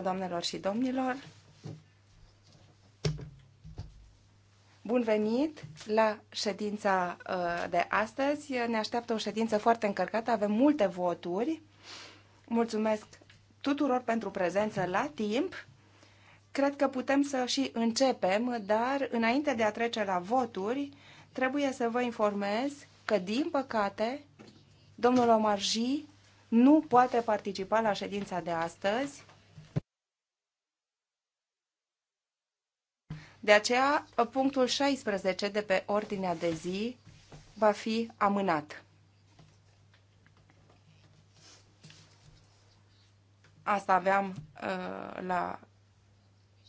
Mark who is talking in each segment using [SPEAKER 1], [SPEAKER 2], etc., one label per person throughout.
[SPEAKER 1] doamnelor și domnilor! Bun venit la ședința uh, de astăzi. Ne așteaptă o ședință foarte încărcată, avem multe voturi. Mulțumesc tuturor pentru prezență la timp. Cred că putem să și începem, dar înainte de a trece la voturi, trebuie să vă informez că, din păcate, domnul Omarji nu poate participa la ședința de astăzi De aceea, punctul 16 de pe ordinea de zi va fi amânat. Asta aveam uh, la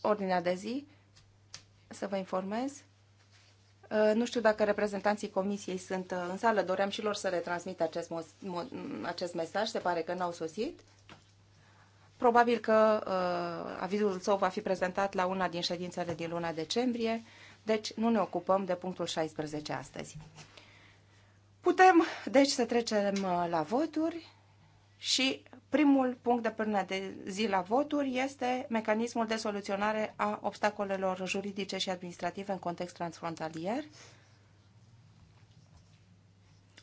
[SPEAKER 1] ordinea de zi, să vă informez. Uh, nu știu dacă reprezentanții comisiei sunt uh, în sală, doream și lor să le transmit acest, acest mesaj, se pare că n-au sosit. Probabil că uh, avizul său va fi prezentat la una din ședințele din luna decembrie, deci nu ne ocupăm de punctul 16 astăzi. Putem, deci, să trecem uh, la voturi și primul punct de până de zi la voturi este mecanismul de soluționare a obstacolelor juridice și administrative în context transfrontalier.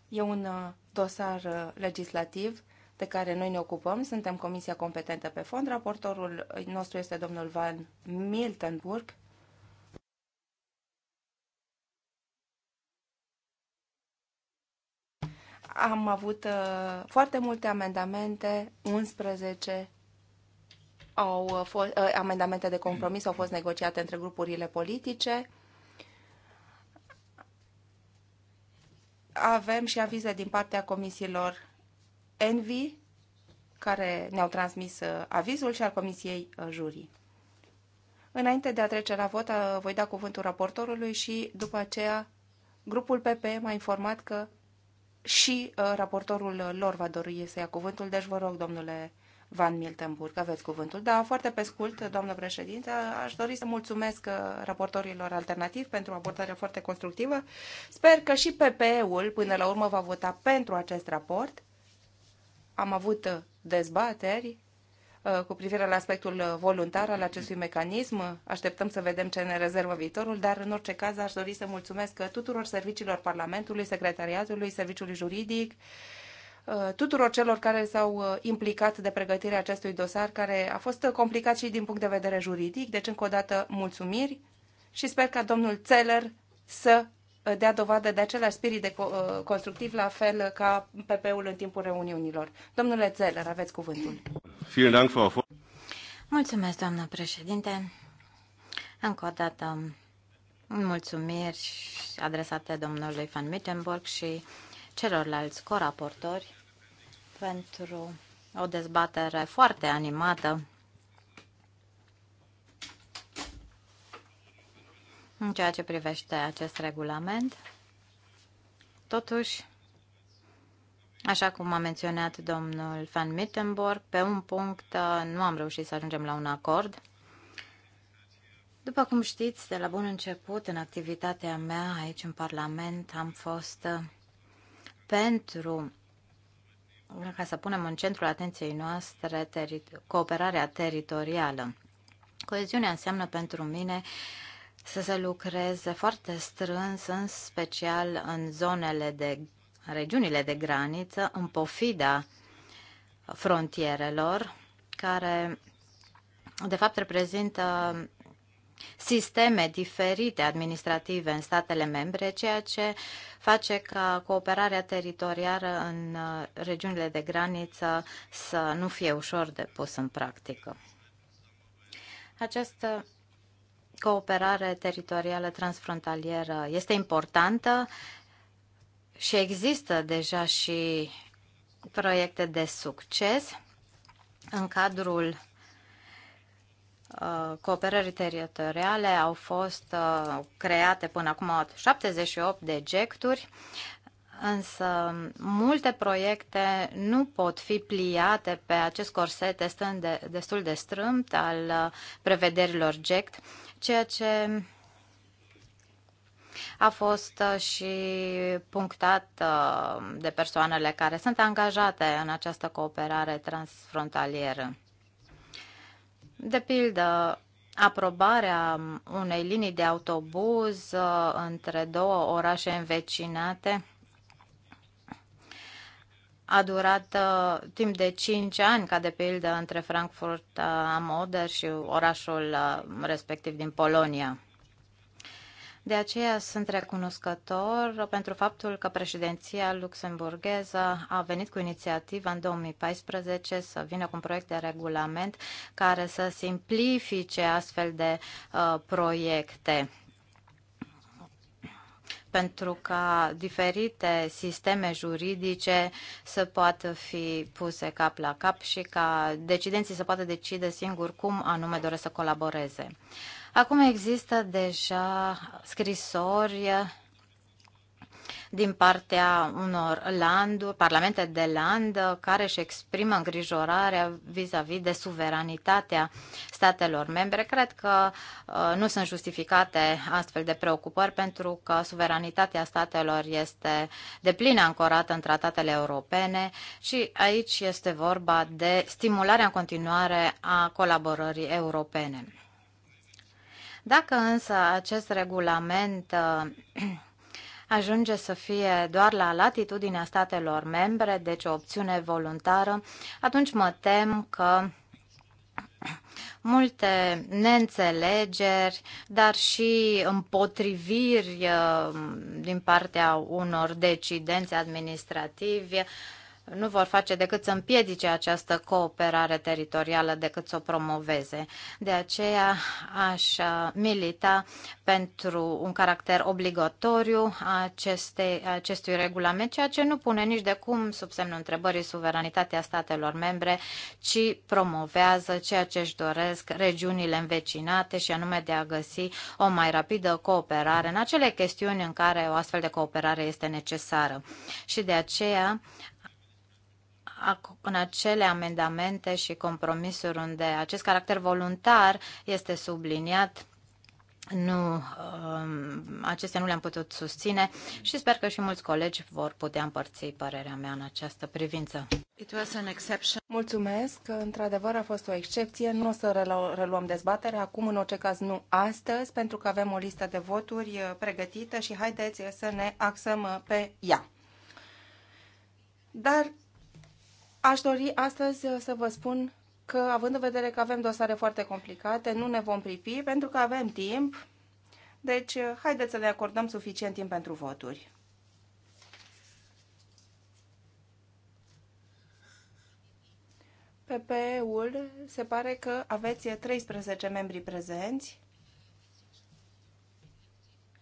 [SPEAKER 1] E un uh, dosar uh, legislativ de care noi ne ocupăm. Suntem comisia competentă pe fond. Raportorul nostru este domnul Van Miltenburg. Am avut uh, foarte multe amendamente, 11 au uh, fost, uh, amendamente de compromis au fost negociate între grupurile politice. Avem și avize din partea comisiilor Envy, care ne-au transmis uh, avizul și al Comisiei uh, Jurii. Înainte de a trece la vot, uh, voi da cuvântul raportorului și după aceea grupul PP m-a informat că și raportorul lor va dori să ia cuvântul, deci vă rog, domnule Van Miltenburg, aveți cuvântul. Da, foarte pe scurt, doamnă președinte, aș dori să mulțumesc raportorilor alternativ pentru abordarea foarte constructivă. Sper că și PPE-ul, până la urmă, va vota pentru acest raport am avut uh, dezbateri uh, cu privire la aspectul uh, voluntar al acestui mecanism. Așteptăm să vedem ce ne rezervă viitorul, dar în orice caz aș dori să mulțumesc tuturor serviciilor Parlamentului, Secretariatului, Serviciului Juridic, tuturor celor care s-au implicat de pregătirea acestui dosar, care a fost complicat și din punct de vedere juridic. Deci, încă o dată, mulțumiri și sper ca domnul Țeler să Uh, dea dovadă de același spirit de uh, constructiv, la fel ca PP-ul în timpul reuniunilor. Domnule Zeller, aveți cuvântul.
[SPEAKER 2] Mulțumesc, doamnă președinte. Încă o dată, mulțumiri adresate domnului Van Mittenborg și celorlalți coraportori pentru o dezbatere foarte animată în ceea ce privește acest regulament. Totuși, așa cum a menționat domnul Van Mittenborg, pe un punct uh, nu am reușit să ajungem la un acord. După cum știți, de la bun început, în activitatea mea aici în Parlament, am fost uh, pentru ca să punem în centrul atenției noastre teri- cooperarea teritorială. Coeziunea înseamnă pentru mine uh, să se lucreze foarte strâns, în special în zonele de regiunile de graniță, în pofida frontierelor, care de fapt reprezintă sisteme diferite administrative în statele membre, ceea ce face ca cooperarea teritorială în uh, regiunile de graniță să nu fie ușor de pus în practică. Această cooperare teritorială transfrontalieră este importantă și există deja și proiecte de succes în cadrul uh, cooperării teritoriale au fost uh, create până acum 78 de gecturi, însă multe proiecte nu pot fi pliate pe acest corset destul de, destul de strâmt al uh, prevederilor gect ceea ce a fost uh, și punctat uh, de persoanele care sunt angajate în această cooperare transfrontalieră. De pildă, aprobarea unei linii de autobuz uh, între două orașe învecinate a durat uh, timp de 5 ani, ca de pildă între Frankfurt uh, am Oder și orașul uh, respectiv din Polonia. De aceea sunt recunoscător pentru faptul că președinția luxemburgheză a venit cu inițiativa în 2014 să vină cu un proiect de regulament care să simplifice astfel de uh, proiecte pentru ca diferite sisteme juridice să poată fi puse cap la cap și ca decidenții să poată decide singur cum anume doresc să colaboreze. Acum există deja scrisori din partea unor landuri, parlamente de land uh, care își exprimă îngrijorarea vis-a-vis -vis de suveranitatea statelor membre. Cred că uh, nu sunt justificate astfel de preocupări pentru că suveranitatea statelor este de plin ancorată în tratatele europene și aici este vorba de stimularea în continuare a colaborării europene. Dacă însă acest regulament uh, ajunge să fie doar la latitudinea statelor membre, deci o opțiune voluntară, atunci mă tem că multe neînțelegeri, dar și împotriviri uh, din partea unor decidenți administrativi nu vor face decât să împiedice această cooperare teritorială, decât să o promoveze. De aceea aș uh, milita pentru un caracter obligatoriu a aceste, a acestui regulament, ceea ce nu pune nici de cum sub semnul întrebării suveranitatea statelor membre, ci promovează ceea ce își doresc regiunile învecinate și anume de a găsi o mai rapidă cooperare în acele chestiuni în care o astfel de cooperare este necesară. Și de aceea în acele amendamente și compromisuri unde acest caracter voluntar este subliniat, nu, um, acestea nu le-am putut susține și sper că și mulți colegi vor putea împărți părerea mea în această privință.
[SPEAKER 1] It was an exception. Mulțumesc, într-adevăr a fost o excepție, nu o să reluăm dezbaterea, acum în orice caz nu astăzi, pentru că avem o listă de voturi uh, pregătită și haideți să ne axăm uh, pe ea. Dar Aș dori astăzi uh, să vă spun că, având în vedere că avem dosare foarte complicate, nu ne vom pripi pentru că avem timp. Deci, uh, haideți să le acordăm suficient timp pentru voturi. PPE-ul se pare că aveți 13 membri prezenți,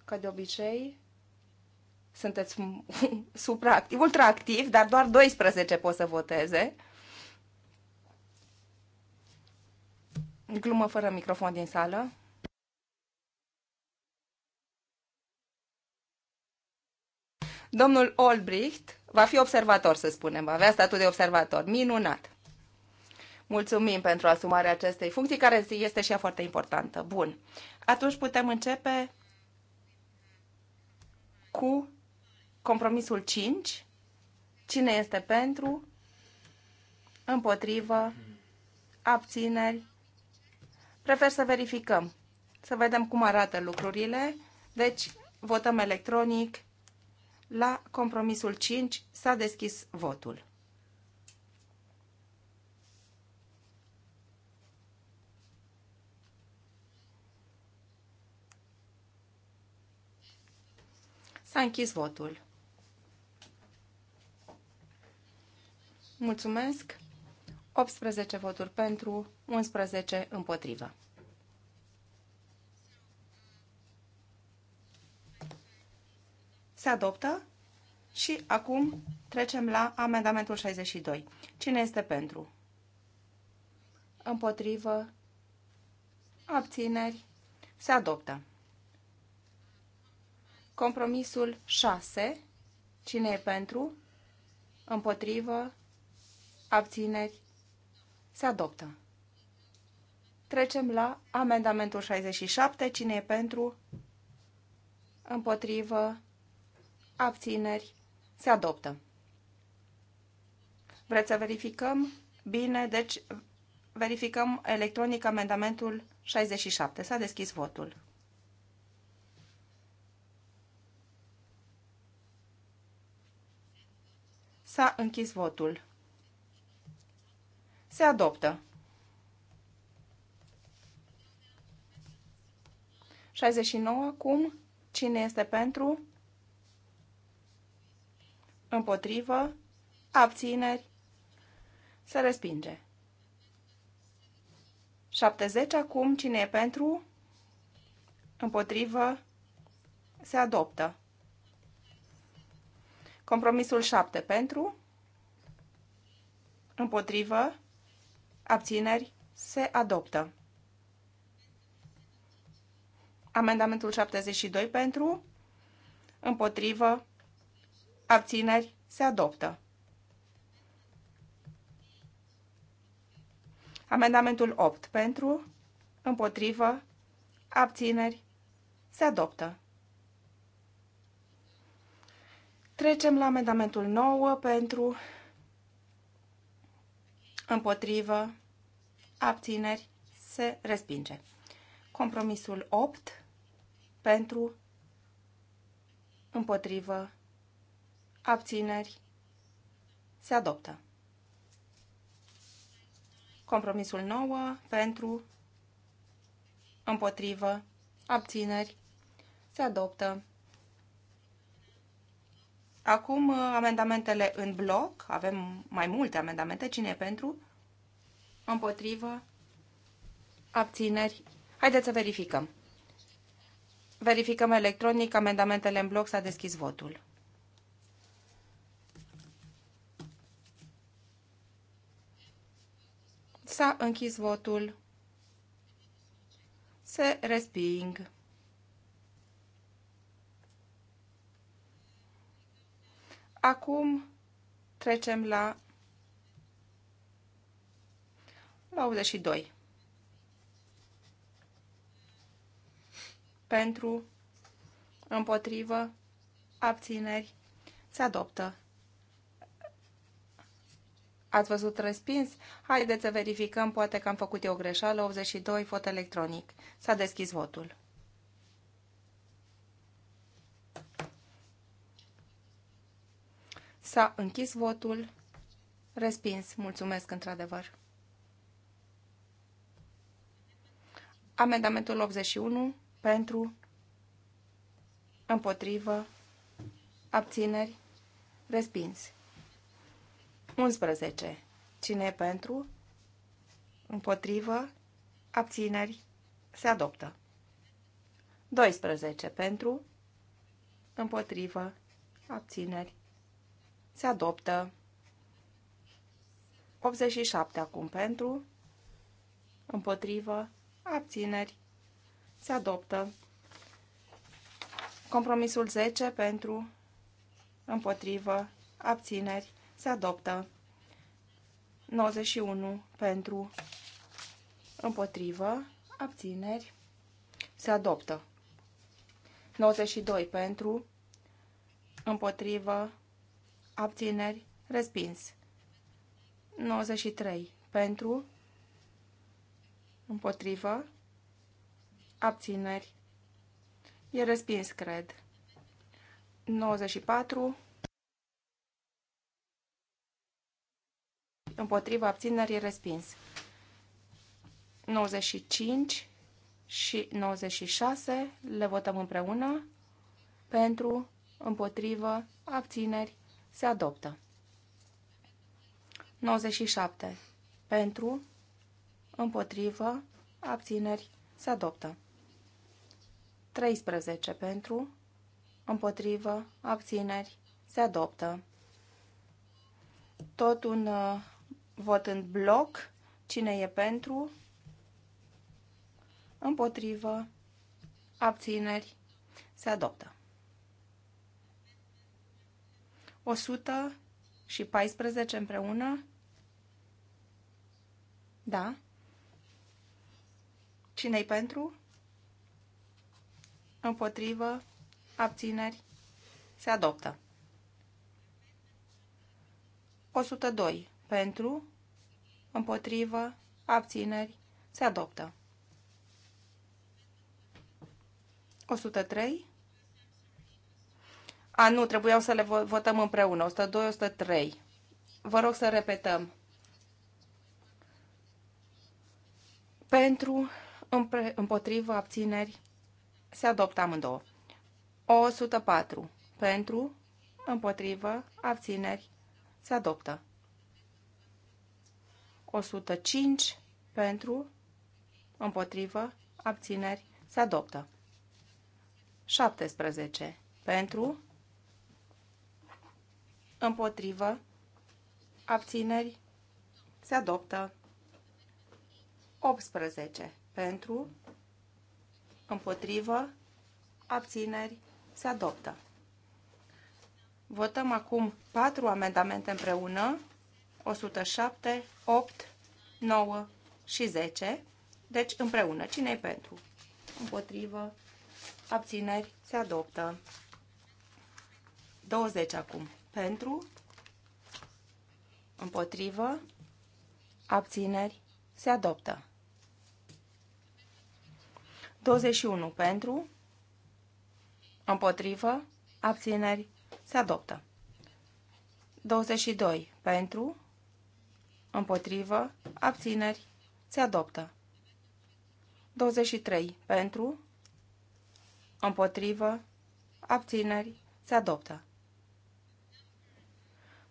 [SPEAKER 1] ca de obicei sunteți supraactiv, ultraactiv, dar doar 12 pot să voteze. Glumă fără microfon din sală. Domnul Olbricht va fi observator, să spunem, va avea statut de observator. Minunat! Mulțumim pentru asumarea acestei funcții, care este și ea foarte importantă. Bun. Atunci putem începe cu Compromisul 5. Cine este pentru? Împotrivă? Abțineri? Prefer să verificăm. Să vedem cum arată lucrurile. Deci, votăm electronic. La compromisul 5 s-a deschis votul. S-a închis votul. Mulțumesc. 18 voturi pentru, 11 împotrivă. Se adoptă și acum trecem la amendamentul 62. Cine este pentru? Împotrivă? Abțineri? Se adoptă. Compromisul 6. Cine e pentru? Împotrivă? abțineri, se adoptă. Trecem la amendamentul 67. Cine e pentru? Împotrivă? Abțineri? Se adoptă. Vreți să verificăm? Bine, deci verificăm electronic amendamentul 67. S-a deschis votul. S-a închis votul. Se adoptă. 69 acum. Cine este pentru? Împotrivă. Abțineri. Se respinge. 70 acum. Cine e pentru? Împotrivă. Se adoptă. Compromisul 7 pentru. Împotrivă. Abțineri? Se adoptă. Amendamentul 72 pentru? Împotrivă? Abțineri? Se adoptă. Amendamentul 8 pentru? Împotrivă? Abțineri? Se adoptă. Trecem la amendamentul 9 pentru împotrivă, abțineri, se respinge. Compromisul 8 pentru, împotrivă, abțineri, se adoptă. Compromisul 9 pentru, împotrivă, abțineri, se adoptă. Acum uh, amendamentele în bloc. Avem mai multe amendamente. Cine e pentru? Împotrivă? Abțineri? Haideți să verificăm. Verificăm electronic amendamentele în bloc. S-a deschis votul. S-a închis votul. Se resping. Acum trecem la, la 82. Pentru, împotrivă, abțineri, se adoptă. Ați văzut respins? Haideți să verificăm, poate că am făcut eu o greșeală, 82, vot electronic. S-a deschis votul. S-a închis votul. Respins. Mulțumesc, într-adevăr. Amendamentul 81 pentru, împotrivă, abțineri, respins. 11. Cine e pentru, împotrivă, abțineri, se adoptă. 12. Pentru, împotrivă, abțineri, se adoptă. 87 acum pentru, împotrivă, abțineri, se adoptă. Compromisul 10 pentru, împotrivă, abțineri, se adoptă. 91 pentru, împotrivă, abțineri, se adoptă. 92 pentru, împotrivă, abțineri, respins. 93. Pentru, împotrivă, abțineri, e respins, cred. 94. Împotrivă, abțineri, e respins. 95 și 96 le votăm împreună. Pentru, împotrivă, abțineri, se adoptă. 97. Pentru, împotrivă, abțineri, se adoptă. 13. Pentru, împotrivă, abțineri, se adoptă. Tot un uh, vot în bloc. Cine e pentru? Împotrivă, abțineri, se adoptă. 100 și 14 împreună? Da. Cine-i pentru? Împotrivă? Abțineri? Se adoptă. 102. Pentru? Împotrivă? Abțineri? Se adoptă. 103. A, nu, trebuiau să le votăm împreună. 102, 103. Vă rog să repetăm. Pentru, împotrivă, abțineri, se adoptă amândouă. 104. Pentru, împotrivă, abțineri, se adoptă. 105. Pentru, împotrivă, abțineri, se adoptă. 17. Pentru, Împotrivă. Abțineri. Se adoptă. 18. Pentru. Împotrivă. Abțineri. Se adoptă. Votăm acum patru amendamente împreună. 107, 8, 9 și 10. Deci împreună. cine e pentru? Împotrivă. Abțineri. Se adoptă. 20 acum. Pentru. Împotrivă. Abțineri. Se adoptă. 21 pentru. Împotrivă. Abțineri. Se adoptă. 22 pentru. Împotrivă. Abțineri. Se adoptă. 23 pentru. Împotrivă. Abțineri. Se adoptă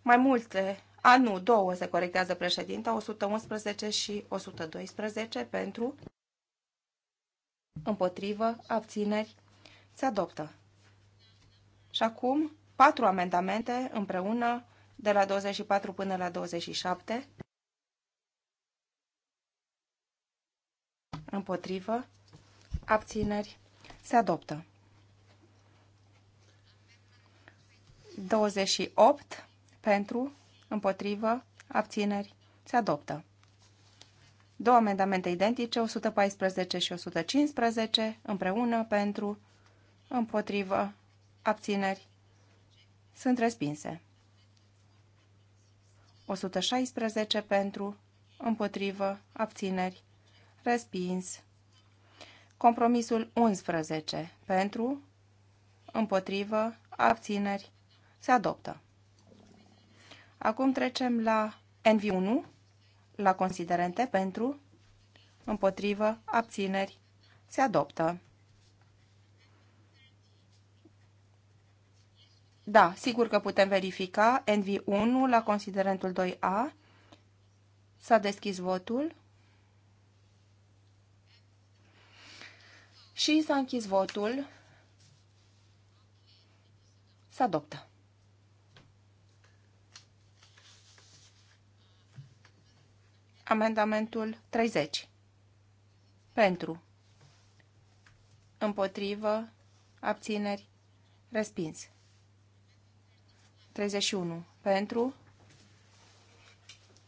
[SPEAKER 1] mai multe, a nu, două se corectează președinta, 111 și 112 pentru, împotrivă, abțineri, se adoptă. Și acum, patru amendamente împreună, de la 24 până la 27, împotrivă, abțineri, se adoptă. 28 pentru, împotrivă, abțineri, se adoptă. Două amendamente identice, 114 și 115, împreună, pentru, împotrivă, abțineri, sunt respinse. 116 pentru, împotrivă, abțineri, respins. Compromisul 11 pentru, împotrivă, abțineri, se adoptă. Acum trecem la NV1, la considerente pentru, împotrivă, abțineri, se adoptă. Da, sigur că putem verifica NV1 la considerentul 2A. S-a deschis votul. Și s-a închis votul. s adoptă. Amendamentul 30. Pentru. Împotrivă. Abțineri. Respins. 31. Pentru.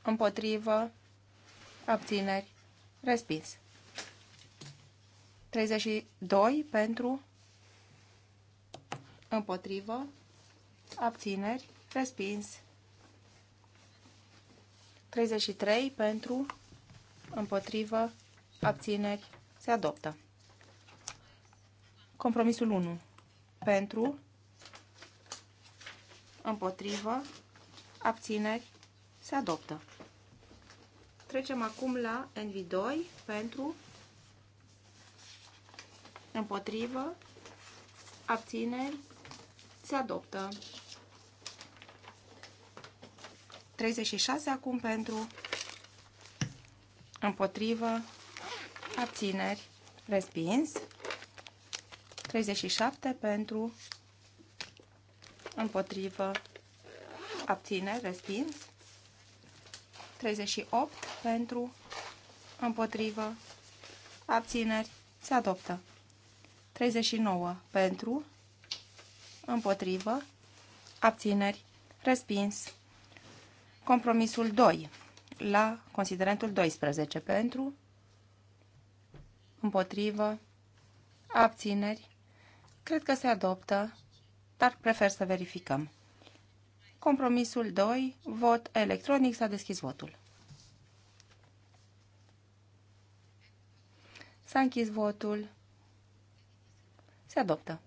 [SPEAKER 1] Împotrivă. Abțineri. Respins. 32. Pentru. Împotrivă. Abțineri. Respins. 33 pentru, împotrivă, abțineri, se adoptă. Compromisul 1. Pentru, împotrivă, abțineri, se adoptă. Trecem acum la NV2 pentru, împotrivă, abțineri, se adoptă. 36 acum pentru împotrivă, abțineri, respins. 37 pentru împotrivă, abțineri, respins. 38 pentru împotrivă, abțineri, se adoptă. 39 pentru împotrivă, abțineri, respins. Compromisul 2 la considerentul 12 pentru, împotrivă, abțineri. Cred că se adoptă, dar prefer să verificăm. Compromisul 2, vot electronic, s-a deschis votul. S-a închis votul. Se adoptă.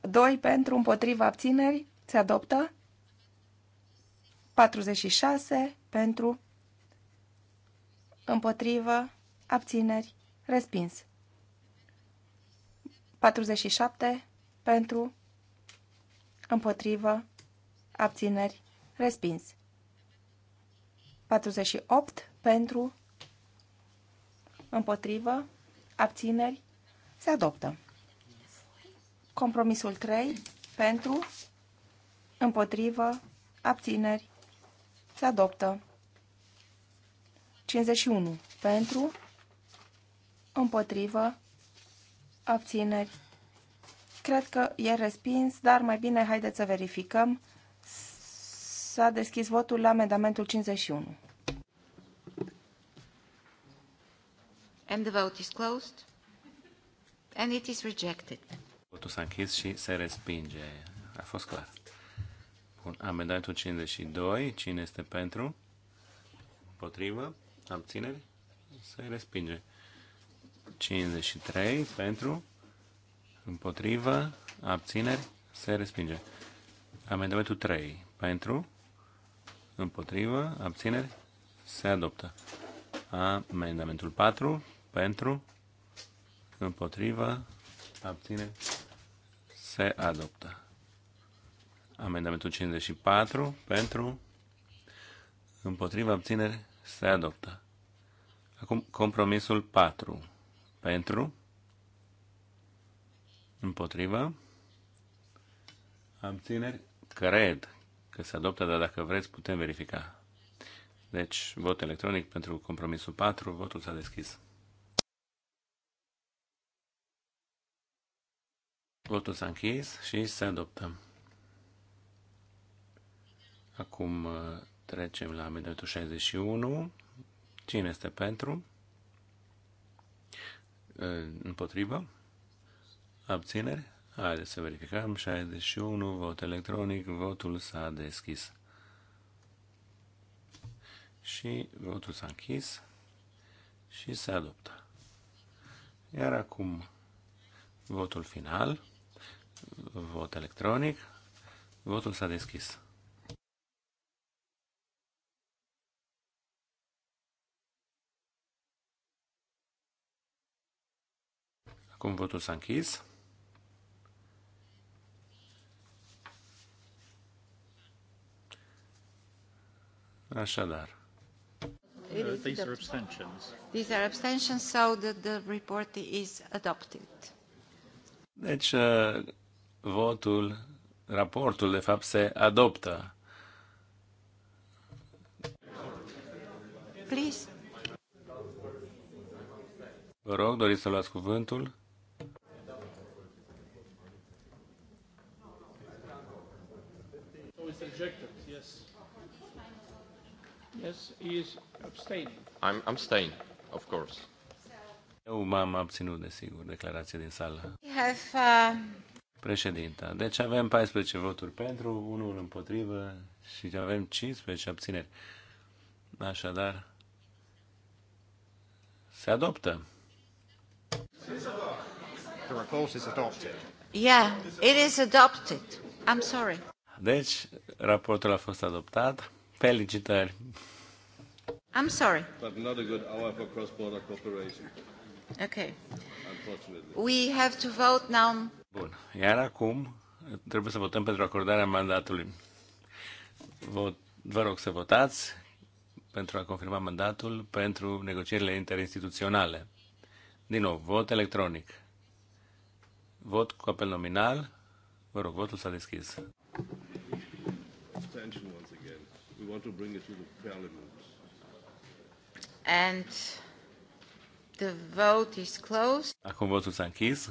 [SPEAKER 1] 2 pentru, împotriva abțineri, se adoptă. 46 pentru, împotrivă, abțineri, respins. 47 pentru, împotrivă, abțineri, respins. 48 pentru, împotrivă, abțineri, se adoptă. Compromisul 3 pentru, împotrivă, abțineri, se adoptă. 51 pentru, împotrivă, abțineri. Cred că e respins, dar mai bine haideți să verificăm. S-a deschis votul la amendamentul 51. And the
[SPEAKER 3] vote is closed. And it is
[SPEAKER 1] rejected.
[SPEAKER 4] Votul s-a închis și se respinge. A fost clar. Bun, amendamentul 52. Cine este pentru? Potrivă? Abțineri? Se respinge. 53 pentru, împotrivă, abțineri, se respinge. Amendamentul 3 pentru, împotrivă, abțineri, se adoptă. Amendamentul 4 pentru, împotrivă, abțineri, se adoptă. Amendamentul 54 pentru, împotriva abțineri, se adoptă. Acum compromisul 4 pentru, împotriva, abțineri, cred că se adoptă, dar dacă vreți putem verifica. Deci, vot electronic pentru compromisul 4, votul s-a deschis. Votul s-a închis și se adoptă. Acum uh, trecem la amendamentul 61. Cine este pentru? Uh, împotrivă? Abțineri? Haideți să verificăm. 61, vot electronic, votul s-a deschis. Și votul s-a închis și se adoptă. Iar acum votul final. Vot electronic. Votul s-a deschis. Acum votul s-a închis. Așadar. These are abstentions.
[SPEAKER 3] These are abstentions, so that the report is adopted.
[SPEAKER 4] Deci, votul, raportul, de fapt, se adoptă. Please. Vă rog, doriți să luați cuvântul? Yes, he is abstaining. I'm abstain, of course. Eu m-am abținut, desigur, declarație din sală. We
[SPEAKER 3] have uh,
[SPEAKER 4] Președinta. Deci avem 14 voturi pentru, unul împotrivă și avem 15 abțineri. Așadar, se adoptă.
[SPEAKER 3] Yeah, it is adopted. I'm sorry.
[SPEAKER 4] Deci, raportul a fost adoptat. Felicitări! I'm sorry. But not a good hour for cross-border cooperation.
[SPEAKER 3] Okay. We have to vote now. Bun.
[SPEAKER 4] Iar acum trebuie să votăm pentru acordarea mandatului. Vot, vă rog să votați pentru a confirma mandatul pentru negocierile interinstituționale. Din nou, vot electronic. Vot cu apel nominal. Vă rog, votul s-a deschis. And
[SPEAKER 3] The vote is closed.
[SPEAKER 4] Acum votul s-a închis.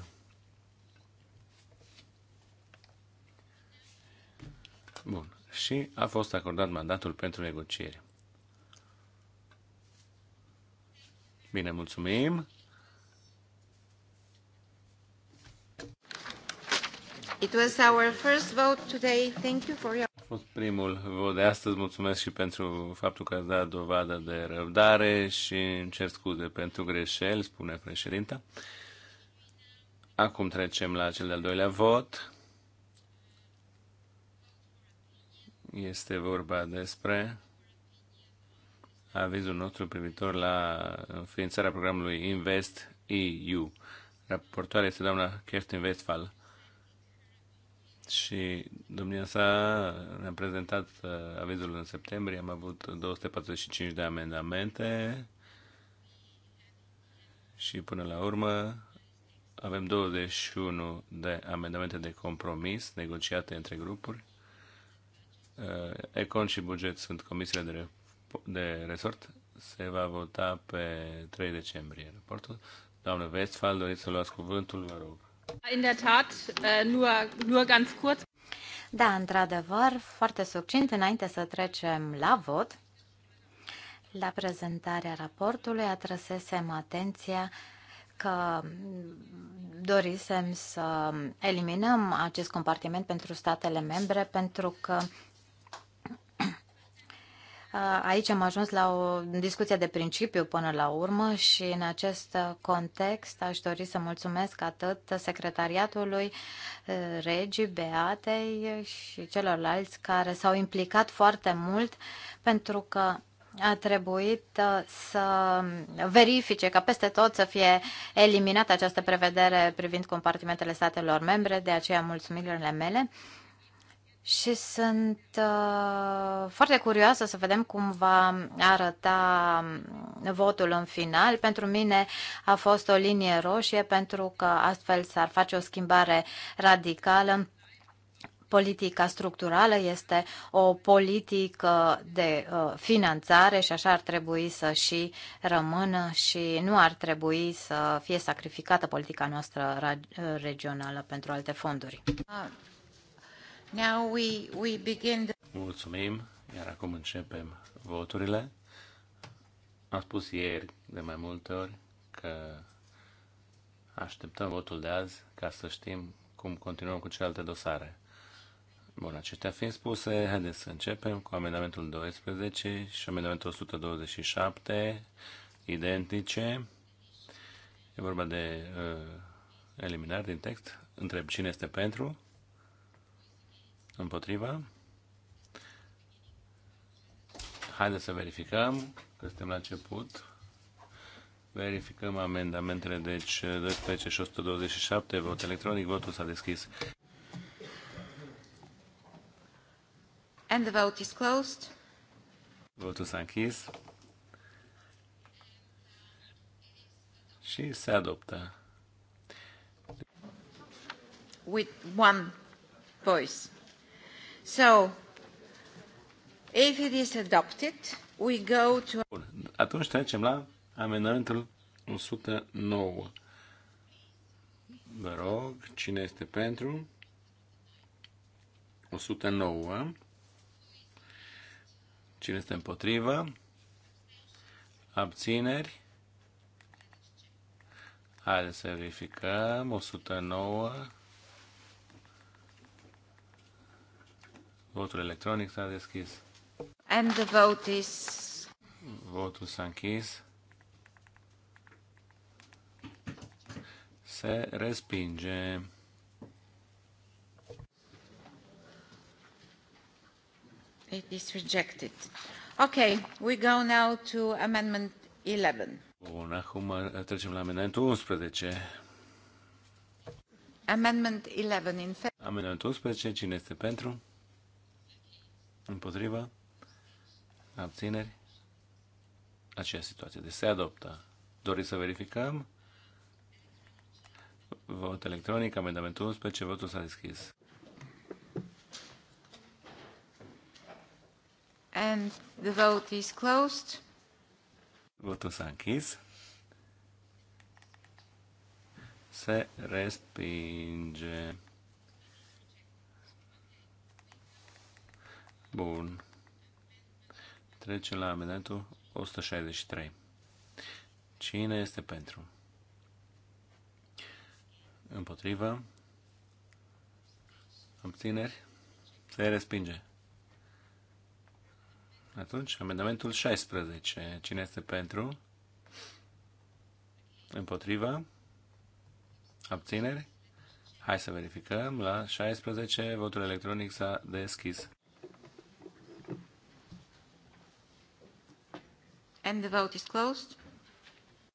[SPEAKER 4] Bun. Și a fost acordat mandatul pentru negocieri. Bine, mulțumim.
[SPEAKER 3] It was our first vote today. Thank you for your
[SPEAKER 4] fost primul vot de astăzi. Mulțumesc și pentru faptul că ați dat dovadă de răbdare și îmi cer scuze pentru greșeli, spune președinta. Acum trecem la cel de-al doilea vot. Este vorba despre avizul nostru privitor la înființarea programului Invest EU. Raportoarea este doamna Kerstin Westphal și domnia sa ne-a prezentat uh, avizul în septembrie, am avut 245 de amendamente și până la urmă avem 21 de amendamente de compromis negociate între grupuri. Uh, Econ și buget sunt comisiile de, de resort. Se va vota pe 3 decembrie raportul. Doamnă Westphal, doriți să luați cuvântul, vă rog.
[SPEAKER 2] Da, in der Tat, äh, nur, nur ganz kurz. Da, într-adevăr, foarte succint, înainte să trecem la vot, la prezentarea raportului atrăsesem atenția că dorisem să eliminăm acest compartiment pentru statele membre pentru că Aici am ajuns la o discuție de principiu până la urmă și în acest context aș dori să mulțumesc atât secretariatului Regii, Beatei și celorlalți care s-au implicat foarte mult pentru că a trebuit să verifice că peste tot să fie eliminată această prevedere privind compartimentele statelor membre, de aceea mulțumirile mele și sunt uh, foarte curioasă să vedem cum va arăta um, votul în final. Pentru mine a fost o linie roșie pentru că astfel s-ar face o schimbare radicală. Politica structurală este o politică de uh, finanțare și așa ar trebui să și rămână și nu ar trebui să fie sacrificată politica noastră uh, regională pentru alte fonduri. Ah. Now we, we begin the...
[SPEAKER 4] Mulțumim, iar acum începem voturile. Am spus ieri de mai multe ori că așteptăm votul de azi ca să știm cum continuăm cu celelalte dosare. Bun, acestea fiind spuse, haideți să începem cu amendamentul 12 și amendamentul 127, identice. E vorba de uh, eliminare din text. Întreb cine este pentru. Împotriva? Haideți să verificăm, că suntem la început. Verificăm amendamentele, deci 12 și 127, vot electronic, votul s-a deschis.
[SPEAKER 3] And the vote is closed.
[SPEAKER 4] Votul s-a închis. Și se adoptă.
[SPEAKER 3] With one voice. So, if it is adopted, we go to...
[SPEAKER 4] Bun. Atunci trecem la amendamentul 109. Vă rog, cine este pentru? 109. Cine este împotrivă? Abțineri? Haideți să verificăm. 109. Votul electronic s-a deschis.
[SPEAKER 3] And the vote is...
[SPEAKER 4] Votul s-a închis. Se respinge.
[SPEAKER 3] It is rejected. Okay, we go now to amendment 11.
[SPEAKER 4] Bun, acum uh, trecem la amendamentul 11.
[SPEAKER 3] Amendment 11 in favor.
[SPEAKER 4] Amendamentul 11, cine este pentru? împotriva, abțineri, aceea situație. Deci se adoptă. Doriți să verificăm? Vot electronic, amendamentul 11, votul s-a deschis.
[SPEAKER 3] And the vote is closed.
[SPEAKER 4] Votul s-a închis. Se respinge. Bun. Trecem la amendamentul 163. Cine este pentru? Împotrivă? Obțineri? Se respinge. Atunci, amendamentul 16. Cine este pentru? Împotrivă? Abțineri? Hai să verificăm. La 16, votul electronic s-a deschis.
[SPEAKER 3] And the vote is closed.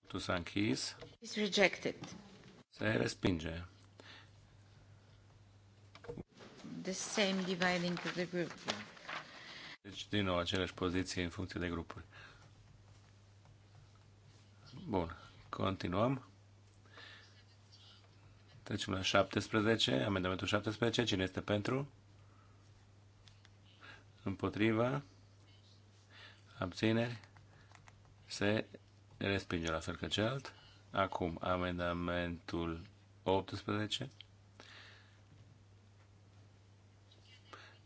[SPEAKER 4] Tu s-a închis.
[SPEAKER 3] Is rejected.
[SPEAKER 4] Se respinge.
[SPEAKER 3] The same dividing of the group.
[SPEAKER 4] Deci, din nou, aceleași poziții în funcție de grupuri. Bun. Continuăm. Trecem la 17, amendamentul 17. Cine este pentru? Împotriva? Abțineri? se respinge la fel ca celălalt. Acum, amendamentul 18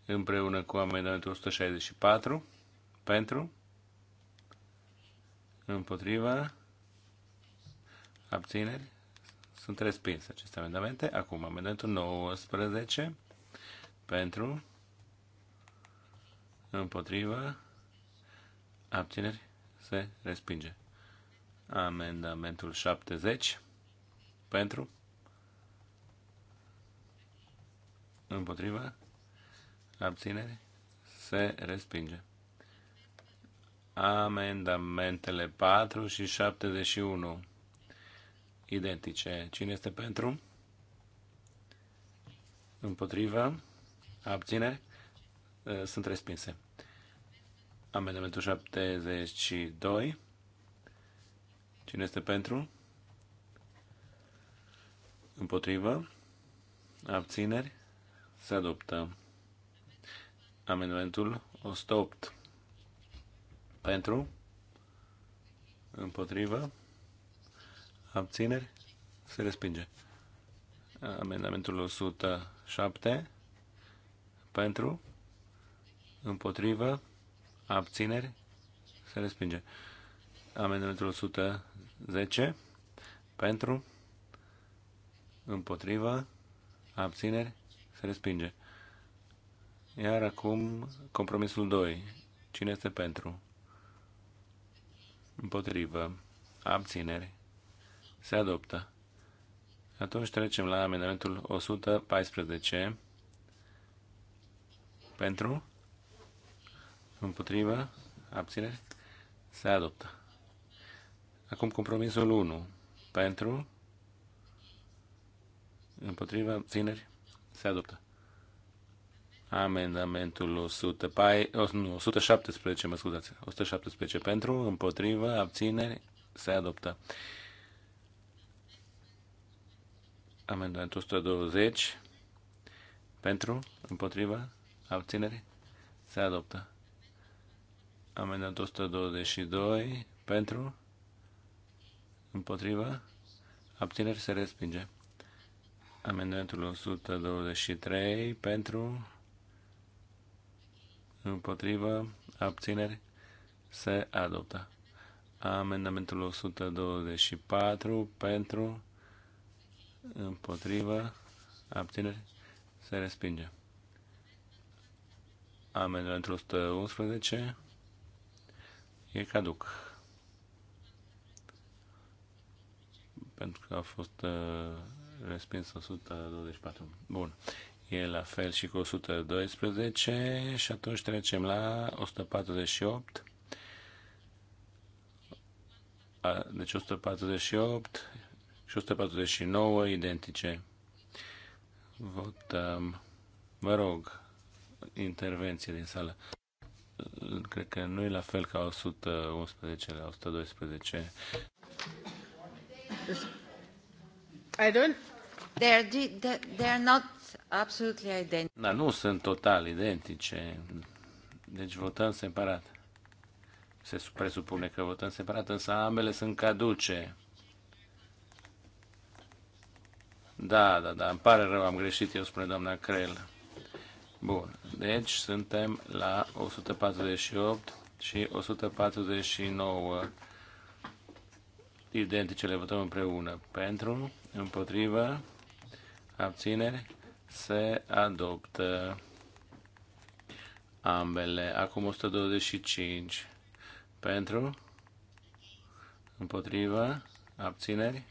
[SPEAKER 4] împreună cu amendamentul 164 pentru împotriva abțineri sunt respinse aceste amendamente. Acum, amendamentul 19 pentru împotriva abțineri se respinge. Amendamentul 70 pentru împotriva abținere se respinge. Amendamentele 4 și 71 identice. Cine este pentru? Împotriva abținere sunt respinse. Amendamentul 72. Cine este pentru? Împotrivă? Abțineri? Se adoptă. Amendamentul 108. Pentru? Împotrivă? Abțineri? Se respinge. Amendamentul 107. Pentru? Împotrivă? abțineri, se respinge. Amendamentul 110 pentru, împotriva, abțineri, se respinge. Iar acum compromisul 2. Cine este pentru? Împotrivă. Abțineri. Se adoptă. Atunci trecem la amendamentul 114. Pentru? Împotrivă? Abținere? Se adoptă. Acum compromisul 1. Pentru? Împotrivă? Abțineri? Se adoptă. Amendamentul 104, nu, 117, mă scuzați, 117 pentru, împotrivă, abțineri, se adoptă. Amendamentul 120 pentru, împotrivă, abțineri, se adoptă amendat 122 pentru, împotriva, abțineri se respinge. Amendamentul 123 pentru, împotriva, abțineri se adoptă. Amendamentul 124 pentru, împotriva, abțineri se respinge. Amendamentul 111 e caduc. Pentru că a fost uh, respins 124. Bun. E la fel și cu 112 și atunci trecem la 148. A, deci 148 și 149 identice. Votăm. Vă rog, intervenție din sală cred că nu e la fel ca 111 la 112.
[SPEAKER 3] I don't... they are not absolutely identical.
[SPEAKER 4] Dar nu sunt total identice. Deci votăm separat. Se presupune că votăm separat, însă ambele sunt caduce. Da, da, da, îmi pare rău, am greșit eu, spune doamna Crel. Bun. Deci suntem la 148 și 149 identice. Le votăm împreună. Pentru, împotrivă, abțineri, se adoptă ambele. Acum 125. Pentru, împotrivă, abțineri,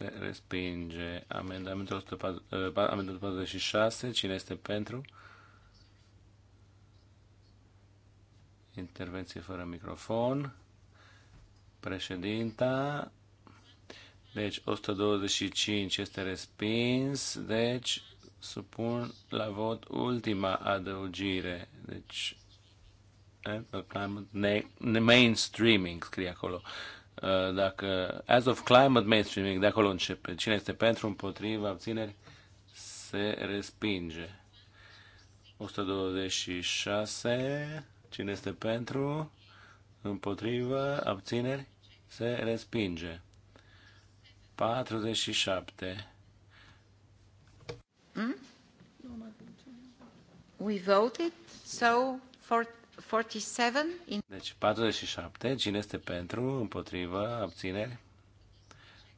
[SPEAKER 4] se respinge. Amendamentul 146, eh, cine este pentru? Intervenție fără microfon. Președinta. Deci 125 este respins, deci supun la vot ultima adăugire. Deci, eh, mainstreaming scrie acolo. Uh, Uh, dacă as of climate mainstreaming, de acolo începe. Cine este pentru, împotriva, abțineri, se respinge. 126. Cine este pentru, împotriva, abțineri, se respinge. 47.
[SPEAKER 3] Hmm? We voted, so for 47.
[SPEAKER 4] Deci 47. Cine este pentru, împotriva, abțineri?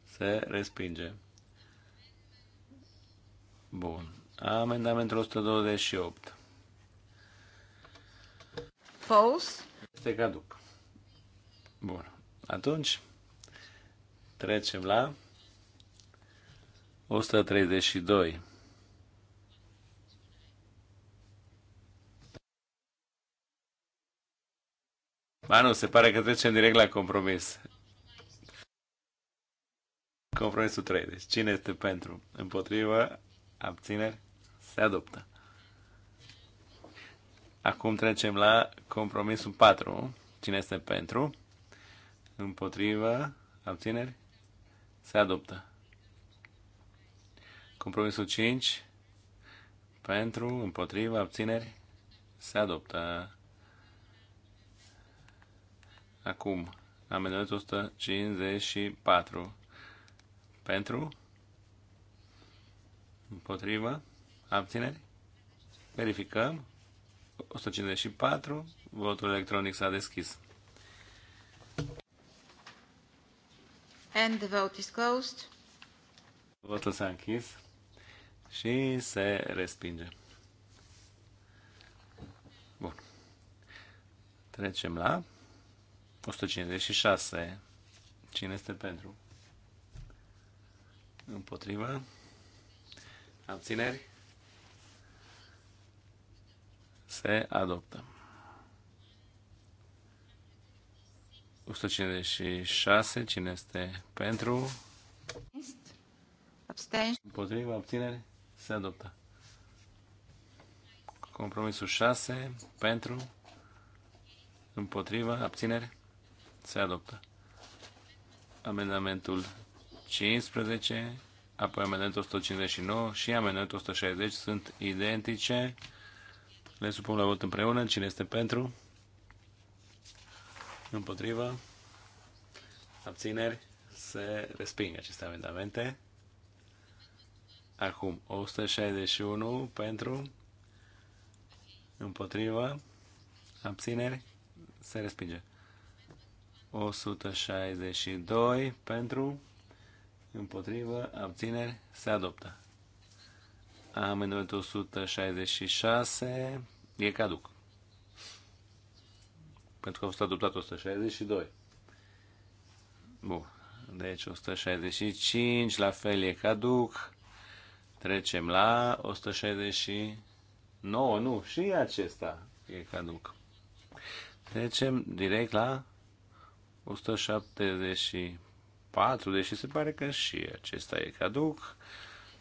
[SPEAKER 4] Se respinge. Bun. Amendamentul 128.
[SPEAKER 3] False.
[SPEAKER 4] Este caduc. Bun. Atunci, trecem la 132. Manu, se pare că trecem direct la compromis. Compromisul 3. Deci cine este pentru? Împotrivă? Abțineri? Se adoptă. Acum trecem la compromisul 4. Cine este pentru? Împotrivă? Abțineri? Se adoptă. Compromisul 5. Pentru, împotriva, abțineri, se adoptă. Acum, amendamentul 154. Pentru? Împotrivă? Abțineri? Verificăm. 154. Votul electronic s-a deschis.
[SPEAKER 3] And the vote is closed.
[SPEAKER 4] Votul s-a închis și se respinge. Bun. Trecem la 156. Cine este pentru? Împotrivă? Abțineri? Se adoptă. 156. Cine este pentru? Abțineri? Împotrivă? Abțineri? Se adoptă. Compromisul 6. Pentru? Împotrivă? Abțineri? Se adoptă. Amendamentul 15, apoi amendamentul 159 și amendamentul 160 sunt identice. Le supun la vot împreună. Cine este pentru? Împotriva? Abțineri? Se resping aceste amendamente. Acum, 161 pentru, împotriva, abțineri, se respinge. 162 pentru, împotrivă, abțineri, se adoptă. Amendamentul 166 e caduc. Pentru că a fost adoptat 162. Bun. Deci 165, la fel e caduc. Trecem la 169, nu, și acesta e caduc. Trecem direct la 174, deși se pare că și acesta e caduc,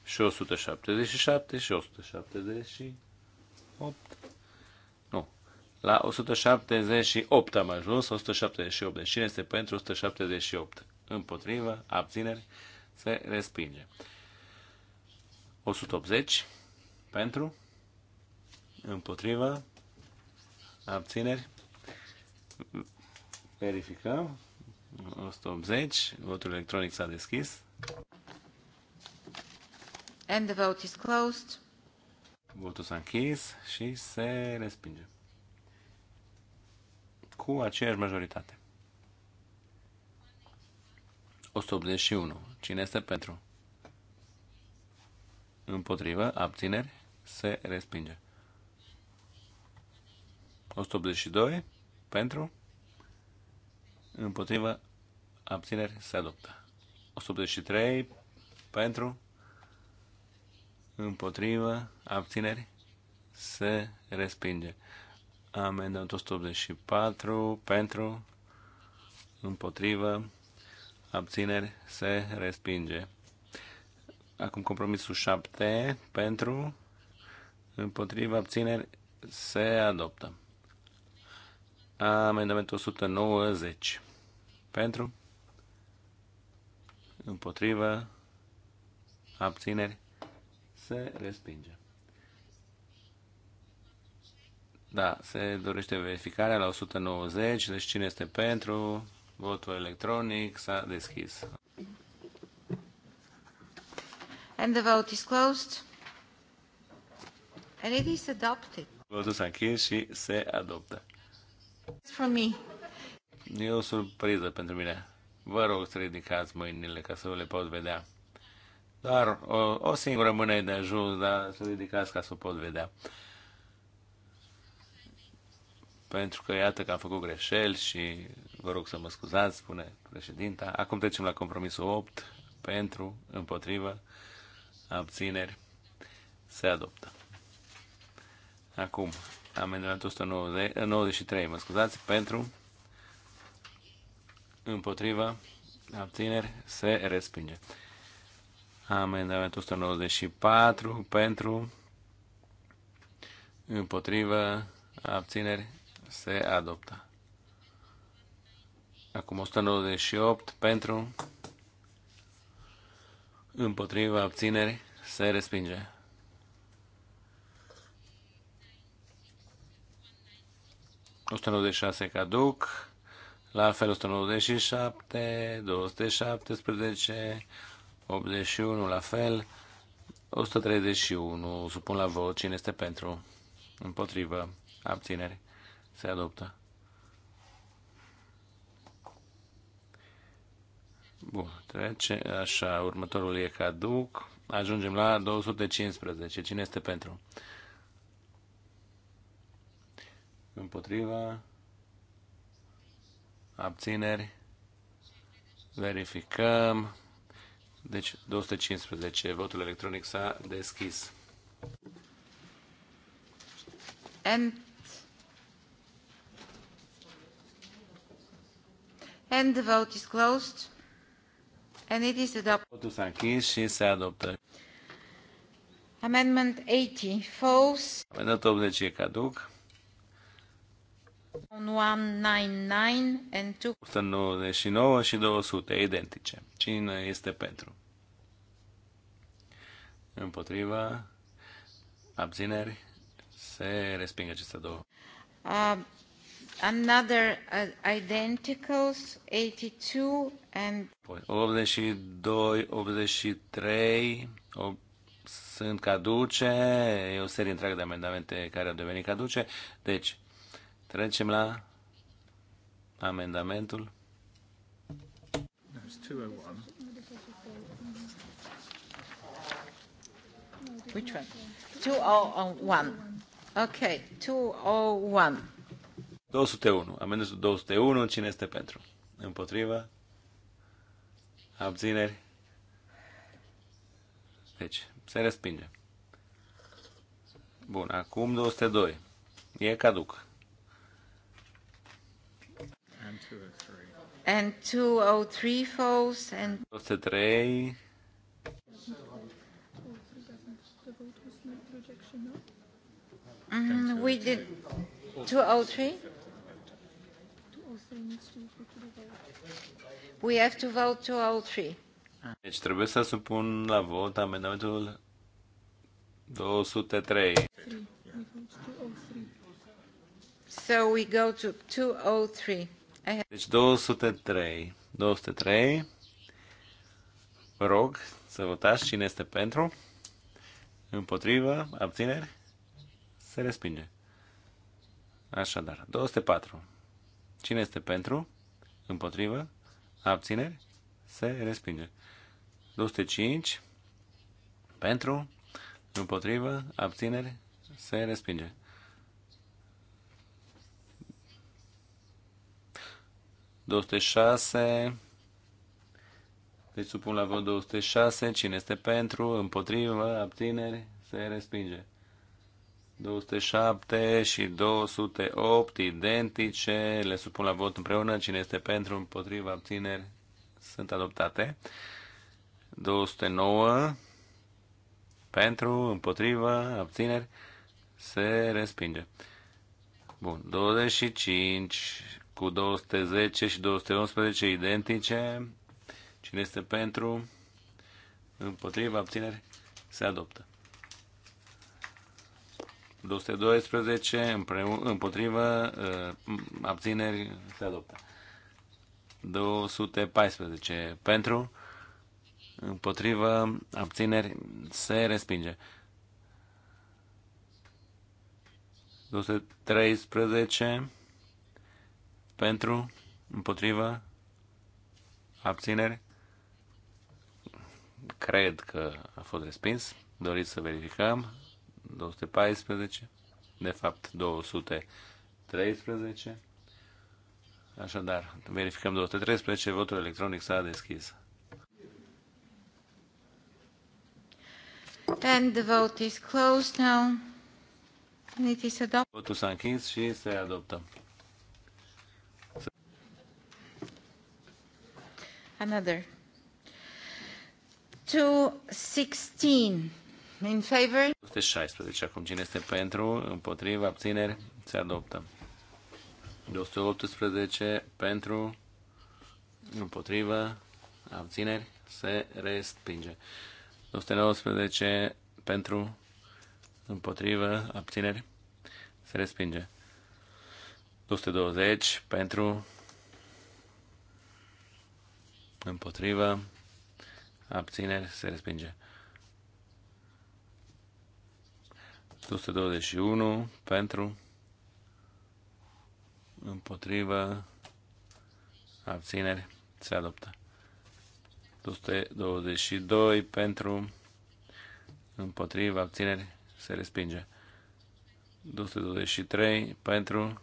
[SPEAKER 4] și 177 și 178. Nu. La 178 am ajuns, 178. Deci cine este pentru 178? Împotrivă, abțineri, se respinge. 180 pentru, împotrivă, abțineri, Verificăm. 180. Votul electronic s-a deschis.
[SPEAKER 3] And the vote is closed.
[SPEAKER 4] Votul s-a închis și se respinge. Cu aceeași majoritate. 181. Cine este pentru? Împotrivă, abțineri, se respinge. 182. Pentru? împotriva, abțineri, se adoptă. 183 pentru, împotriva, abțineri, se respinge. Amendamentul 184 pentru, împotriva abțineri, se respinge. Acum compromisul 7 pentru, împotriva abțineri, se adoptă. Amendamentul 190. Pentru? Împotrivă? Abțineri? Se respinge. Da, se dorește verificarea la 190, deci cine este pentru? Votul electronic s-a deschis.
[SPEAKER 3] And the vote is closed. And it is adopted.
[SPEAKER 4] Votul s-a închis și se adoptă. E o surpriză pentru mine. Vă rog să ridicați mâinile ca să le pot vedea. Doar o, o singură mână e de ajuns, dar să ridicați ca să o pot vedea. Pentru că iată că am făcut greșeli și vă rog să mă scuzați, spune președinta. Acum trecem la compromisul 8. Pentru, împotrivă, abțineri, se adoptă. Acum, Amendamentul 193, mă scuzați, pentru, împotriva, abțineri, se respinge. Amendamentul 194, pentru, împotriva, abțineri, se adoptă. Acum 198, pentru, împotriva, abțineri, se respinge. 196 caduc, la fel 197, 217, 81 la fel, 131 supun la vot cine este pentru, împotrivă, abțineri, se adoptă. Bun, trece, așa, următorul e caduc, ajungem la 215, cine este pentru? împotriva, abțineri, verificăm. Deci 215, votul electronic s-a deschis.
[SPEAKER 3] And And the vote is closed. And it is adopted.
[SPEAKER 4] Votul s-a închis și se adoptă.
[SPEAKER 3] Amendment 80 false.
[SPEAKER 4] Amendment 80 e caduc.
[SPEAKER 3] 199
[SPEAKER 4] și 200, identice. Cine este pentru? Împotriva, abțineri, se resping aceste două. Uh,
[SPEAKER 3] another uh, identicals, 82 and...
[SPEAKER 4] 82, 83, o, sunt caduce, e o serie întreagă de amendamente care au devenit caduce, deci Trecem la amendamentul.
[SPEAKER 3] Which one? 201. Ok, 201.
[SPEAKER 4] 201. Amendamentul 201. Cine este pentru? Împotriva? Abțineri? Deci, se respinge. Bun, acum 202. E caduc.
[SPEAKER 5] Oh
[SPEAKER 3] and 203 falls and
[SPEAKER 4] 203
[SPEAKER 3] Mm, mm-hmm. we did 203. We have to vote 203.
[SPEAKER 4] Deci trebuie să supun la vot amendamentul 203.
[SPEAKER 3] So we go to 203.
[SPEAKER 4] Deci 203. 203. Vă rog să votați cine este pentru. Împotrivă. Abțineri. Se respinge. Așadar, 204. Cine este pentru? Împotrivă? Abțineri? Se respinge. 205. Pentru? Împotrivă? Abțineri? Se respinge. 206. Deci supun la vot 206. Cine este pentru? Împotrivă? Abțineri? Se respinge. 207 și 208 identice. Le supun la vot împreună. Cine este pentru? Împotrivă? Abțineri? Sunt adoptate. 209 pentru, împotrivă, abțineri, se respinge. Bun, 25 cu 210 și 211 identice. Cine este pentru? Împotriva abțineri se adoptă. 212 împotriva uh, abțineri se adoptă. 214 pentru Împotriva abțineri se respinge. 213 pentru, împotrivă, abțineri. Cred că a fost respins. Doriți să verificăm. 214, de fapt 213. Așadar, verificăm 213, votul electronic s-a deschis.
[SPEAKER 3] And the vote is closed now. And it is adopted.
[SPEAKER 4] Votul s-a închis și se adoptă.
[SPEAKER 3] another. 216 in favor.
[SPEAKER 4] 216. Acum cine este pentru, împotriva, abțineri, se adoptă. 218 pentru, împotriva, abțineri, se respinge. 219 pentru, împotriva, abțineri, se respinge. 220 pentru, Împotrivă. abțineri, se respinge. 221 pentru, Împotrivă. abțineri, se adoptă. 222 pentru, Împotrivă. abțineri, se respinge. 223 pentru,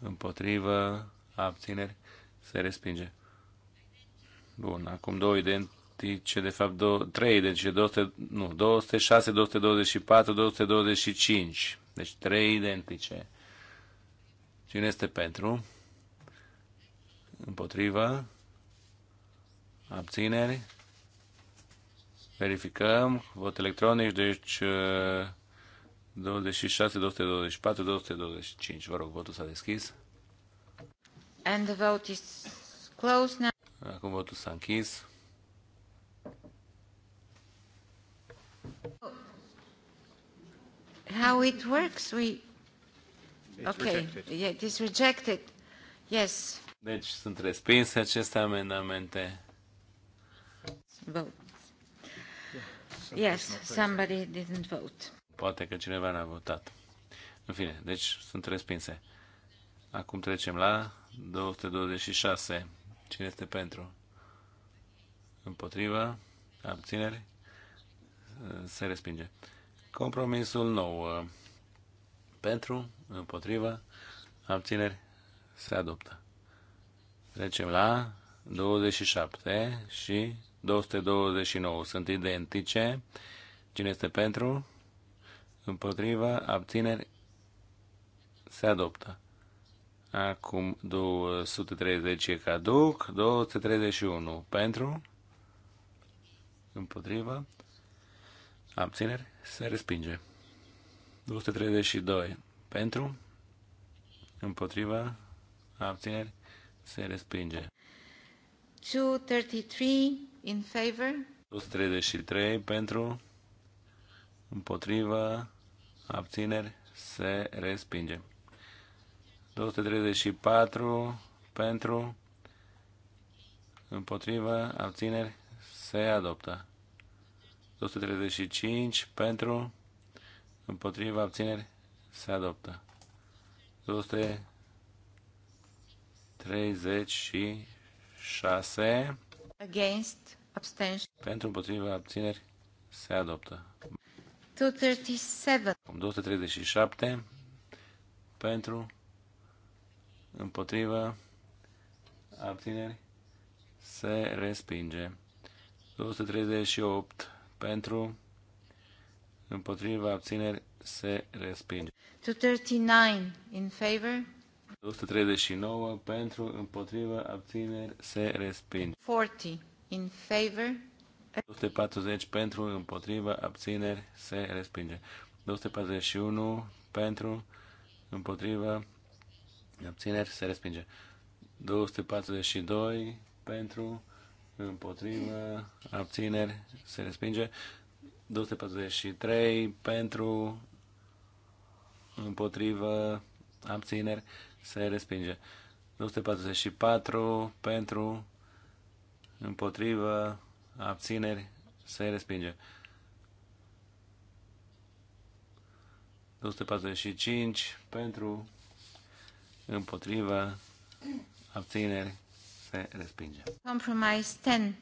[SPEAKER 4] împotrivă, abțineri, se respinge. Bun, acum două identice, de fapt două, trei identice, 200, nu, 206, 224, 225. Deci trei identice. Cine este pentru? Împotrivă? Abțineri? Verificăm. Vot electronic, deci 26, 224, 225. Vă rog, votul s-a deschis.
[SPEAKER 3] And the vote is closed now.
[SPEAKER 4] Acum votul s-a închis.
[SPEAKER 3] How it works, we... It's okay, rejected. Yeah, it is rejected. Yes.
[SPEAKER 4] Deci sunt respinse aceste amendamente.
[SPEAKER 3] Vote. Yes, somebody didn't vote.
[SPEAKER 4] Poate că cineva n-a votat. În fine, deci sunt respinse. Acum trecem la 226. Cine este pentru? Împotriva? Abțineri? Se respinge. Compromisul 9. Pentru? Împotriva? Abțineri? Se adoptă. Trecem la 27 și 229. Sunt identice. Cine este pentru? Împotriva? Abțineri? Se adoptă. Acum 230 e caduc, 231 pentru, împotriva, abțineri, se respinge. 232 pentru, împotriva, abțineri, se respinge.
[SPEAKER 3] 233 in favor.
[SPEAKER 4] 233 pentru, împotriva, abțineri, se respinge. 234 pentru, împotrivă, abțineri, se adoptă. 235 pentru, împotrivă, abțineri, se adoptă. 236
[SPEAKER 3] against, abstention.
[SPEAKER 4] pentru, împotrivă, abțineri, se adoptă.
[SPEAKER 3] 237
[SPEAKER 4] 237 pentru împotriva, abțineri, se respinge. 238 pentru, împotriva, abțineri, se respinge.
[SPEAKER 3] 239 in favor.
[SPEAKER 4] 239 pentru, împotriva, abțineri, se respinge.
[SPEAKER 3] 40 in favor.
[SPEAKER 4] 240 pentru, împotriva, abțineri, se respinge. 241 pentru, împotriva, abțineri, se respinge. 242 pentru, împotrivă, abțineri, se respinge. 243 pentru, împotrivă, abțineri, se respinge. 244 pentru, împotrivă, abțineri, se respinge. 245 pentru, împotriva, abțineri, se respinge.
[SPEAKER 2] Compromis 10.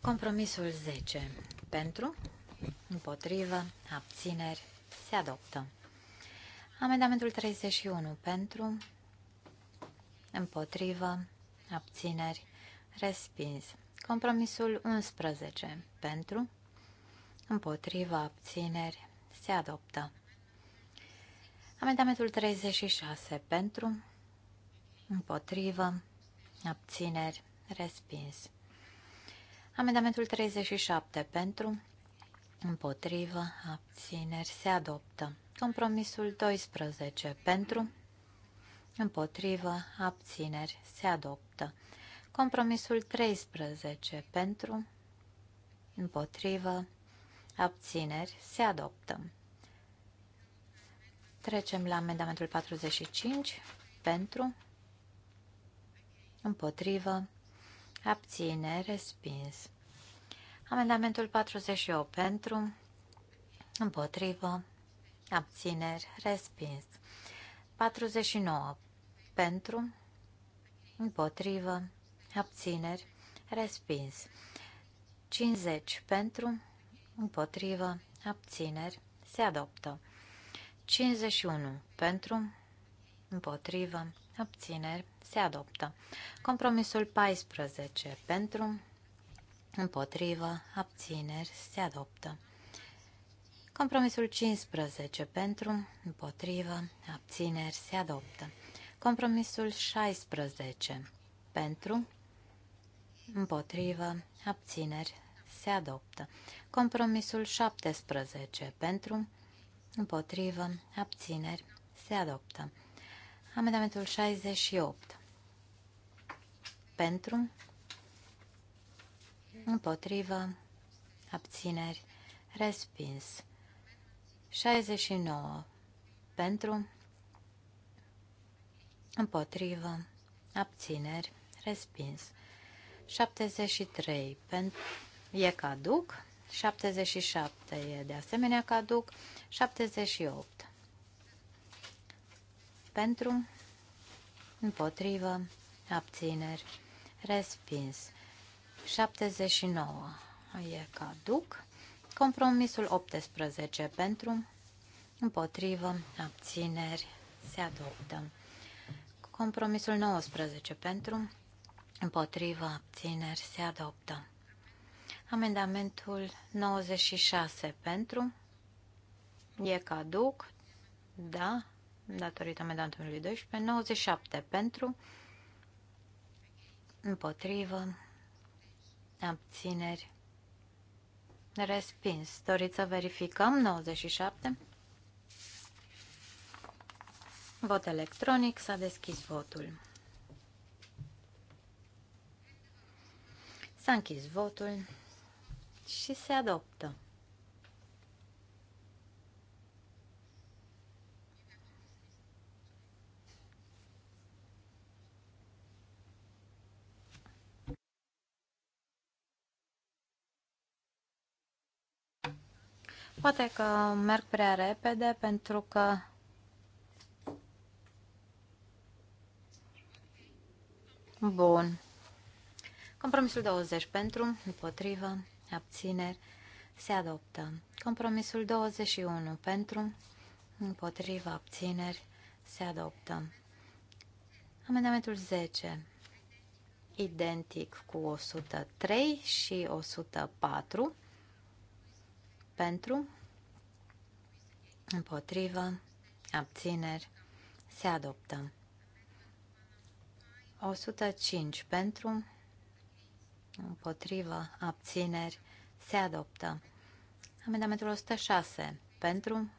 [SPEAKER 2] Compromisul 10. Pentru, împotrivă, abțineri, se adoptă. Amendamentul 31. Pentru, împotrivă, abțineri, respins. Compromisul 11. Pentru, împotriva abțineri, se adoptă. Amendamentul 36 pentru, împotrivă, abțineri, respins. Amendamentul 37 pentru, împotrivă, abțineri, se adoptă. Compromisul 12 pentru, împotrivă, abțineri, se adoptă. Compromisul 13 pentru, împotrivă, abțineri, se adoptă. Trecem la amendamentul 45. Pentru. Împotrivă. Abține. Respins. Amendamentul 48. Pentru. Împotrivă. Abțineri. Respins. 49. Pentru. Împotrivă. Abțineri. Respins. 50. Pentru. Împotrivă. Abțineri. Se adoptă. 51 pentru, împotrivă, abțineri, se adoptă. Compromisul 14 pentru, împotrivă, abțineri, se adoptă. Compromisul 15 pentru, împotrivă, abțineri, se adoptă. Compromisul 16 pentru, împotrivă, abțineri, se adoptă. Compromisul 17 pentru, împotrivă, abțineri, se adoptă. Amendamentul 68. Pentru, împotrivă, abțineri, respins. 69. Pentru, împotrivă, abțineri, respins. 73. Pentru, e caduc. 77 e de asemenea caduc. 78. Pentru, împotrivă, abțineri, respins. 79 e caduc. Compromisul 18 pentru, împotrivă, abțineri, se adoptă. Compromisul 19 pentru, împotrivă, abțineri, se adoptă. Amendamentul 96 pentru, E caduc. Da. Datorită medantului 12. 97 pentru. Împotrivă. Abțineri. Respins. Doriți să verificăm? 97. Vot electronic. S-a deschis votul. S-a închis votul și se adoptă. Poate că merg prea repede pentru că Bun. Compromisul 20 pentru, împotrivă, abțineri, se adoptă. Compromisul 21 pentru, împotrivă, abțineri, se adoptă. Amendamentul 10, identic cu 103 și 104 pentru, împotrivă, abțineri, se adoptă. 105 pentru, împotrivă, abțineri, se adoptă. Amendamentul 106 pentru,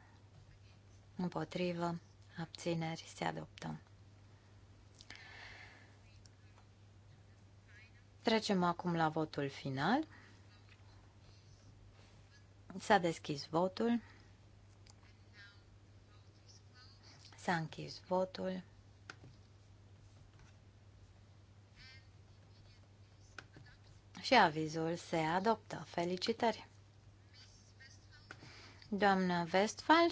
[SPEAKER 2] împotrivă, abțineri, se adoptă. Trecem acum la votul final. S-a deschis votul. S-a închis votul. Și avizul se adoptă. Felicitări! Doamnă Westphal,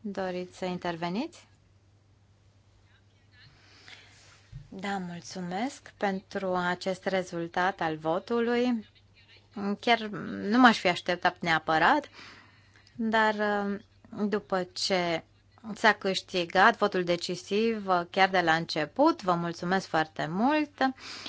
[SPEAKER 2] doriți să interveniți? Da, mulțumesc pentru acest rezultat al votului. Chiar nu m-aș fi așteptat neapărat, dar uh, după ce s-a câștigat votul decisiv uh, chiar de la început. Vă mulțumesc foarte mult.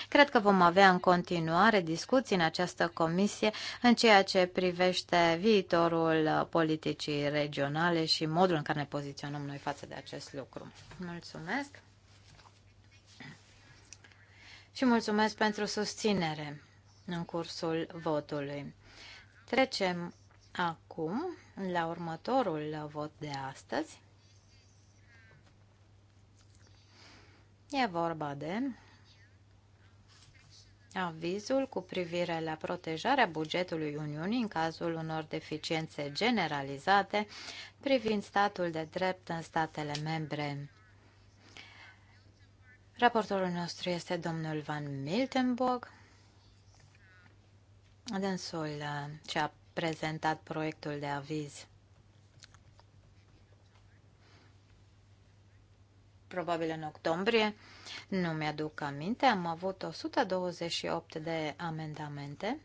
[SPEAKER 2] Cred că vom avea în continuare discuții în această comisie în ceea ce privește viitorul uh, politicii regionale și modul în care ne poziționăm noi față de acest lucru. Mulțumesc și mulțumesc pentru susținere în cursul votului. Trecem acum la următorul vot de astăzi. E vorba de avizul cu privire la protejarea bugetului Uniunii în cazul unor deficiențe generalizate privind statul de drept în statele membre. Raportorul nostru este domnul Van Miltenburg. Adânsul ce uh, a prezentat proiectul de aviz. Probabil în octombrie, nu mi-aduc aminte, am avut 128 de amendamente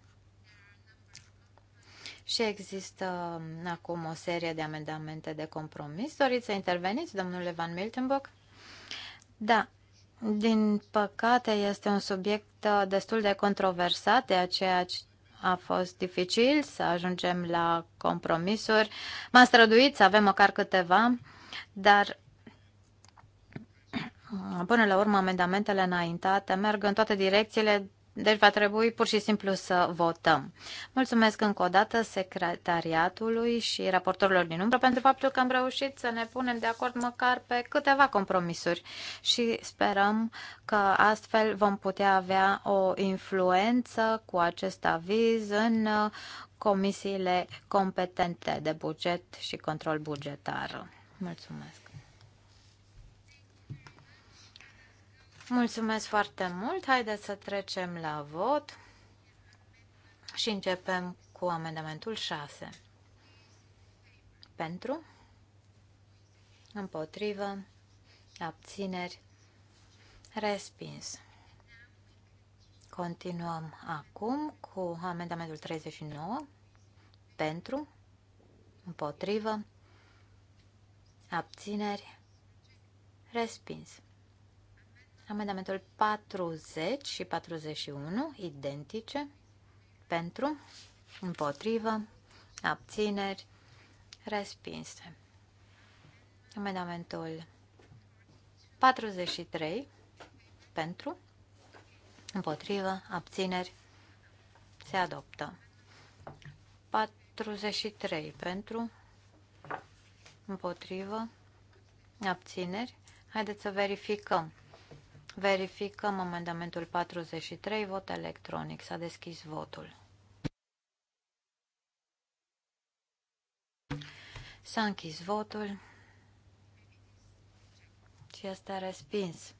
[SPEAKER 2] și există um, acum o serie de amendamente de compromis. Doriți să interveniți, domnule Van Miltenburg? Da, din păcate este un subiect uh, destul de controversat, de aceea a fost dificil să ajungem la compromisuri. M-am străduit să avem măcar câteva, dar până la urmă amendamentele înaintate merg în toate direcțiile deci va trebui pur și simplu să votăm. Mulțumesc încă o dată secretariatului și raportorilor din umbră pentru faptul că am reușit să ne punem de acord măcar pe câteva compromisuri și sperăm că astfel vom putea avea o influență cu acest aviz în comisiile competente de buget și control bugetar. Mulțumesc! Mulțumesc foarte mult. Haideți să trecem la vot și începem cu amendamentul 6. Pentru, împotrivă, abțineri, respins. Continuăm acum cu amendamentul 39. Pentru, împotrivă, abțineri, respins. Amendamentul 40 și 41, identice, pentru, împotrivă, abțineri, respinse. Amendamentul 43, pentru, împotrivă, abțineri, se adoptă. 43, pentru, împotrivă, abțineri. Haideți să verificăm. Verificăm amendamentul 43, vot electronic. S-a deschis votul. S-a închis votul și este respins.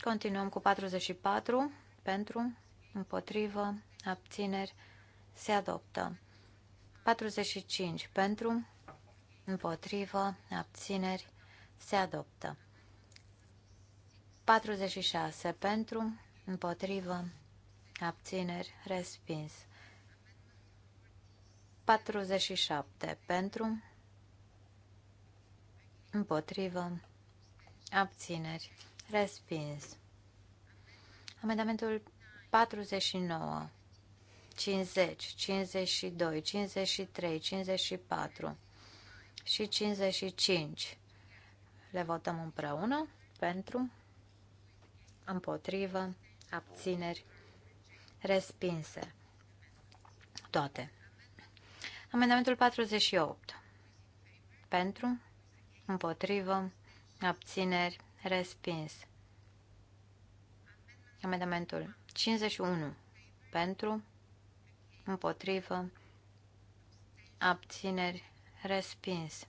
[SPEAKER 2] Continuăm cu 44 pentru, împotrivă, abțineri, se adoptă. 45 pentru, împotrivă, abțineri, se adoptă. 46 pentru, împotrivă, abțineri, respins. 47 pentru, împotrivă, abțineri, respins. Amendamentul 49, 50, 52, 53, 54 și 55. Le votăm împreună pentru, împotrivă, abțineri, respinse. Toate. Amendamentul 48. Pentru, împotrivă, abțineri, respins. Amendamentul 51. Pentru, împotrivă, abțineri, Respins.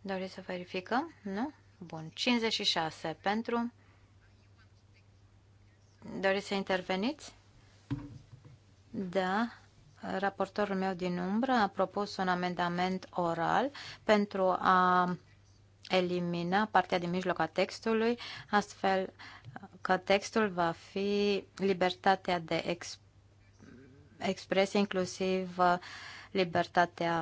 [SPEAKER 2] Doriți să verificăm? Nu? Bun. 56 pentru. Doriți să interveniți? Da. Raportorul meu din umbră a propus un amendament oral pentru a elimina partea din mijloc a textului, astfel că textul va fi libertatea de expresie, inclusiv uh, libertatea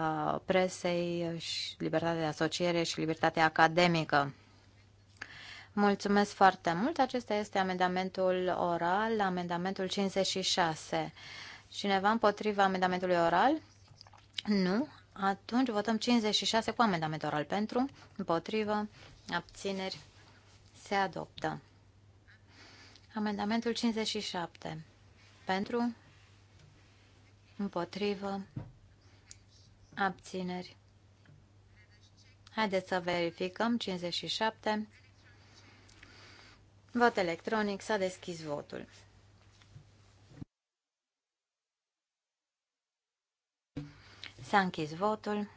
[SPEAKER 2] presei, și libertatea de asociere și libertatea academică. Mulțumesc foarte mult. Acesta este amendamentul oral, amendamentul 56. Cineva împotriva amendamentului oral? Nu. Atunci votăm 56 cu amendament oral pentru, împotrivă, abțineri, se adoptă. Amendamentul 57. Pentru, împotrivă, abțineri. Haideți să verificăm. 57. Vot electronic. S-a deschis votul. S-a închis votul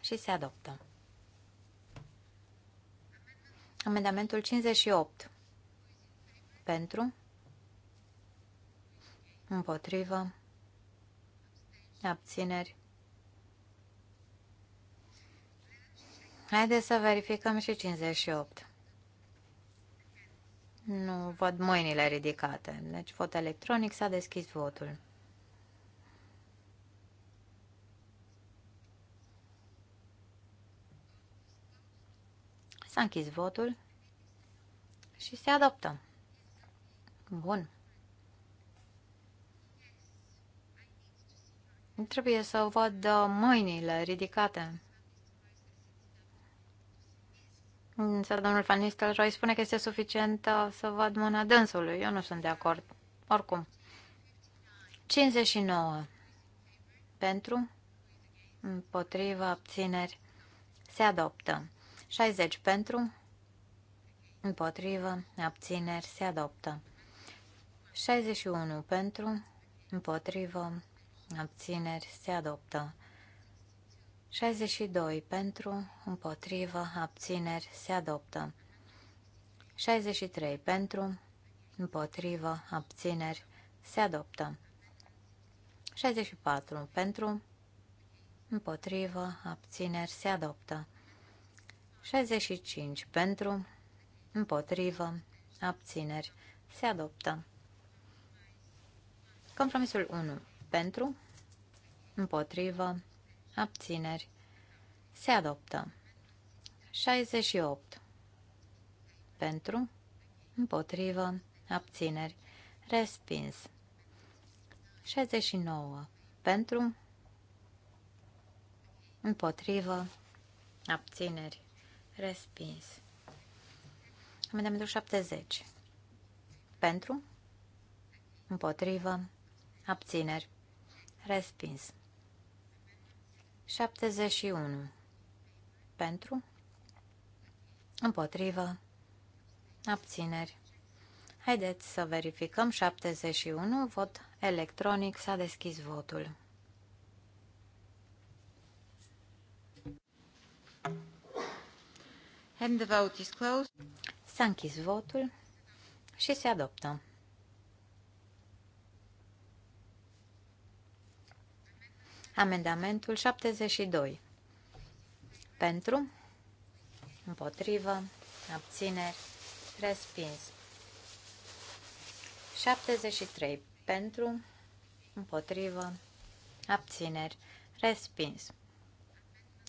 [SPEAKER 2] și se adoptă. Amendamentul 58. Pentru. Împotrivă. Abțineri. Haideți să verificăm și 58. Nu văd mâinile ridicate. Deci vot electronic s-a deschis votul. S-a închis votul și se adoptă. Bun. Trebuie să văd uh, mâinile ridicate. Însă domnul Van Nistelrooy spune că este suficient uh, să văd mâna dânsului. Eu nu sunt de acord. Oricum. 59. Pentru? Împotriva abțineri. Se adoptă. 60 pentru? Împotrivă. Abțineri. Se adoptă. 61 pentru? Împotrivă abțineri se adoptă. 62 pentru, împotrivă, abțineri se adoptă. 63 pentru, împotrivă, abțineri se adoptă. 64 pentru, împotrivă, abțineri se adoptă. 65 pentru, împotrivă, abțineri se adoptă. Compromisul 1 pentru, împotrivă, abțineri, se adoptă. 68. Pentru, împotrivă, abțineri, respins. 69. Pentru, împotrivă, abțineri, respins. Amendamentul 70. Pentru, împotrivă, abțineri, Respins. 71. Pentru. Împotrivă. Abțineri. Haideți să verificăm 71. Vot electronic. S-a deschis votul. And the vote is closed. S-a închis votul și se adoptă. Amendamentul 72. Pentru, împotrivă, abțineri, respins. 73. Pentru, împotrivă, abțineri, respins.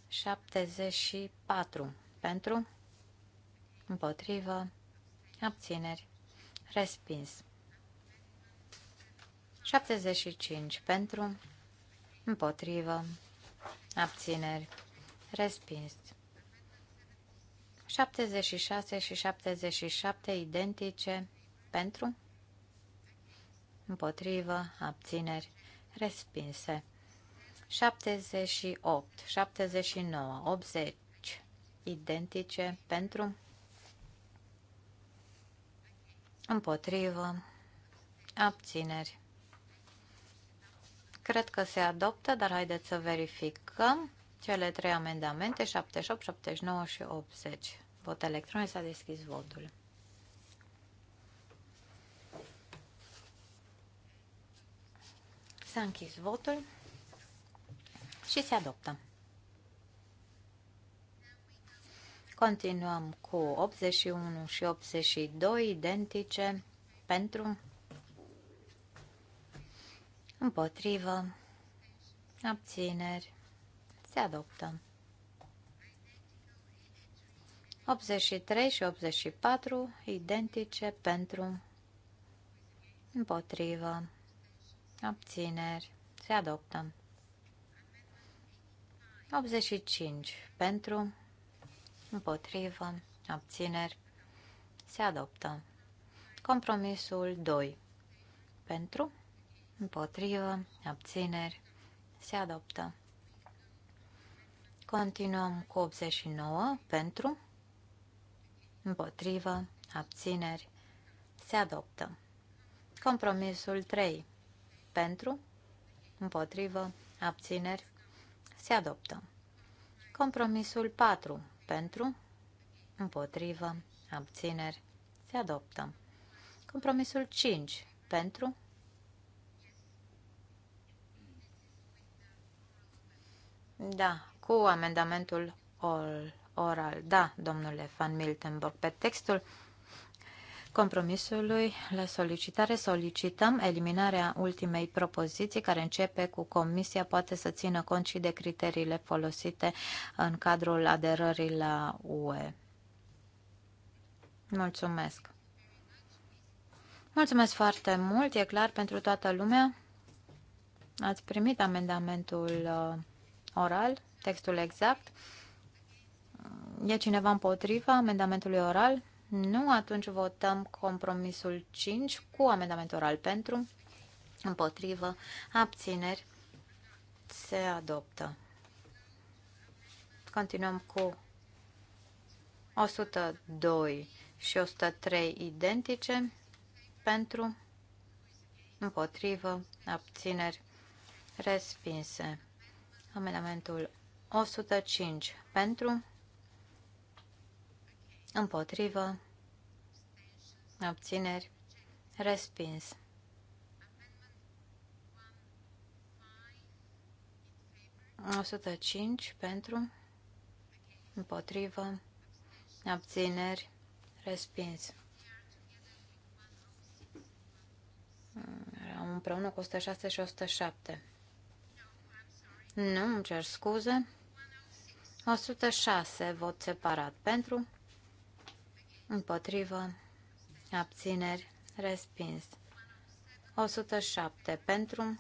[SPEAKER 2] 74. Pentru, împotrivă, abțineri, respins. 75. Pentru, împotrivă, abțineri, respins. 76 și 77 identice pentru, împotrivă, abțineri, respinse. 78, 79, 80 identice pentru, împotrivă, abțineri, Cred că se adoptă, dar haideți să verificăm cele trei amendamente, 78, 79 și 80. Vot electronic, s-a deschis votul. S-a închis votul și se adoptă. Continuăm cu 81 și 82 identice pentru împotrivă, abțineri, se adoptă. 83 și 84 identice pentru, împotrivă, abțineri, se adoptă. 85 pentru, împotrivă, abțineri, se adoptă. Compromisul 2 pentru, împotrivă, abțineri, se adoptă. Continuăm cu 89 pentru, împotrivă, abțineri, se adoptă. Compromisul 3 pentru, împotrivă, abțineri, se adoptă. Compromisul 4 pentru, împotrivă, abțineri, se adoptă. Compromisul 5 pentru, Da, cu amendamentul oral. Da, domnule Van Miltenburg, pe textul compromisului la solicitare solicităm eliminarea ultimei propoziții care începe cu Comisia poate să țină cont și de criteriile folosite în cadrul aderării la UE. Mulțumesc! Mulțumesc foarte mult, e clar pentru toată lumea. Ați primit amendamentul uh, oral, textul exact. E cineva împotriva amendamentului oral? Nu, atunci votăm compromisul 5 cu amendamentul oral pentru, împotrivă, abțineri, se adoptă. Continuăm cu 102 și 103 identice pentru, împotrivă, abțineri, respinse. Amendamentul 105 pentru, împotrivă, abțineri, respins. Osută cinci pentru, împotrivă, abțineri, respins. Împreună cu 106 și 107. Nu, îmi cer scuze. 106 vot separat pentru, împotrivă, abțineri, respins. 107 pentru,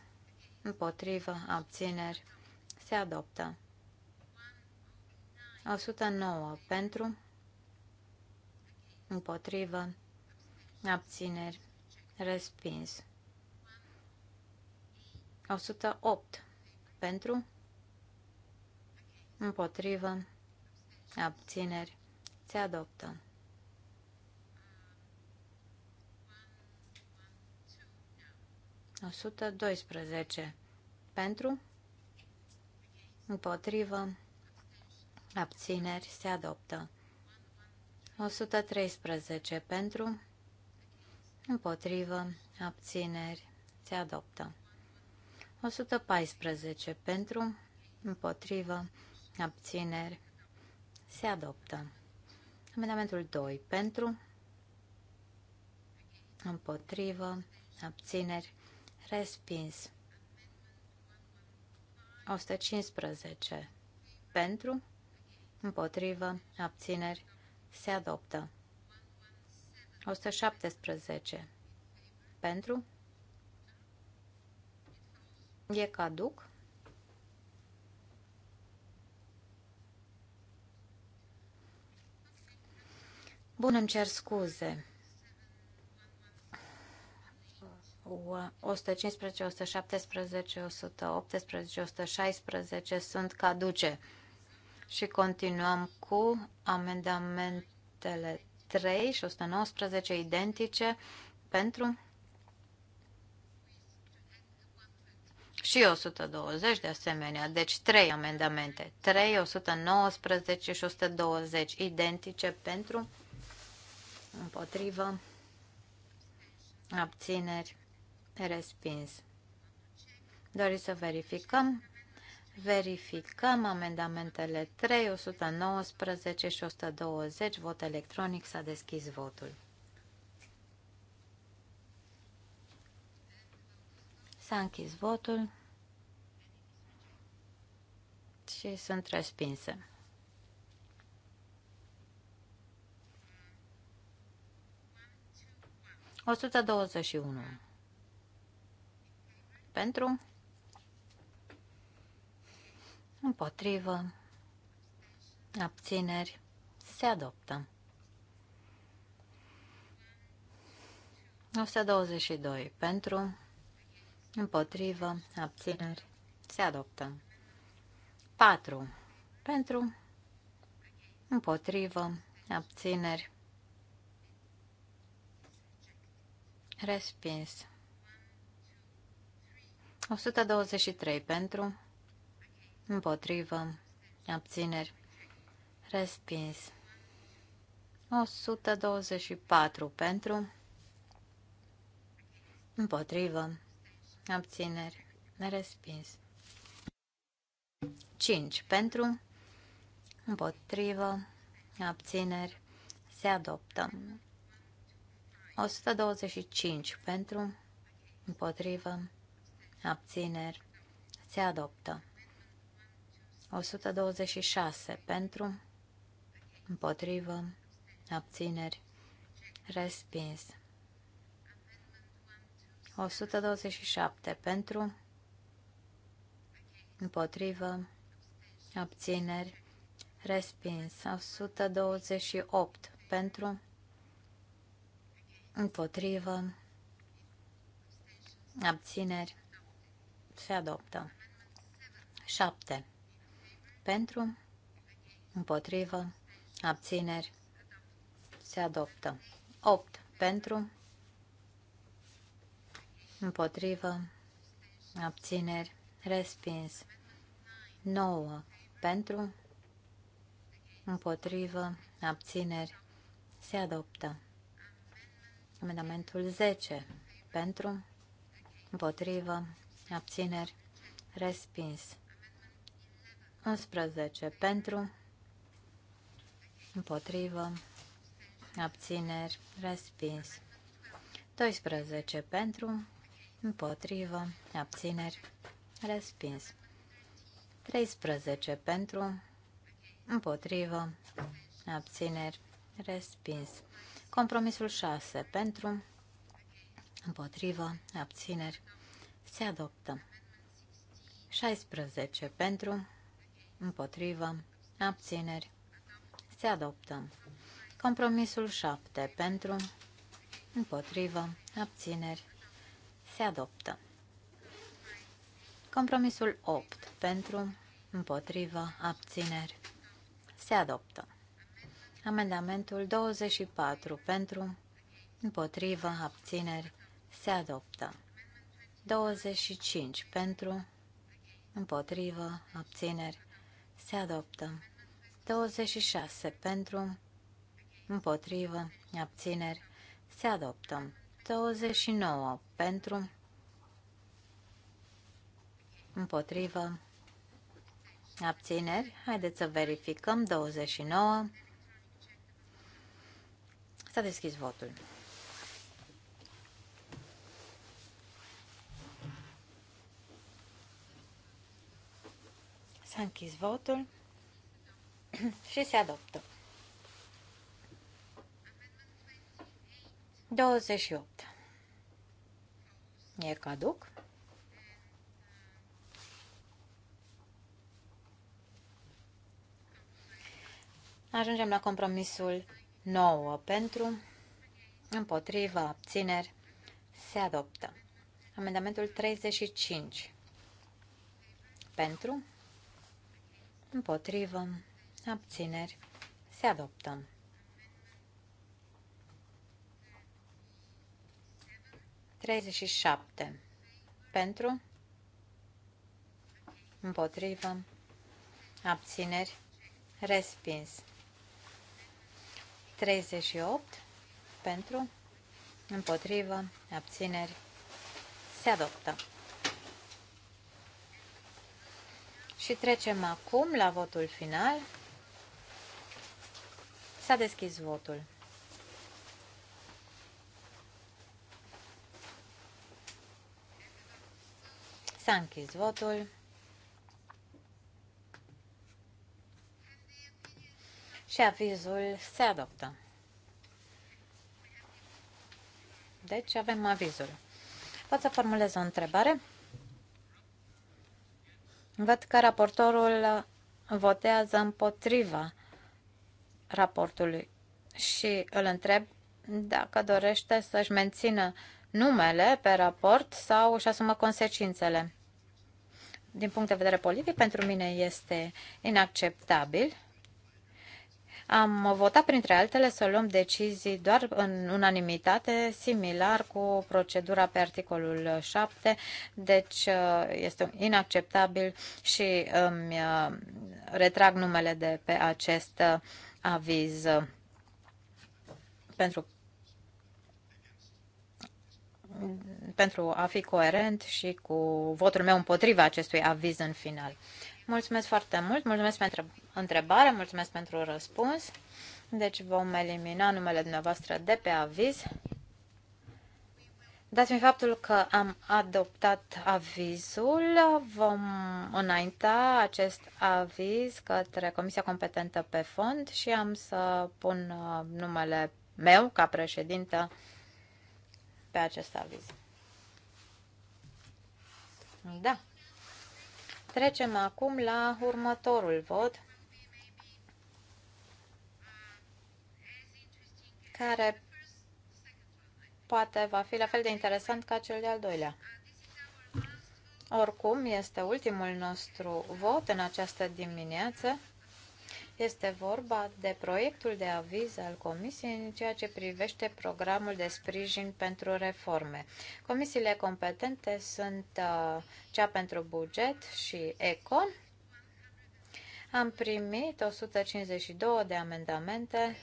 [SPEAKER 2] împotrivă, abțineri, se adoptă. 109 pentru, împotrivă, abțineri, respins. 108 pentru, împotrivă, abțineri, se adoptă. O 112 pentru, împotrivă, abțineri, se adoptă. 113 pentru, împotrivă, abțineri, se adoptă. 114 pentru, împotrivă, abțineri, se adoptă. Amendamentul 2 pentru, împotrivă, abțineri, respins. 115 pentru, împotrivă, abțineri, se adoptă. 117 pentru, E caduc. Bun, îmi cer scuze. 115, 117, 118, 116 sunt caduce. Și continuăm cu amendamentele 3 și 119 identice pentru și 120 de asemenea, deci 3 amendamente, 3, 119 și 120 identice pentru, împotrivă, abțineri, respins. Doriți să verificăm? Verificăm amendamentele 3, 119 și 120, vot electronic, s-a deschis votul. S-a închis votul și sunt respinsă. O sută douăzeci și unu pentru, împotrivă, abțineri, se adoptă. 122 pentru, Împotrivă. Abțineri. Se adoptă. 4. Pentru. Împotrivă. Abțineri. Respins. 123 pentru. Împotrivă. Abțineri. Respins. 124 pentru. Împotrivă abțineri, respins. 5. Pentru, împotrivă, abțineri, se adoptă. 125. Pentru, împotrivă, abțineri, se adoptă. 126. Pentru, împotrivă, abțineri, respins. 127 pentru, împotrivă, abțineri, respins. 128 pentru, împotrivă, abțineri, se adoptă. 7 pentru, împotrivă, abțineri, se adoptă. 8 pentru, împotrivă, abțineri, respins. 9 pentru, împotrivă, abțineri, se adoptă. Amendamentul 10 pentru, împotrivă, abțineri, respins. 11 pentru, împotrivă, abțineri, respins. 12 pentru, împotrivă, abțineri, respins. 13 pentru, împotrivă, abțineri, respins. Compromisul 6 pentru, împotrivă, abțineri, se adoptă. 16 pentru, împotrivă, abțineri, se adoptă. Compromisul 7 pentru, împotrivă, abțineri, se adoptă. Compromisul 8 pentru, împotrivă, abțineri se adoptă. Amendamentul 24 pentru, împotrivă, abțineri se adoptă. 25 pentru, împotrivă, abțineri se adoptă. 26 pentru, împotrivă, abțineri se adoptă. 29 pentru, împotrivă, abțineri. Haideți să verificăm. 29. S-a deschis votul. S-a închis votul și se adoptă. 28. E caduc. Ajungem la compromisul 9 pentru, împotriva, abțineri, se adoptă. Amendamentul 35 pentru, împotrivă, abțineri, se adoptă. 37. Pentru, împotrivă, abțineri, respins. 38. Pentru, împotrivă, abțineri, se adoptă. Și trecem acum la votul final. S-a deschis votul. S-a închis votul. Și avizul se adoptă. Deci avem avizul. Pot să formulez o întrebare? Văd că raportorul votează împotriva raportului și îl întreb dacă dorește să-și mențină numele pe raport sau își asumă consecințele din punct de vedere politic, pentru mine este inacceptabil. Am votat, printre altele, să luăm decizii doar în unanimitate, similar cu procedura pe articolul 7, deci uh, este inacceptabil și îmi uh, retrag numele de pe acest uh, aviz pentru pentru a fi coerent și cu votul meu împotriva acestui aviz în final. Mulțumesc foarte mult, mulțumesc pentru întrebare, mulțumesc pentru răspuns. Deci vom elimina numele dumneavoastră de pe aviz. Dați-mi faptul că am adoptat avizul, vom înainta acest aviz către Comisia Competentă pe Fond și am să pun uh, numele meu ca președintă pe acest aviz. Da. Trecem acum la următorul vot, care poate va fi la fel de interesant ca cel de-al doilea. Oricum, este ultimul nostru vot în această dimineață este vorba de proiectul de aviz al Comisiei în ceea ce privește programul de sprijin pentru reforme. Comisiile competente sunt uh, cea pentru buget și ECON. Am primit 152 de amendamente.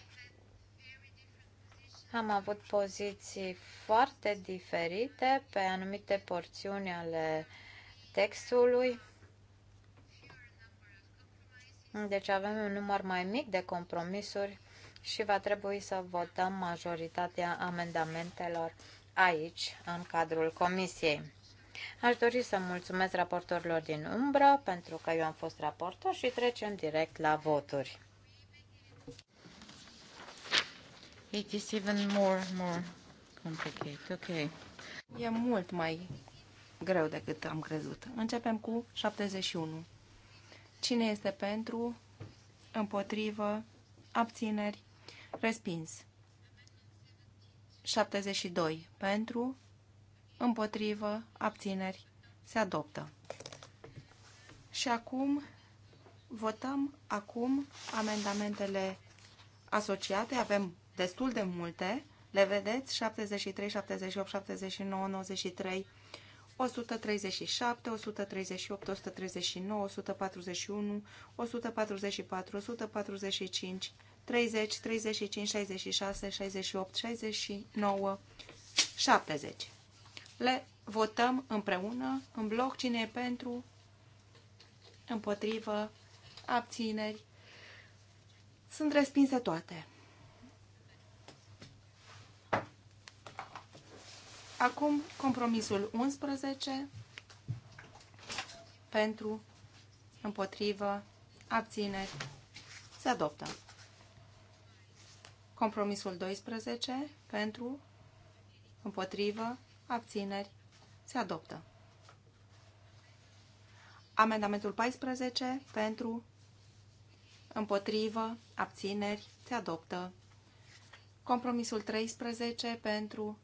[SPEAKER 2] Am avut poziții foarte diferite pe anumite porțiuni ale textului. Deci avem un număr mai mic de compromisuri și va trebui să votăm majoritatea amendamentelor aici, în cadrul comisiei. Aș dori să mulțumesc raportorilor din umbră, pentru că eu am fost raportor și trecem direct la voturi.
[SPEAKER 1] It is even more, more complicated. Okay. E mult mai greu decât am crezut. Începem cu 71. Cine este pentru? Împotrivă? Abțineri? Respins. 72. Pentru? Împotrivă? Abțineri? Se adoptă. Și acum votăm acum amendamentele asociate. Avem destul de multe. Le vedeți? 73, 78, 79, 93, 137, 138, 139, 141, 144, 145, 30, 35, 66, 68, 69, 70. Le votăm împreună, în bloc, cine e pentru, împotrivă, abțineri. Sunt respinse toate. Acum compromisul 11 pentru, împotrivă, abțineri, se adoptă. Compromisul 12 pentru, împotrivă, abțineri, se adoptă. Amendamentul 14 pentru, împotrivă, abțineri, se adoptă. Compromisul 13 pentru,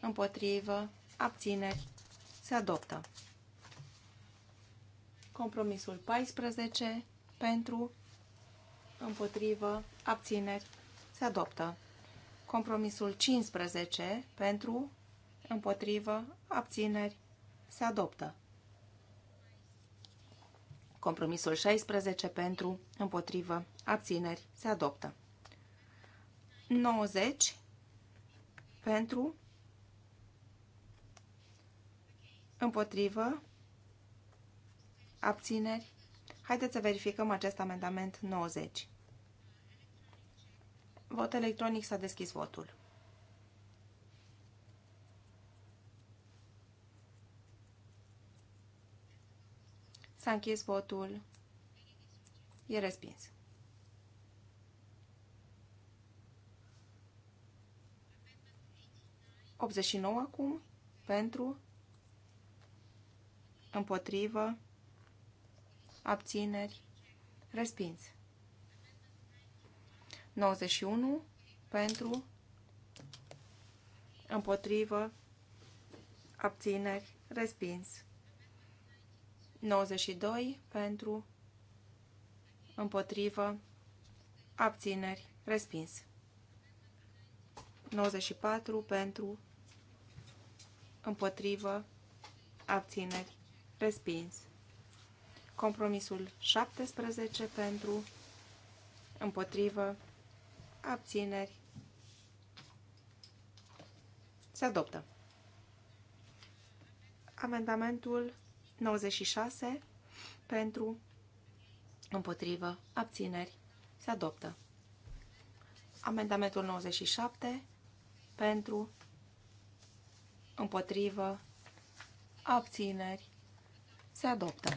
[SPEAKER 1] împotrivă, abțineri, se adoptă. Compromisul 14, pentru, împotrivă, abțineri, se adoptă. Compromisul 15, pentru, împotrivă, abțineri, se adoptă. Compromisul 16 pentru, împotrivă, abțineri, se adoptă. 90 pentru, Împotrivă? Abțineri? Haideți să verificăm acest amendament 90. Vot electronic s-a deschis votul. S-a închis votul. E respins. Optzeci acum. Pentru împotrivă, abțineri, respins. 91 pentru, împotrivă, abțineri, respins. 92 pentru, împotrivă, abțineri, respins. 94 pentru, împotrivă, abțineri, Respins. Compromisul 17 pentru, împotrivă, abțineri. Se adoptă. Amendamentul 96 pentru, împotrivă, abțineri. Se adoptă. Amendamentul 97 pentru, împotrivă, abțineri. Se adoptă.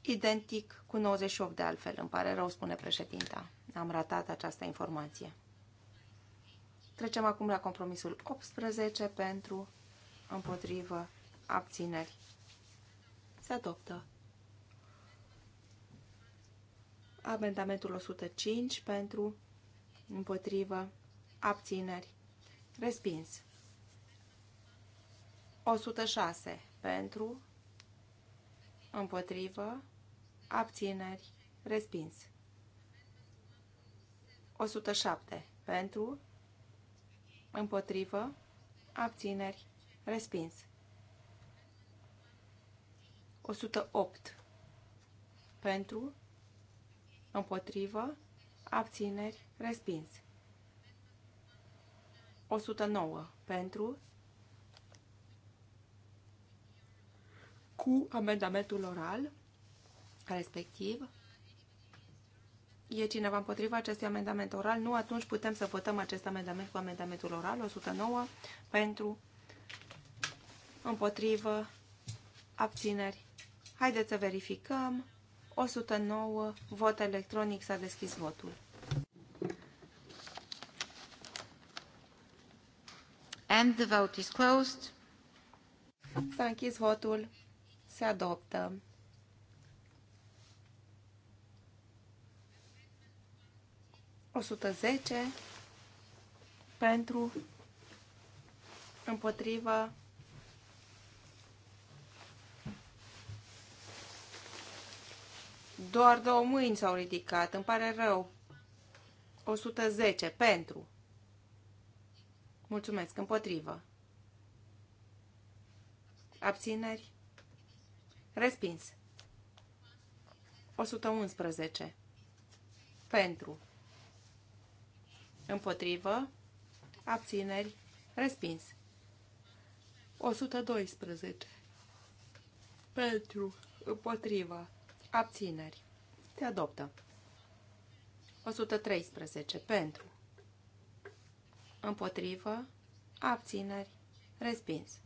[SPEAKER 1] Identic cu 98 de altfel, îmi pare rău, spune președinta. Am ratat această informație. Trecem acum la compromisul 18 pentru împotrivă abțineri. Se adoptă. Amendamentul 105 pentru împotrivă abțineri. Respins. 106 pentru, împotrivă, abțineri, respins. 107 pentru, împotrivă, abțineri, respins. 108 pentru, împotrivă, abțineri, respins. 109 pentru, cu amendamentul oral respectiv. E cineva împotriva acestui amendament oral? Nu, atunci putem să votăm acest amendament cu amendamentul oral 109 pentru împotrivă abțineri. Haideți să verificăm. 109 vot electronic s-a deschis votul.
[SPEAKER 3] And the vote is closed. S-a închis votul.
[SPEAKER 1] Se adoptă. O sută zece pentru împotriva Doar două mâini s-au ridicat, îmi pare rău. 110 pentru. Mulțumesc, împotrivă. Abțineri? Respins. 111. Pentru. Împotrivă. Abțineri. Respins. 112. Pentru. Împotrivă. Abțineri. Te adoptă. 113. Pentru. Împotrivă. Abțineri. Respins.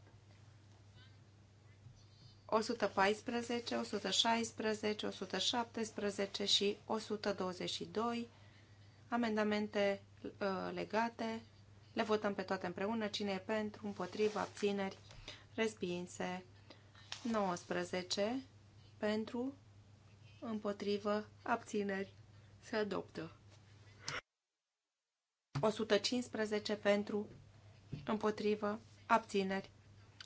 [SPEAKER 1] 114, 116, 117 și 122 amendamente uh, legate. Le votăm pe toate împreună. Cine e pentru, împotriva, abțineri, respinse. 19 pentru, împotrivă, abțineri, se adoptă. 115 pentru, împotrivă, abțineri,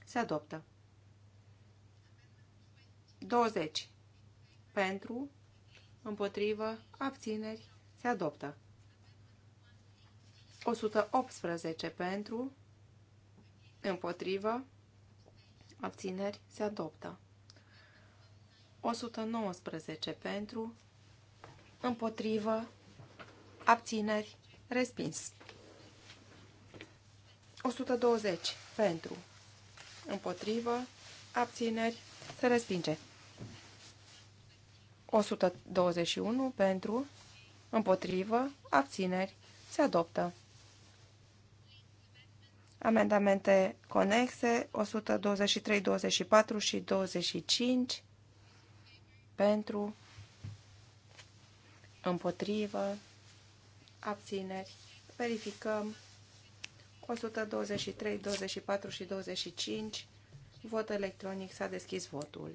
[SPEAKER 1] se adoptă. 20. Pentru, împotrivă, abțineri, se adoptă. 118 pentru, împotrivă, abțineri, se adoptă. 119 pentru, împotrivă, abțineri, respins. 120 pentru, împotrivă, abțineri, se respinge. 121 pentru, împotrivă, abțineri, se adoptă. Amendamente conexe 123, 24 și 25 pentru, împotrivă, abțineri. Verificăm 123, 24 și 25. Vot electronic s-a deschis votul.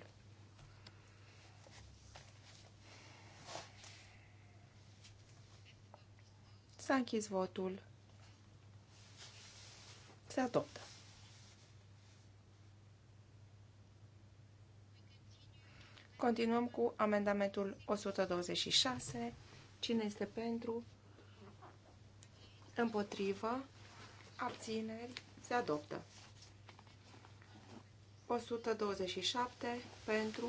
[SPEAKER 1] S-a închis votul. Se adoptă. Continuăm cu amendamentul 126. Cine este pentru? Împotrivă? Abțineri? Se adoptă. 127 pentru,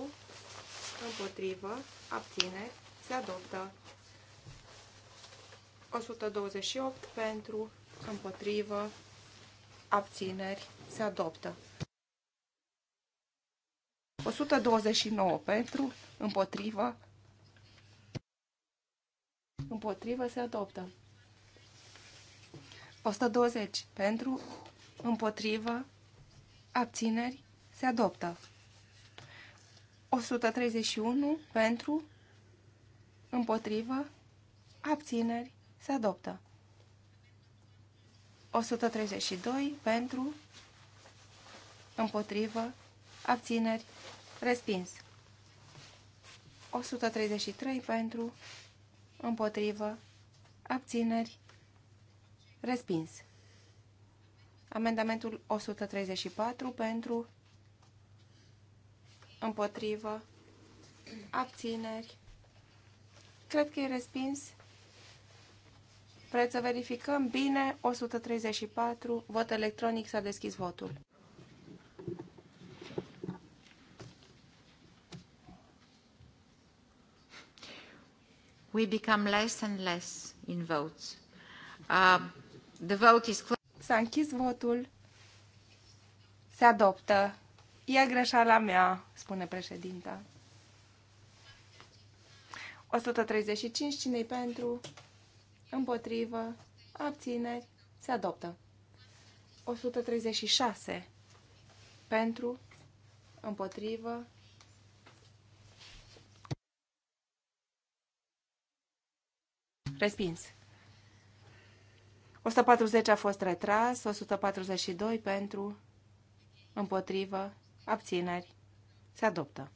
[SPEAKER 1] împotrivă, abțineri, se adoptă. 128 pentru, împotrivă, abțineri, se adoptă. 129 pentru, împotrivă, împotrivă, se adoptă. 120 pentru, împotrivă, abțineri, se adoptă. 131 pentru, împotrivă, abțineri, se adoptă. 132 pentru, împotrivă, abțineri, respins. 133 pentru, împotrivă, abțineri, respins. Amendamentul 134 pentru, împotrivă, abțineri, cred că e respins, Vreți să verificăm? Bine, 134, vot electronic, s-a deschis votul.
[SPEAKER 3] We become less and less in votes. Uh, the vote is
[SPEAKER 1] S-a închis votul. Se adoptă. E greșeala mea, spune președinta. 135, cine-i pentru? împotrivă, abțineri, se adoptă. 136 pentru, împotrivă, respins. 140 a fost retras, 142 pentru, împotrivă, abțineri, se adoptă.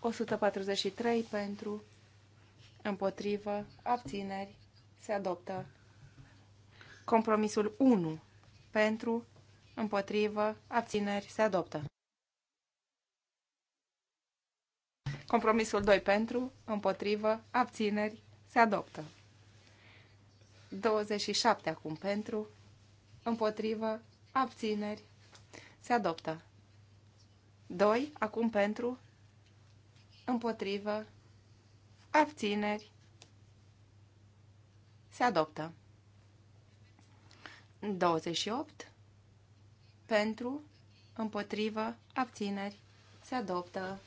[SPEAKER 1] 143 pentru, împotrivă, abțineri, se adoptă. Compromisul 1 pentru, împotrivă, abțineri, se adoptă. Compromisul 2 pentru, împotrivă, abțineri, se adoptă. 27 acum pentru, împotrivă, abțineri, se adoptă. 2 acum pentru, împotrivă, abțineri, se adoptă. 28. Pentru, împotrivă, abțineri, se adoptă.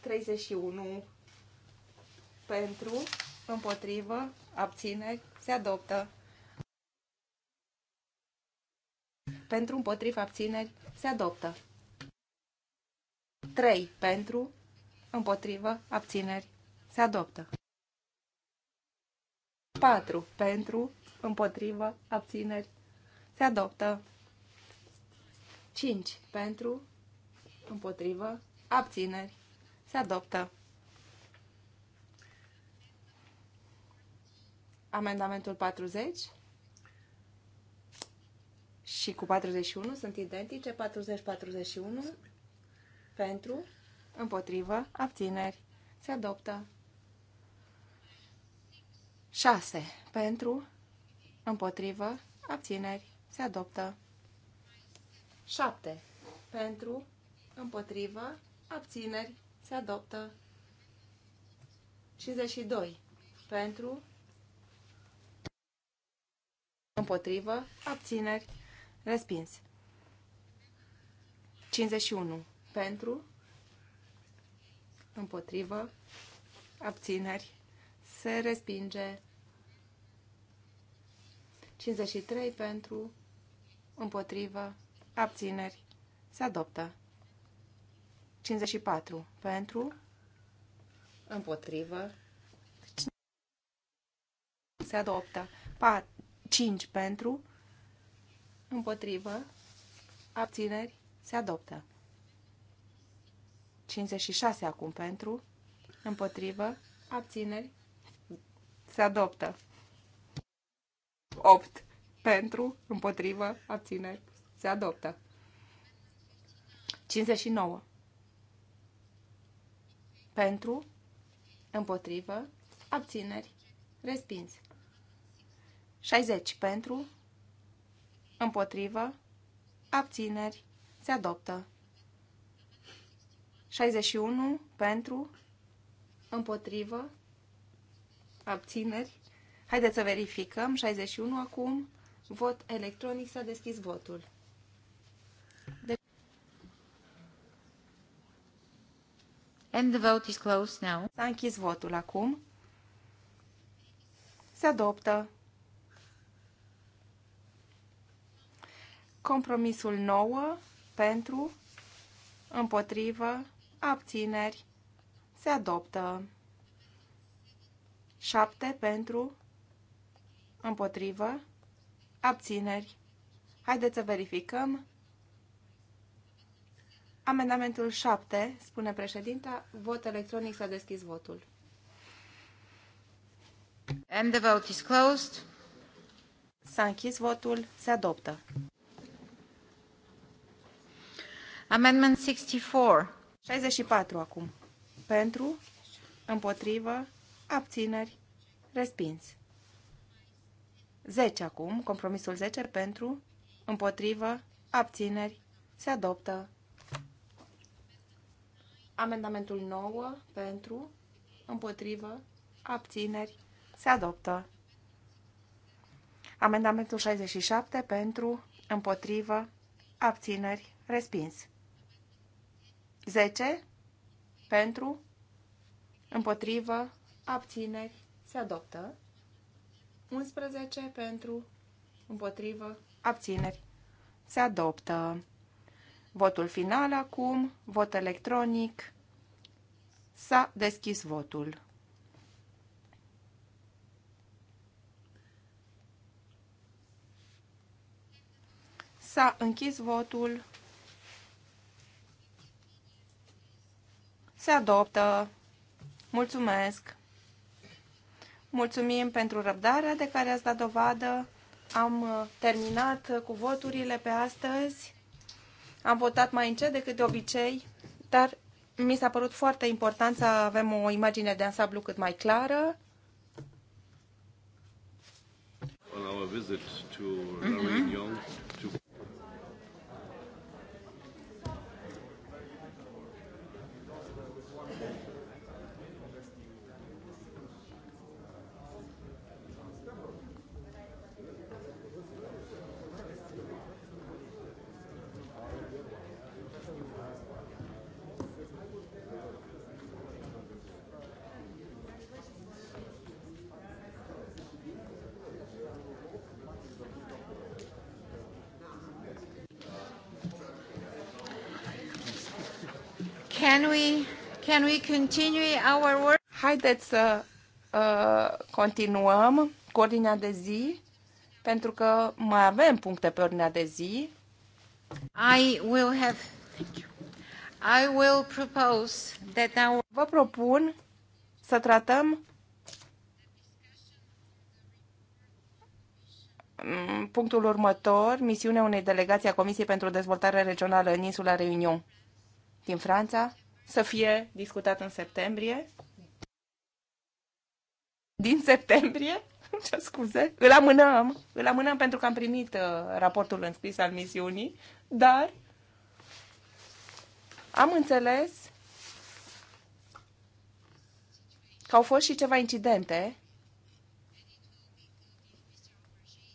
[SPEAKER 1] 31. Pentru, împotrivă, abțineri, se adoptă. Pentru, împotrivă, abțineri, se adoptă. 3. Pentru, împotrivă, abțineri, se adoptă. 4. Pentru, împotrivă, abțineri, se adoptă. 5. Pentru, împotrivă, abțineri, se adoptă. Amendamentul 40 și cu 41 sunt identice, 40-41 pentru, Împotrivă. Abțineri. Se adoptă. 6. Pentru. Împotrivă. Abțineri. Se adoptă. 7. Pentru. Împotrivă. Abțineri. Se adoptă. 52. Pentru. Împotrivă. Abțineri. Respins. 51. Pentru împotrivă, abțineri, se respinge. 53 pentru, împotrivă, abțineri, se adoptă. 54 pentru, împotrivă, se adoptă. 5 pentru, împotrivă, abțineri, se adoptă. 56 acum pentru, împotrivă, abțineri, se adoptă. 8 pentru, împotrivă, abțineri, se adoptă. 59 pentru, împotrivă, abțineri, respins. 60 pentru, împotrivă, abțineri, se adoptă. 61 pentru, împotrivă, abțineri. Haideți să verificăm. 61 acum. Vot electronic. S-a deschis votul. De
[SPEAKER 3] And the vote is closed now. S-a închis
[SPEAKER 1] votul acum. Se adoptă. Compromisul 9 pentru, împotrivă, abțineri, se adoptă. 7 pentru, împotrivă, abțineri. Haideți să verificăm. Amendamentul 7, spune președinta, vot electronic s-a deschis votul. And the vote is closed. S-a închis votul, se adoptă. Amendment 64. 64 acum. Pentru, împotrivă, abțineri, respins. 10 acum, compromisul 10 pentru, împotrivă, abțineri, se adoptă. Amendamentul 9 pentru, împotrivă, abțineri, se adoptă. Amendamentul 67 pentru, împotrivă, abțineri, respins. 10 pentru, împotrivă, abțineri, se adoptă. 11 pentru, împotrivă, abțineri, se adoptă. Votul final acum, vot electronic, s-a deschis votul. S-a închis votul. Se adoptă. Mulțumesc! Mulțumim pentru răbdarea de care ați dat dovadă. Am uh, terminat cu voturile pe astăzi. Am votat mai încet decât de obicei, dar mi s-a părut foarte important să avem o imagine de ansamblu cât mai clară.
[SPEAKER 4] On our visit to mm -hmm.
[SPEAKER 1] Can we continue our work? Haideți să uh, continuăm cu ordinea de zi, pentru că mai avem puncte pe ordinea de zi. I will have... Thank you. I will propose that our... Vă propun să tratăm mm, punctul următor, misiunea unei delegații a Comisiei pentru Dezvoltare Regională în insula Reunion din Franța, să fie discutat în septembrie. Din septembrie? Ce scuze? Îl amânăm. Îl amânăm pentru că am primit uh, raportul înscris al misiunii, dar am înțeles că au fost și ceva incidente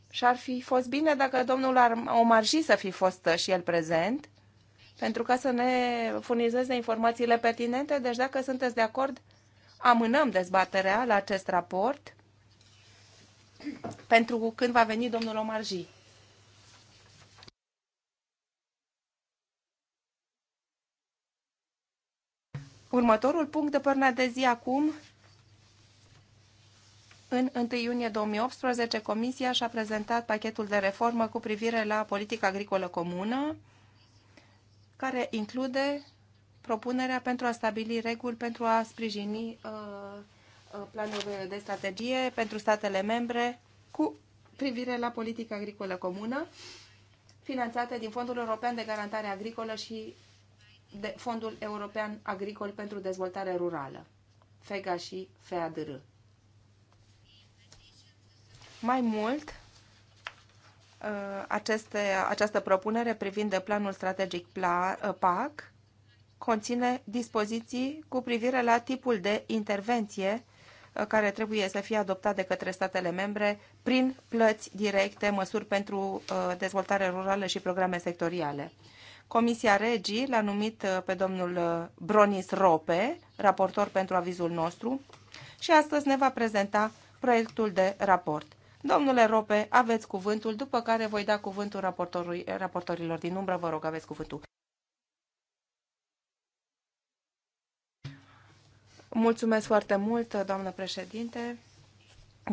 [SPEAKER 1] și ar fi fost bine dacă domnul Omarji să fi fost și el prezent pentru ca să ne furnizeze informațiile pertinente. Deci, dacă sunteți de acord, amânăm dezbaterea la acest raport pentru când va veni domnul Omarji. Următorul punct de până de zi acum, în 1 iunie 2018, Comisia și-a prezentat pachetul de reformă cu privire la politica agricolă comună care include propunerea pentru a stabili reguli pentru a sprijini uh, uh, planurile de strategie pentru statele membre cu privire la politica agricolă comună, finanțate din Fondul European de Garantare Agricolă și de Fondul European Agricol pentru Dezvoltare Rurală, FEGA și FEADR. Mai mult, Uh, aceste, această propunere privind de planul strategic uh, PAC conține dispoziții cu privire la tipul de intervenție uh, care trebuie să fie adoptat de către statele membre prin plăți directe, măsuri pentru dezvoltare rurală și programe sectoriale. Comisia Regii l-a numit pe domnul Bronis Rope, raportor pentru avizul nostru, și astăzi ne va prezenta proiectul de raport. Domnule Rope, aveți cuvântul, după care voi da cuvântul eh, raportorilor din umbră. Vă rog, aveți cuvântul. Mulțumesc foarte mult, doamnă președinte.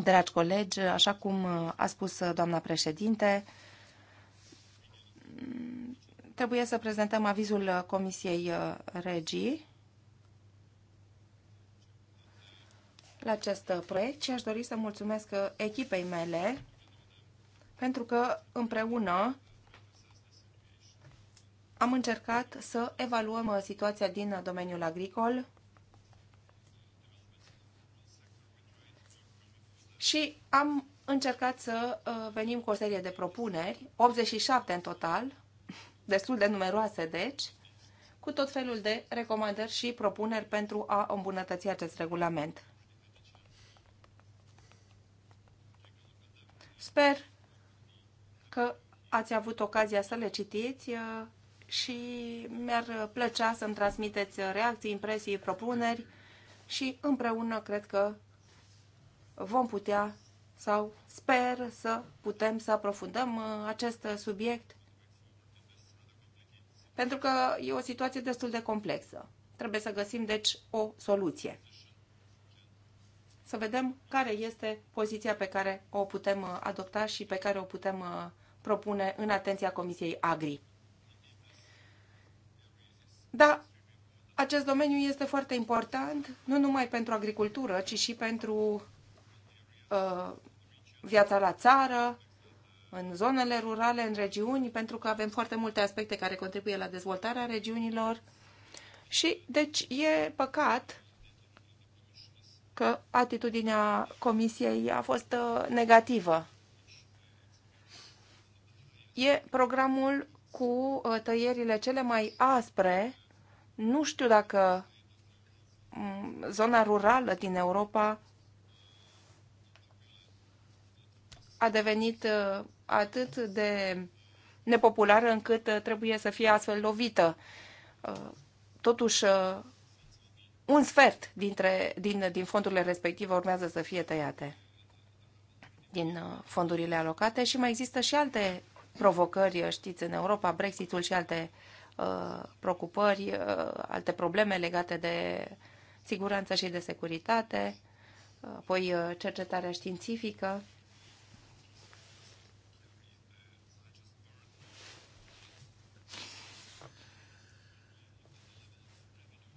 [SPEAKER 1] Dragi colegi, așa cum eh, a spus eh, doamna președinte, mm, trebuie să prezentăm avizul Comisiei Regii la acest uh, proiect și aș dori să mulțumesc uh, echipei mele pentru că împreună am încercat să evaluăm uh, situația din domeniul agricol și am încercat să venim cu o serie de propuneri, 87 în total, destul de numeroase deci, cu tot felul de recomandări și propuneri pentru a îmbunătăți acest regulament. Sper că ați avut ocazia să le citiți uh, și mi-ar plăcea să-mi transmiteți reacții, impresii, propuneri și împreună cred că vom putea sau sper să putem să aprofundăm uh, acest subiect pentru că e o situație destul de complexă. Trebuie să găsim, deci, o soluție să vedem care este poziția pe care o putem uh, adopta și pe care o putem uh, propune în atenția Comisiei Agri. Da, acest domeniu este foarte important, nu numai pentru agricultură, ci și pentru uh, viața la țară, în zonele rurale, în regiuni, pentru că avem foarte multe aspecte care contribuie la dezvoltarea regiunilor. Și, deci, e păcat că atitudinea Comisiei a fost uh, negativă. E programul cu uh, tăierile cele mai aspre. Nu știu dacă mm, zona rurală din Europa a devenit uh, atât de nepopulară încât trebuie să fie astfel lovită. Totuși, un sfert dintre, din, din fondurile respective urmează să fie tăiate din uh, fondurile alocate și mai există și alte provocări, uh, știți, în Europa, Brexitul și alte uh, preocupări, uh, alte probleme legate de siguranță și de securitate, apoi uh, cercetarea științifică.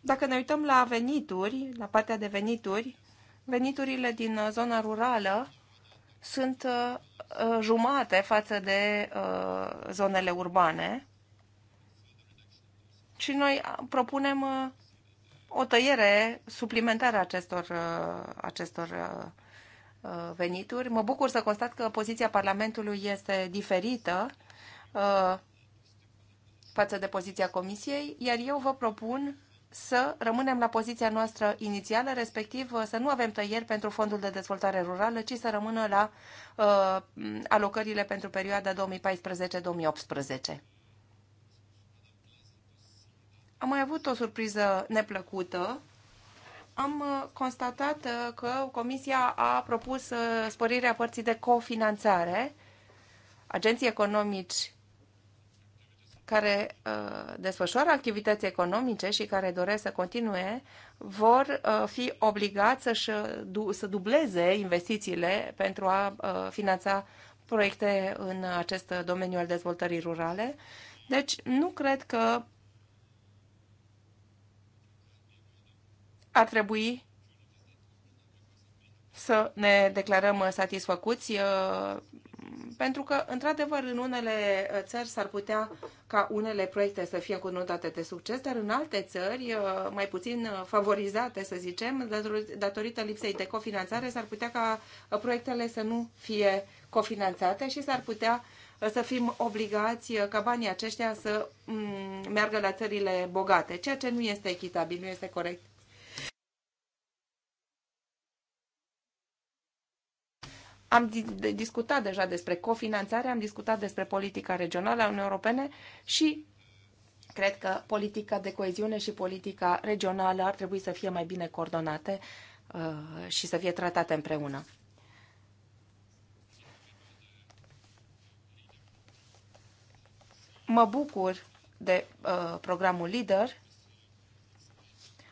[SPEAKER 1] Dacă ne uităm la venituri, la partea de venituri, veniturile din uh, zona rurală sunt uh, uh, jumate față de zonele urbane și noi propunem o tăiere suplimentară acestor, acestor venituri. Mă bucur să constat că poziția Parlamentului este diferită față de poziția Comisiei, iar eu vă propun să rămânem la poziția noastră inițială, respectiv uh, să nu avem tăieri pentru fondul de dezvoltare rurală, ci să rămână la uh, alocările pentru perioada 2014-2018. Am mai avut o surpriză neplăcută. Am uh, constatat uh, că Comisia a propus sporirea părții de cofinanțare. Agenții economici care uh, desfășoară activități economice și care doresc să continue vor uh, fi obligați să uh, du- să dubleze investițiile pentru a uh, finanța proiecte în acest domeniu al dezvoltării rurale. Deci nu cred că ar trebui să ne declarăm satisfăcuți uh, pentru că, într-adevăr, în unele uh, țări s-ar putea ca unele proiecte să fie connotate de succes, dar în alte țări, uh, mai puțin uh, favorizate, să zicem, datorită lipsei de cofinanțare, s-ar putea ca proiectele să nu fie cofinanțate și s-ar putea să fim obligați ca banii aceștia să mm, meargă la țările bogate, ceea ce nu este echitabil, nu este corect. Am discutat deja despre cofinanțare, am discutat despre politica regională a Uniunii Europene și cred că politica de coeziune și politica regională ar trebui să fie mai bine coordonate uh, și să fie tratate împreună. Mă bucur de uh, programul LEADER.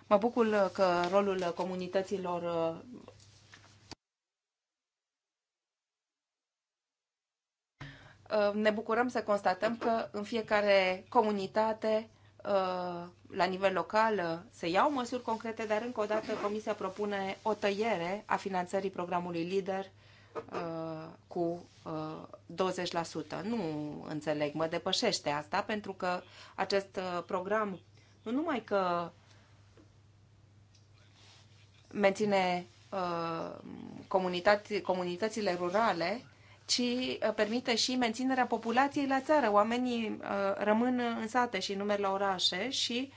[SPEAKER 1] Mă bucur că rolul comunităților uh, Uh, ne bucurăm să constatăm că în fiecare comunitate uh, la nivel local uh, se iau măsuri concrete, dar încă o dată Comisia propune o tăiere a finanțării programului LIDER cu 20%. Nu înțeleg, mă depășește asta, pentru că acest program nu numai că menține comunitățile rurale, ci uh, permite și menținerea populației la țară. Oamenii uh, rămân în sate și numeri la orașe și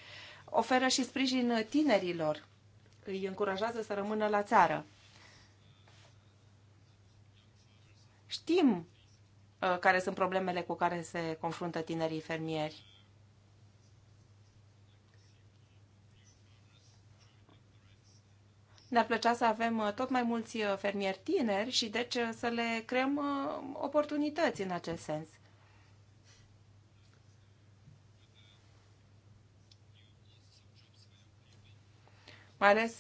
[SPEAKER 1] oferă și sprijin tinerilor. Îi încurajează să rămână la țară. Știm uh, care sunt problemele cu care se confruntă tinerii fermieri. Ne-ar plăcea să avem uh, tot mai mulți uh, fermieri tineri și deci uh, să le creăm oportunități în acest sens. Mai ales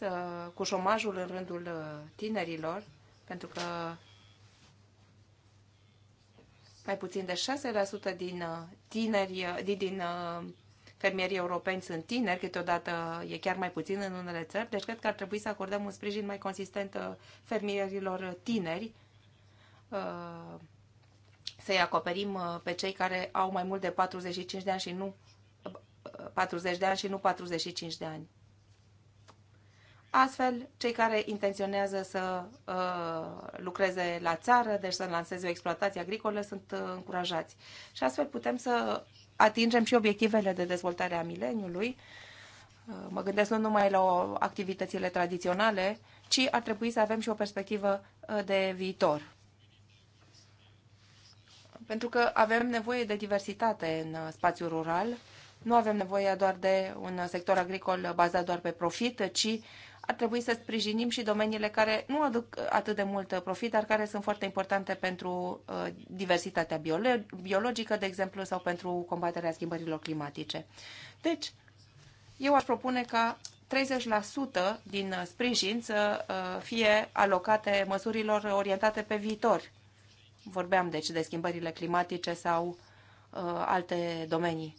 [SPEAKER 1] cu șomajul în rândul tinerilor, pentru că mai puțin de 6% din tineri, din, din fermierii europeni sunt tineri, câteodată e chiar mai puțin în unele țări, deci cred că ar trebui să acordăm un sprijin mai consistent uh, fermierilor uh, tineri, uh, să-i acoperim pe cei care au mai mult de 45 de ani și nu 40 de ani și nu 45 de ani. Astfel, cei care intenționează să uh, lucreze la țară, deci să lanseze o exploatație agricolă, sunt uh, încurajați. Și astfel putem să atingem și obiectivele de dezvoltare a mileniului. Mă gândesc nu numai la activitățile tradiționale, ci ar trebui să avem și o perspectivă uh, de viitor. Pentru că avem nevoie de diversitate în uh, spațiul rural, nu avem nevoie doar de un sector agricol bazat doar pe profit, ci ar trebui să sprijinim și domeniile care nu aduc atât de mult profit, dar care sunt foarte importante pentru uh, diversitatea biologică, de exemplu, sau pentru combaterea schimbărilor climatice. Deci, eu aș propune ca 30% din sprijin să uh, fie alocate măsurilor orientate pe viitor. Vorbeam deci de schimbările climatice sau uh, alte domenii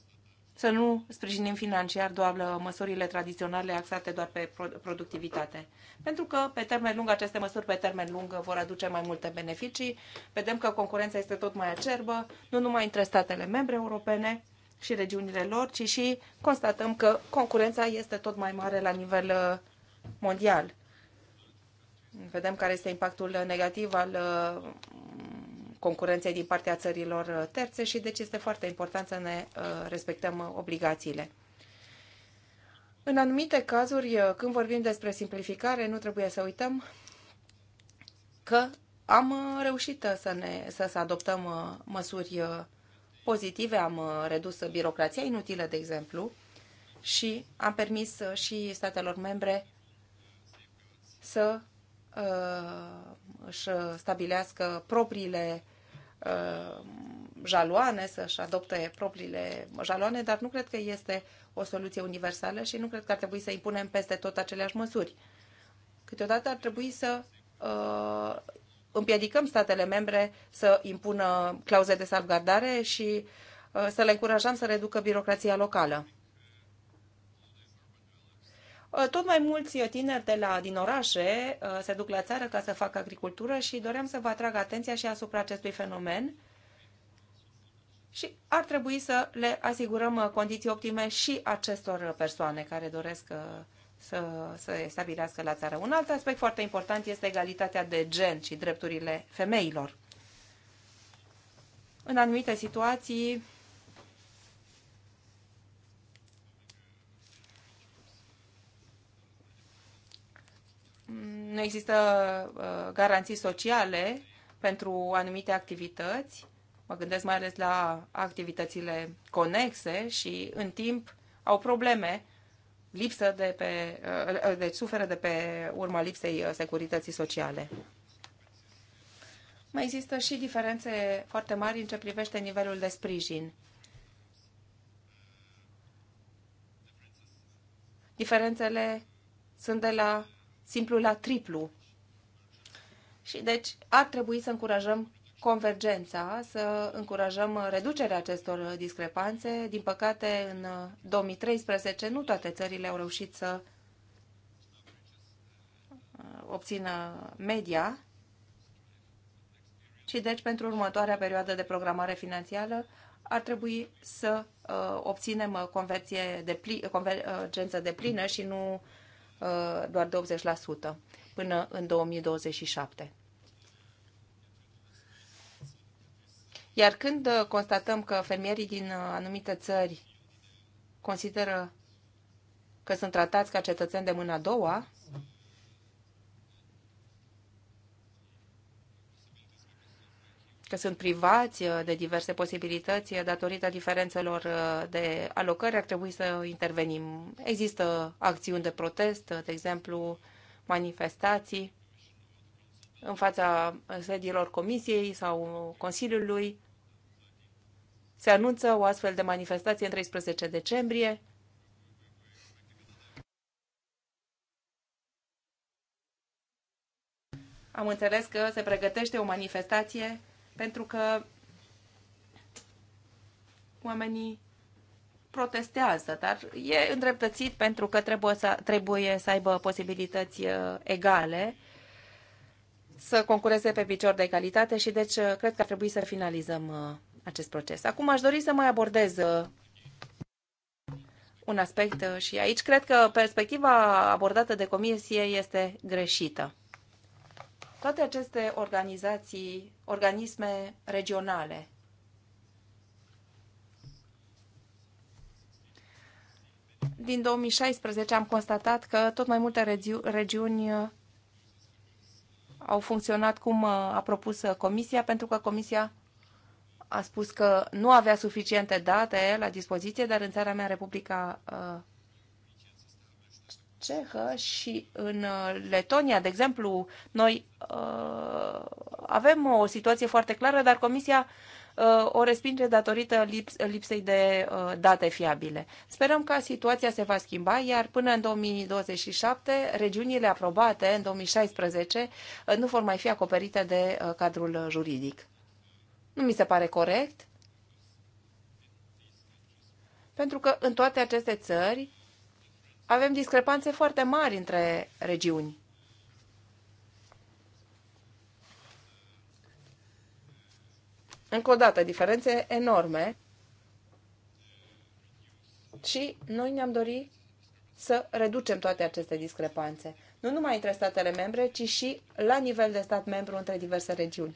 [SPEAKER 1] să nu sprijinim financiar doar măsurile tradiționale axate doar pe productivitate. Pentru că, pe termen lung, aceste măsuri pe termen lung vor aduce mai multe beneficii. Vedem că concurența este tot mai acerbă, nu numai între statele membre europene și regiunile lor, ci și constatăm că concurența este tot mai mare la nivel uh, mondial. Vedem care este impactul negativ al uh, concurenței din partea țărilor uh, terțe și deci este foarte important să ne uh, respectăm uh, obligațiile. În anumite cazuri, când vorbim despre simplificare, nu trebuie să uităm că am reușit să, ne, să, să adoptăm măsuri pozitive, am redus birocrația inutilă, de exemplu, și am permis și statelor membre să uh, își stabilească propriile Uh, jaloane, să-și adopte propriile jaloane, dar nu cred că este o soluție universală și nu cred că ar trebui să impunem peste tot aceleași măsuri. Câteodată ar trebui să uh, împiedicăm statele membre să impună clauze de salvgardare și uh, să le încurajăm să reducă birocrația locală. Uh, tot mai mulți tineri de la, din orașe uh, se duc la țară ca să facă agricultură și doream să vă atrag atenția și asupra acestui fenomen și ar trebui să le asigurăm uh, condiții optime și acestor persoane care doresc să se stabilească la țară. Un alt aspect foarte important este egalitatea de gen și drepturile femeilor. În anumite situații, nu există uh, garanții sociale pentru anumite activități, mă gândesc mai ales la activitățile conexe și în timp au probleme, lipsă de pe, uh, deci suferă de pe urma lipsei uh, securității sociale. Mai există și diferențe foarte mari în ce privește nivelul de sprijin. Diferențele sunt de la simplu la triplu. Și deci ar trebui să încurajăm convergența, să încurajăm reducerea acestor discrepanțe. Din păcate, în 2013 nu toate țările au reușit să uh, obțină media și deci pentru următoarea perioadă de programare financiară ar trebui să uh, obținem de pli, convergență de plină și nu Uh, doar de 80% până în 2027. Iar când uh, constatăm că fermierii din uh, anumite țări consideră că sunt tratați ca cetățeni de mâna a doua, că sunt privați uh, de diverse posibilități uh, datorită diferențelor uh, de alocări, ar trebui să intervenim. Există acțiuni de protest, de exemplu, manifestații în fața sediilor Comisiei sau Consiliului. Se anunță o astfel de manifestație în 13 decembrie. Am înțeles că se pregătește o manifestație pentru că oamenii protestează, dar e îndreptățit pentru că trebuie să, trebuie să aibă posibilități uh, egale să concureze pe picior de egalitate și deci uh, cred că ar trebui să finalizăm uh, acest proces. Acum aș dori să mai abordez un aspect și aici cred că perspectiva abordată de comisie este greșită. Toate aceste organizații organisme regionale. Din 2016 am constatat că tot mai multe regiuni uh, au funcționat cum uh, a propus uh, Comisia, pentru că Comisia a spus că nu avea suficiente date la dispoziție, dar în țara mea, Republica cehă și în uh, Letonia, de exemplu, noi uh, avem o situație foarte clară, dar Comisia uh, o respinge datorită lips- lipsei de uh, date fiabile. Sperăm ca situația se va schimba, iar până în 2027, regiunile aprobate în 2016 uh, nu vor mai fi acoperite de uh, cadrul juridic. Nu mi se pare corect, pentru că în toate aceste țări avem discrepanțe foarte mari între regiuni. Încă o dată, diferențe enorme și noi ne-am dorit să reducem toate aceste discrepanțe, nu numai între statele membre, ci și la nivel de stat membru între diverse regiuni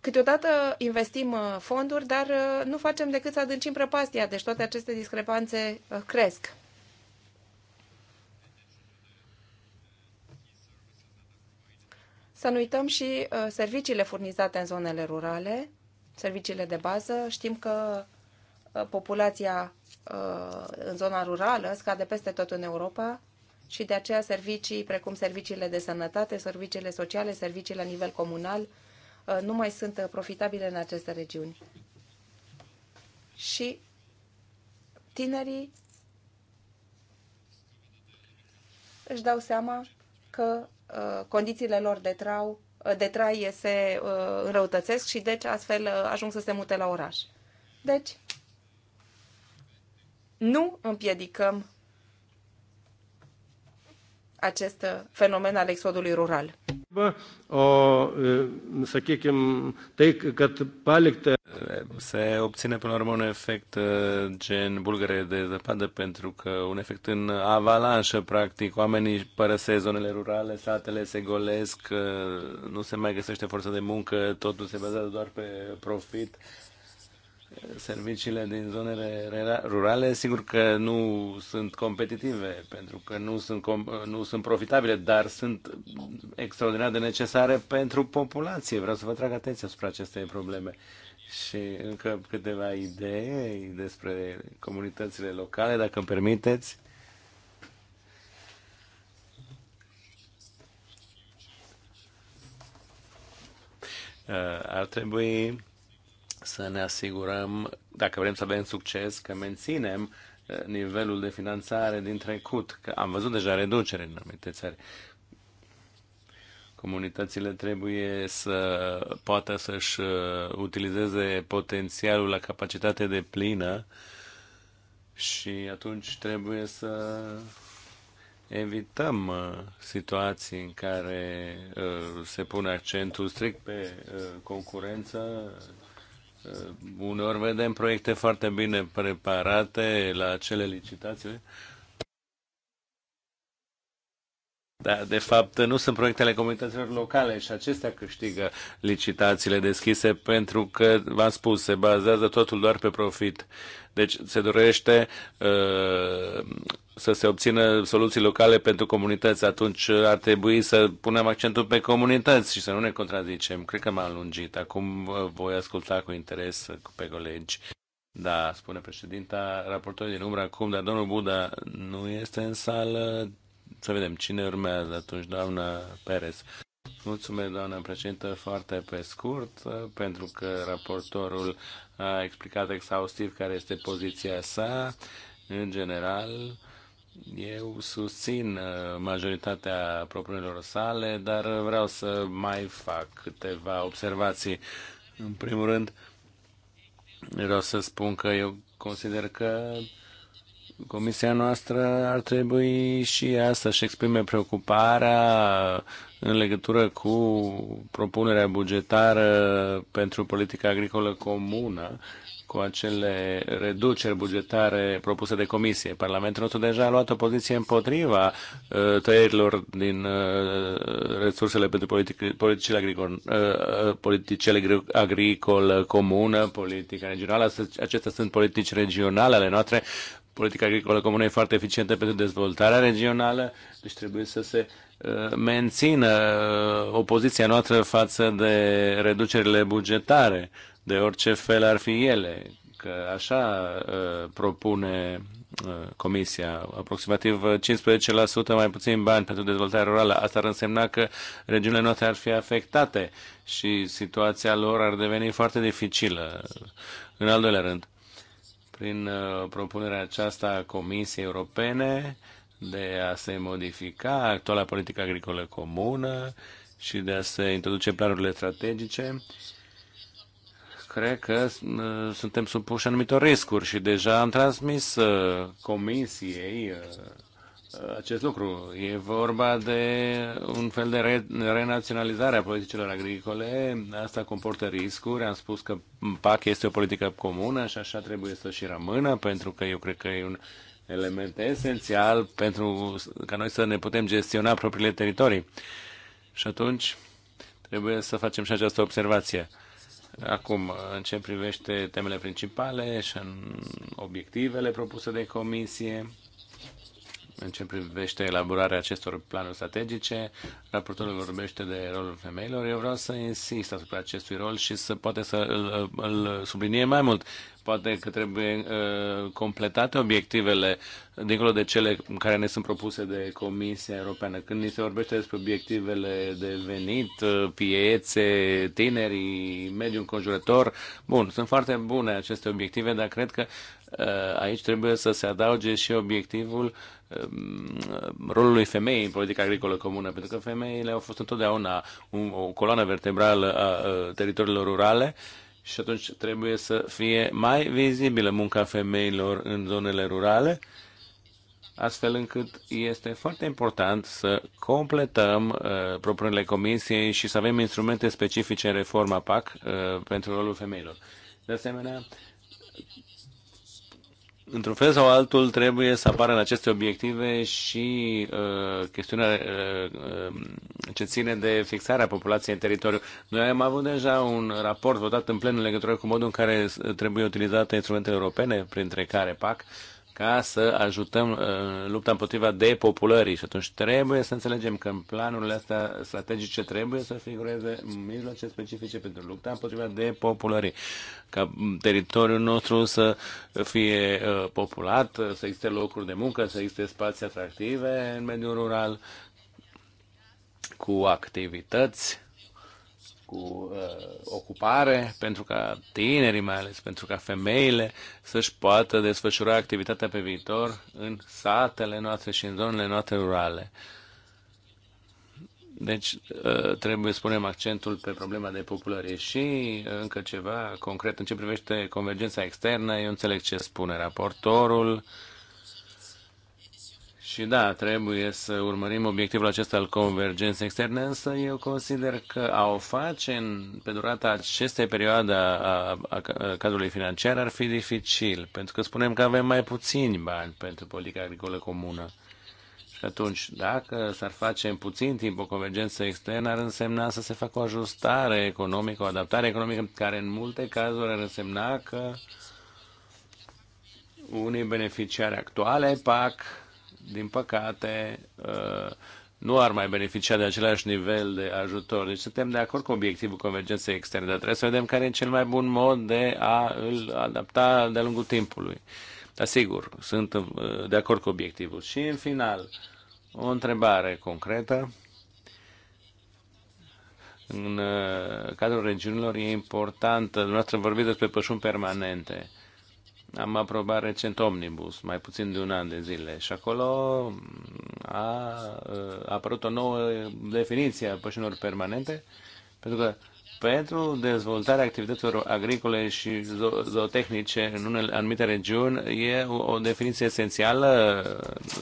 [SPEAKER 1] câteodată investim uh, fonduri, dar uh, nu facem decât să adâncim prăpastia, deci toate aceste discrepanțe uh, cresc. Să nu uităm și serviciile furnizate în zonele rurale, serviciile de bază. Știm că populația în zona rurală scade peste tot în Europa și de aceea servicii precum serviciile de sănătate, serviciile sociale, serviciile la nivel comunal, Uh, nu mai sunt uh, profitabile în aceste regiuni. Și tinerii își dau seama că uh, condițiile lor de, trau, de trai se înrăutățesc și deci astfel ajung să se mute la oraș. Deci, nu împiedicăm acest uh, fenomen al exodului rural.
[SPEAKER 4] O, să chicem, tai, cât palikta... Se obține până la urmă un efect uh, gen bulgăre de zăpadă pentru că un efect în avalanșă, practic. Oamenii părăsesc zonele rurale, satele se golesc, uh, nu se mai găsește forță de muncă, totul se bazează doar pe profit serviciile din zonele rurale, sigur că nu sunt competitive, pentru că nu sunt, nu sunt profitabile, dar sunt extraordinar de necesare pentru populație. Vreau să vă trag atenția asupra acestei probleme. Și încă câteva idei despre comunitățile locale, dacă îmi permiteți. Uh, ar trebui să ne asigurăm, dacă vrem să avem succes, că menținem eh, nivelul de finanțare din trecut, că am văzut deja reducere în anumite țări. Comunitățile trebuie să poată să-și eh, utilizeze potențialul la capacitate de plină și atunci trebuie să evităm eh, situații în care se pune accentul strict pe concurență Uh, uneori vedem proiecte foarte bine preparate la acele licitații. Da, de fapt, nu sunt proiectele comunităților locale și acestea câștigă licitațiile deschise pentru că, v-am spus, se bazează totul doar pe profit. Deci se dorește uh, să se obțină soluții locale pentru comunități, atunci ar trebui să punem accentul pe comunități și să nu ne contrazicem. Cred că m-am lungit. Acum uh, voi asculta cu interes pe colegi. Da, spune președinta, raportorul din umbră acum, dar domnul Buda nu este în sală. Să vedem cine urmează atunci, doamna Perez. Mulțumesc, doamna președintă, foarte pe scurt, uh, pentru că raportorul a explicat exhaustiv care este poziția sa. În general, eu susțin uh, majoritatea propunerilor sale, dar vreau să mai fac câteva observații. În primul rând, vreau să spun că eu consider că Comisia noastră ar trebui și ea să-și exprime preocuparea în legătură cu propunerea bugetară pentru politica agricolă comună cu acele reduceri bugetare propuse de comisie. Parlamentul nostru deja a luat o poziție împotriva uh, tăierilor din uh, resursele pentru politici politicile, agricol, uh, uh agricol comună, politica regională. Acestea sunt politici regionale ale noastre. Politica agricolă comună e foarte eficientă pentru dezvoltarea regională, deci trebuie să se mențină opoziția noastră față de reducerile bugetare de orice fel ar fi ele, că așa uh, propune uh, Comisia, aproximativ 15% uh, mai puțin bani pentru dezvoltarea rurală. Asta ar însemna că regiunile noastre ar fi afectate și situația lor ar deveni foarte dificilă. În al doilea rând, prin uh, propunerea aceasta a Comisiei Europene de a se modifica actuala politică agricolă comună și de a se introduce planurile strategice, uh, cred că uh, suntem supuși anumitor riscuri și deja am transmis uh, comisiei uh, acest lucru. E vorba de un fel de re- renaționalizare a politicilor agricole. Asta comportă riscuri. Am spus că PAC este o politică comună și așa trebuie să și rămână, pentru că eu cred că e un element esențial pentru ca noi să ne putem gestiona propriile teritorii. Și atunci trebuie să facem și această observație. Acum, în ce privește temele principale și în obiectivele propuse de comisie, în ce privește elaborarea acestor planuri strategice. Raportorul vorbește de rolul femeilor. Eu vreau să insist asupra acestui rol și să poate să îl, îl subliniem mai mult. Poate că trebuie uh, completate obiectivele dincolo de cele care ne sunt propuse de Comisia Europeană. Când ni se vorbește despre obiectivele de venit, uh, piețe, tinerii, mediul înconjurător, bun, sunt foarte bune aceste obiective, dar cred că uh, aici trebuie să se adauge și obiectivul uh, Um, rolului femeii în politica agricolă comună, pentru că femeile au fost întotdeauna un, o coloană vertebrală a, a teritoriilor rurale și atunci trebuie să fie mai vizibilă munca femeilor în zonele rurale, astfel încât este foarte important să completăm uh, propunerile comisiei și să avem instrumente specifice în reforma PAC uh, pentru rolul femeilor. De asemenea, uh, într-un fel sau altul, trebuie să apară în aceste obiective și uh, chestiunea uh, uh, ce ține de fixarea populației în teritoriu. Noi am avut deja un raport votat în plen în legătură cu modul în care trebuie utilizate instrumentele europene, printre care PAC, ca să ajutăm uh, lupta împotriva depopulării. Și atunci trebuie să înțelegem că în planurile astea strategice trebuie să figureze mijloace specifice pentru lupta împotriva depopulării. Ca teritoriul nostru să fie uh, populat, să existe locuri de muncă, să existe spații atractive în mediul rural, cu activități cu uh, ocupare, pentru ca tinerii mai ales, pentru ca femeile să-și poată desfășura activitatea pe viitor în satele noastre și în zonele noastre rurale. Deci uh, trebuie să punem accentul pe problema de populare și uh, încă ceva concret în ce privește convergența externă. Eu înțeleg ce spune raportorul și da, trebuie să urmărim obiectivul acesta al convergenței externe, însă eu consider că a o face în, pe durata acestei perioade a, a, a cadrului financiar ar fi dificil, pentru că spunem că avem mai puțini bani pentru politica agricolă comună. Și atunci, dacă s-ar face în puțin timp o convergență externă, ar însemna să se facă o ajustare economică, o adaptare economică, care în multe cazuri ar însemna că unii beneficiari actuale PAC din păcate, uh, nu ar mai beneficia de același nivel de ajutor. Deci suntem de acord cu obiectivul convergenței externe, dar trebuie să vedem care e cel mai bun mod de a îl adapta de-a lungul timpului. Dar sigur, sunt uh, de acord cu obiectivul. Și în final, o întrebare concretă. În uh, cadrul regiunilor e important, dumneavoastră vorbiți despre pășuni permanente am aprobat recent Omnibus, mai puțin de un an de zile, și acolo a, a apărut o nouă definiție a pășinilor permanente, pentru că pentru dezvoltarea activităților agricole și zootehnice în unele anumite regiuni e o, definiție esențială.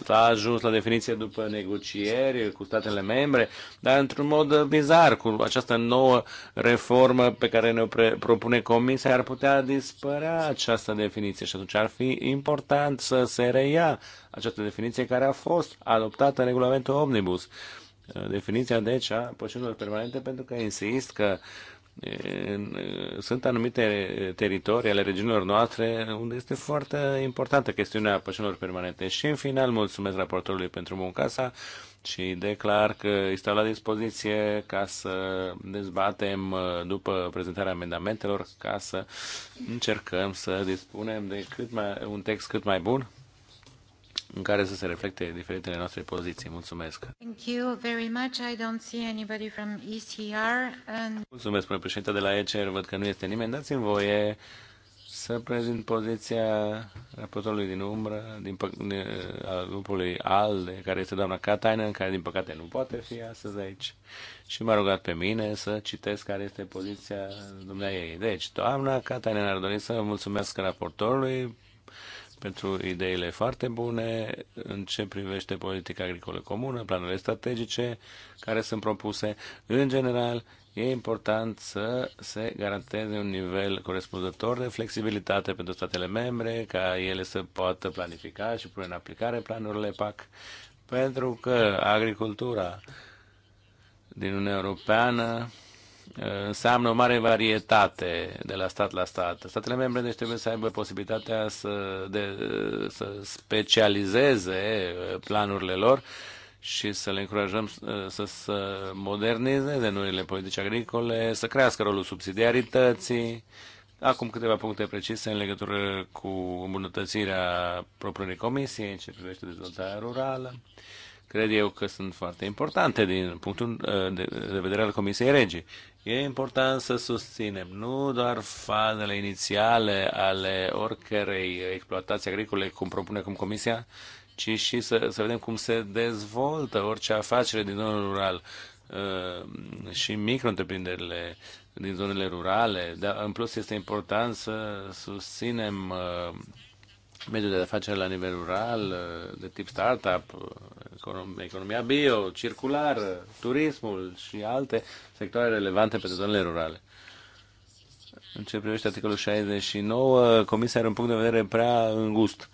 [SPEAKER 4] S-a ajuns la definiție după negocieri cu statele membre, dar într-un mod bizar, cu această nouă reformă pe care ne-o propune Comisia, ar putea dispărea această definiție și atunci ar fi important să se reia această definiție care a fost adoptată în regulamentul Omnibus. Uh, definiția deci a pășunilor permanente pentru că insist că sunt anumite teritorii ale regiunilor noastre unde este foarte importantă chestiunea pășunilor permanente. Și în final mulțumesc raportorului pentru munca sa și declar că este la dispoziție ca să dezbatem uh, după prezentarea amendamentelor, ca să încercăm să dispunem de cât mai, un text cât mai bun în care să se reflecte diferitele noastre poziții. Mulțumesc.
[SPEAKER 3] Thank you very much. I don't see anybody from ECR. And...
[SPEAKER 4] Mulțumesc, până președinte de la ECR. Văd că nu este nimeni. Dați-mi voie să prezint poziția raportorului din umbră, din al grupului ALDE, care este doamna Catainen, care din păcate nu poate fi astăzi aici. Și m-a rugat pe mine să citesc care este poziția dumneai ei. Deci, doamna Cataină ar dori să mulțumesc raportorului pentru ideile foarte bune în ce privește politica agricolă comună, planurile strategice care sunt propuse. În general, e important să se garanteze un nivel corespunzător de flexibilitate pentru statele membre, ca ele să poată planifica și pune în aplicare planurile PAC, pentru că agricultura din Uniunea Europeană înseamnă o mare varietate de la stat la stat. Statele membre deci trebuie să aibă posibilitatea să, de, să specializeze planurile lor și să le încurajăm să, se modernizeze noile politici agricole, să crească rolul subsidiarității. Acum câteva puncte precise în legătură cu îmbunătățirea propunerii comisiei în ce privește dezvoltarea rurală. Uh, cred eu că sunt foarte importante din punctul uh, de vedere al Comisiei Regii. E important să susținem nu doar fazele inițiale ale oricărei exploatații agricole, cum propune cum Comisia, ci și să, să vedem cum se dezvoltă orice afacere din zona rural uh, și micro din zonele rurale. Dar, în plus, este important să susținem uh, mediul de afaceri la nivel rural, de tip startup, economia bio, circular turismul și alte sectoare relevante pentru zonele rurale. În ce privește articolul 69, Comisia are un punct de vedere prea îngust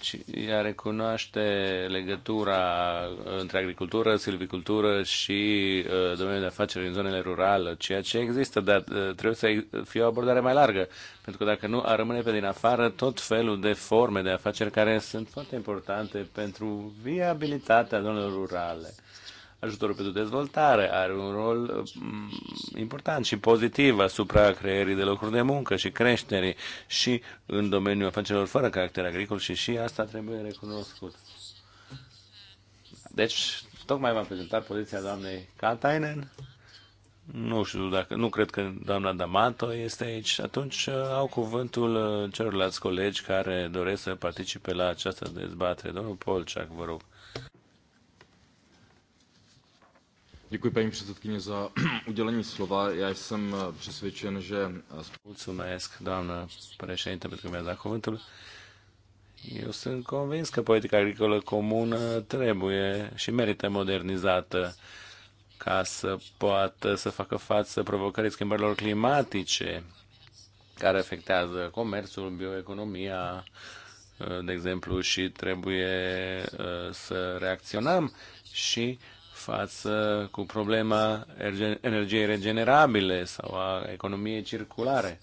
[SPEAKER 4] și ea recunoaște legătura între agricultură, silvicultură și uh, domeniul de afaceri în zonele rurale, ceea ce există, dar uh, trebuie să fie o abordare mai largă, pentru că dacă nu, ar rămâne pe din afară tot felul de forme de afaceri care sunt foarte importante pentru viabilitatea zonelor rurale ajutorul pentru dezvoltare are un rol uh, important și pozitiv asupra creierii de locuri de muncă și creșterii și în domeniul afacerilor fără caracter agricol și și asta trebuie recunoscut. Deci, tocmai v-am prezentat poziția doamnei Katainen. Nu știu dacă, nu cred că doamna D'Amato este aici. Atunci uh, au cuvântul uh, celorlalți colegi care doresc să participe la această dezbatere. Domnul Polciac, vă rog. Děkuji paní předsedkyně za udělení slova. Já jsem eh, přesvědčen, že... Eh, Mulțumesc, doamnă președinte, pentru că mi-a dat cuvântul. Eu sunt convins că politica agricolă comună trebuie și merită modernizată ca să poată să facă față provocării schimbărilor climatice care afectează comerțul, bioeconomia, eh, de exemplu, și trebuie să reacționăm și față cu problema energiei regenerabile sau a economiei circulare.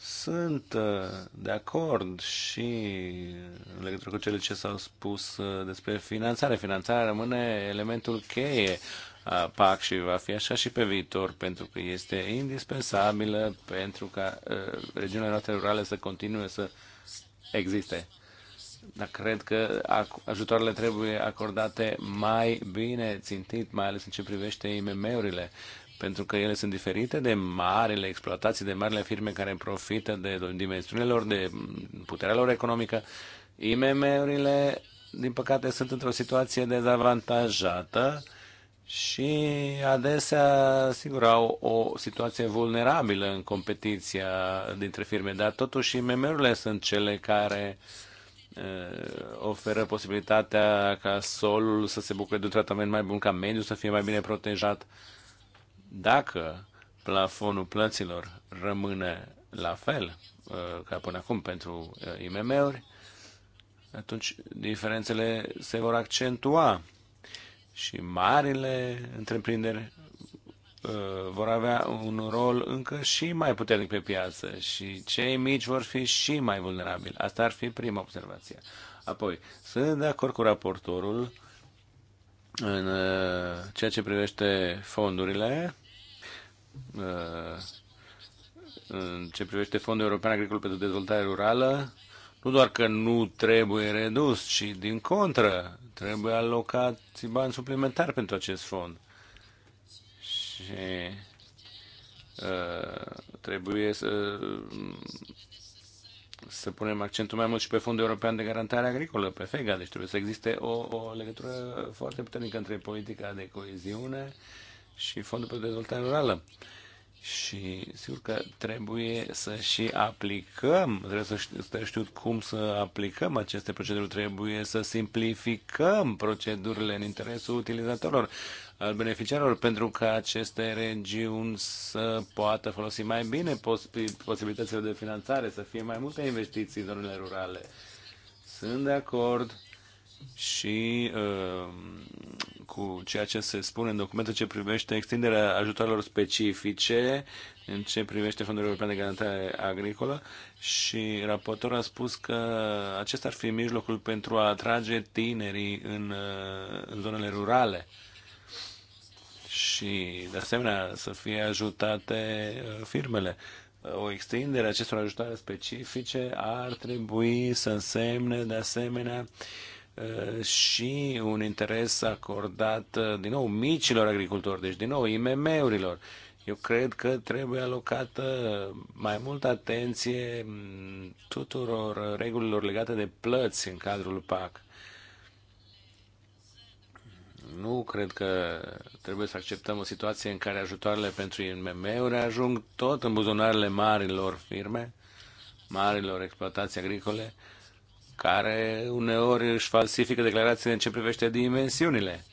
[SPEAKER 4] Sunt uh, de acord și în legătură cu cele ce s-au spus uh, despre finanțare. Finanțarea rămâne elementul cheie a PAC și va fi așa și pe viitor, pentru că este indispensabilă pentru ca uh, regiunile noastre rurale să continue să existe. Dar cred că ajutoarele trebuie acordate mai bine țintit, mai ales în ce privește IMM-urile pentru că ele sunt diferite de marile exploatații, de marile firme care profită de dimensiunile lor, de puterea lor economică. IMM-urile, din păcate, sunt într-o situație dezavantajată și adesea, sigur, au o situație vulnerabilă în competiția dintre firme, dar totuși IMM-urile sunt cele care uh, Uh, oferă posibilitatea ca solul să se bucure de un tratament mai bun ca mediul, să fie mai bine protejat. Dacă plafonul plăților rămâne la fel uh, ca până acum pentru uh, IMM-uri, atunci diferențele se vor accentua și marile întreprinderi Uh, vor avea un rol încă și mai puternic pe piață și cei mici vor fi și mai vulnerabili. Asta ar fi prima observație. Apoi, sunt de acord cu raportorul în uh, ceea ce privește fondurile, uh, în ce privește Fondul European Agricol pentru Dezvoltare Rurală, nu doar că nu trebuie redus, ci din contră, trebuie alocați bani suplimentari pentru acest fond și uh, trebuie să, să punem accentul mai mult și pe Fondul European de Garantare Agricolă, pe FEGA, deci trebuie să existe o, o legătură foarte puternică între politica de coeziune și Fondul pentru Dezvoltare Rurală. Și sigur că trebuie să și aplicăm, trebuie să știu, să știu cum să aplicăm aceste proceduri, trebuie să simplificăm procedurile în interesul utilizatorilor al beneficiarilor pentru ca aceste regiuni să poată folosi mai bine posibilitățile de finanțare, să fie mai multe investiții în zonele rurale. Sunt de acord și uh, cu ceea ce se spune în documentul ce privește extinderea ajutoarelor specifice în ce privește Fondul European de Garantare Agricolă și raportorul a spus că acesta ar fi mijlocul pentru a atrage tinerii în, uh, în zonele rurale. Uh, și, de asemenea, să fie ajutate uh, firmele. O extindere a acestor ajutoare specifice ar trebui să însemne, de asemenea, uh, și un interes acordat, uh, din nou, micilor agricultori, deci, din nou, IMM-urilor. Eu cred că trebuie alocată mai multă atenție mm, tuturor regulilor legate de plăți în cadrul PAC. Nu cred că trebuie să acceptăm o situație în care ajutoarele pentru IMM-uri ajung tot în buzunarele marilor firme, marilor exploatații agricole, care uneori își falsifică declarațiile în ce privește dimensiunile.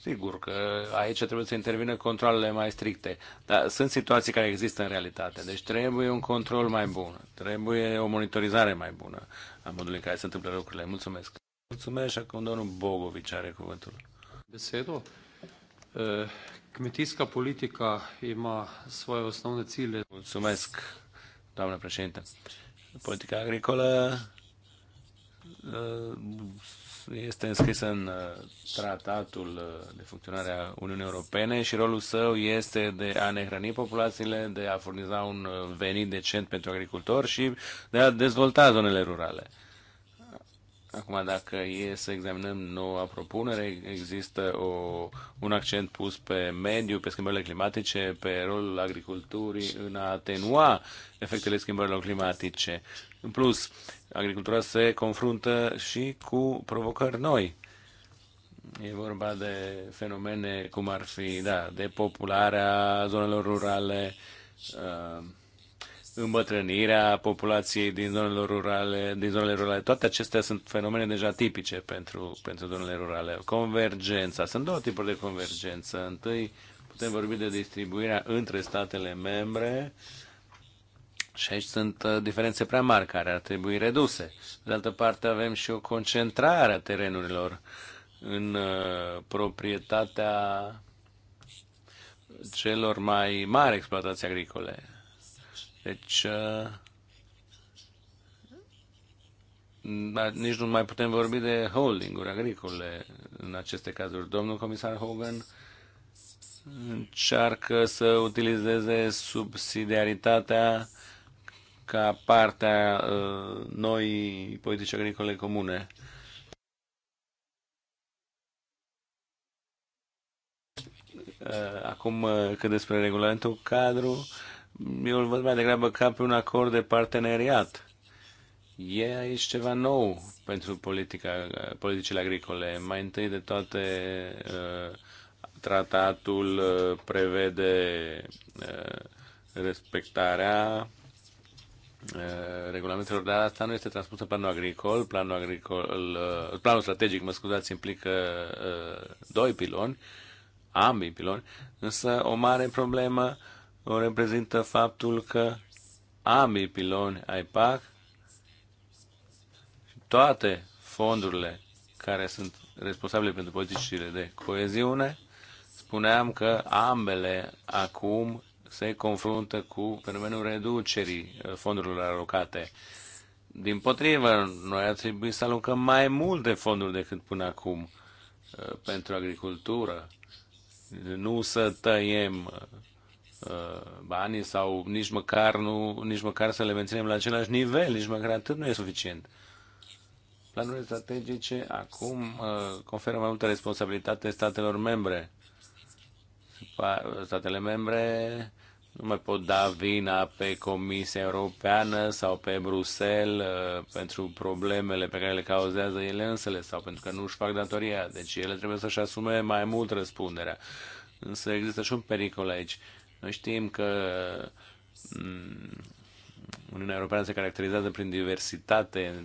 [SPEAKER 4] Sigur că aici trebuie să intervină controlele mai stricte, dar sunt situații care există în realitate. Deci trebuie un control mai bun, trebuie o monitorizare mai bună a modului în care se întâmplă lucrurile. Mulțumesc! Mulțumesc și acum domnul Bogovici are cuvântul besedo. Eh, kmetijska politika ima svoje osnovne cilje. Mulțumesc, doamnă președinte. Politica agricolă eh, este înscrisă în eh, tratatul de funcționare a Uniunii Europene și rolul său este de a ne hrăni populațiile, de a furniza un venit decent pentru agricultori și de a dezvolta zonele rurale. Acum, dacă e să examinăm noua propunere, există o, un accent pus pe mediu, pe schimbările climatice, pe rolul agriculturii în a atenua efectele schimbărilor climatice. În plus, agricultura se confruntă și cu provocări noi. E vorba de fenomene cum ar fi, da, depopularea zonelor rurale, uh, îmbătrânirea populației din zonele rurale, din zonele rurale. Toate acestea sunt fenomene deja tipice pentru, pentru zonele rurale. Convergența. Sunt două tipuri de convergență. Întâi putem vorbi de distribuirea între statele membre și aici sunt uh, diferențe prea mari care ar trebui reduse. De altă parte avem și o concentrare a terenurilor în uh, proprietatea celor mai mari exploatații agricole deci, uh, nici nu mai putem vorbi de holdinguri agricole în aceste cazuri. Domnul comisar Hogan încearcă să utilizeze subsidiaritatea ca partea uh, noi politici agricole comune. Uh, acum, uh, cât despre regulamentul cadru, eu îl văd mai degrabă ca pe un acord de parteneriat. E aici ceva nou pentru politica, politicile agricole. Mai întâi de toate, uh, tratatul uh, prevede uh, respectarea regulamentelor, dar asta nu este transpus în planul agricol. Planul, agricol, planul strategic, mă scuzați, implică doi piloni, ambii piloni, însă o mare problemă o reprezintă faptul că ambii piloni ai PAC, toate fondurile care sunt responsabile pentru politicile de coeziune, spuneam că ambele acum se confruntă cu fenomenul reducerii uh, fondurilor alocate. Din potrivă, noi ar trebui să alocăm mai multe fonduri decât până acum uh, pentru agricultură, nu să tăiem uh, Uh, banii sau nici măcar, nu, nici măcar să le menținem la același nivel, nici măcar atât nu e suficient. Planurile strategice acum uh, conferă mai multă responsabilitate statelor membre. Statele membre nu mai pot da vina pe Comisia Europeană sau pe Bruxelles uh, pentru problemele pe care le cauzează ele însele sau pentru că nu își fac datoria. Deci ele trebuie să-și asume mai mult răspunderea. Însă există și un pericol aici noi știm că mm, Uniunea Europeană se caracterizează prin diversitate,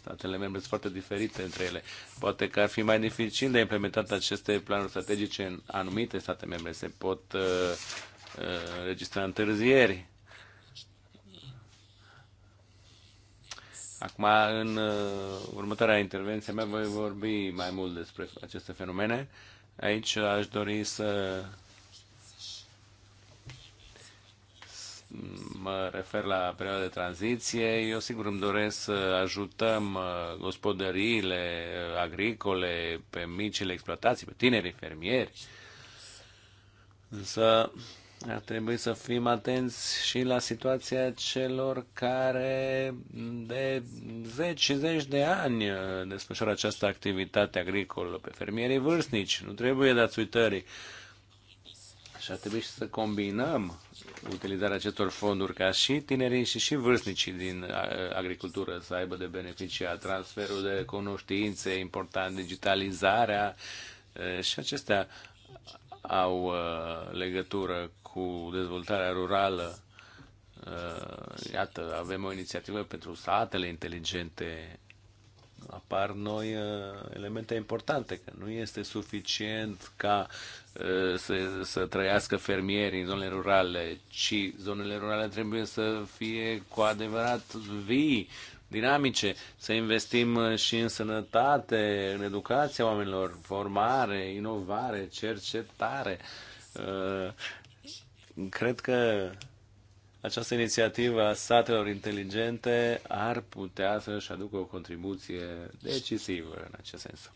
[SPEAKER 4] statele membre sunt foarte diferite între ele. Poate că ar fi mai dificil de implementat aceste planuri strategice în anumite state membre. Se pot uh, uh, registra întârzieri. Acum, în uh, următoarea intervenție mea, voi vorbi mai mult despre aceste fenomene. Aici aș dori să mă refer la perioada de tranziție. Eu sigur îmi doresc să ajutăm uh, gospodăriile uh, agricole, pe micile exploatații, pe tinerii fermieri. Însă ar trebui să fim atenți și la situația celor care de zeci și zeci de ani uh, desfășoară această activitate agricolă pe fermierii vârstnici. Nu trebuie dați uitării. Și ar trebui să combinăm utilizarea acestor fonduri ca și tinerii și și vârstnicii din agricultură să aibă de beneficiat transferul de cunoștințe important, digitalizarea și acestea au legătură cu dezvoltarea rurală. Iată, avem o inițiativă pentru satele inteligente apar noi uh, elemente importante, că nu este suficient ca uh, să, să trăiască fermierii în zonele rurale, ci zonele rurale trebuie să fie cu adevărat vii, dinamice, să investim uh, și în sănătate, în educația oamenilor, formare, inovare, cercetare. Cred că această inițiativă a statelor inteligente ar putea să-și aducă o contribuție decisivă în acest sens.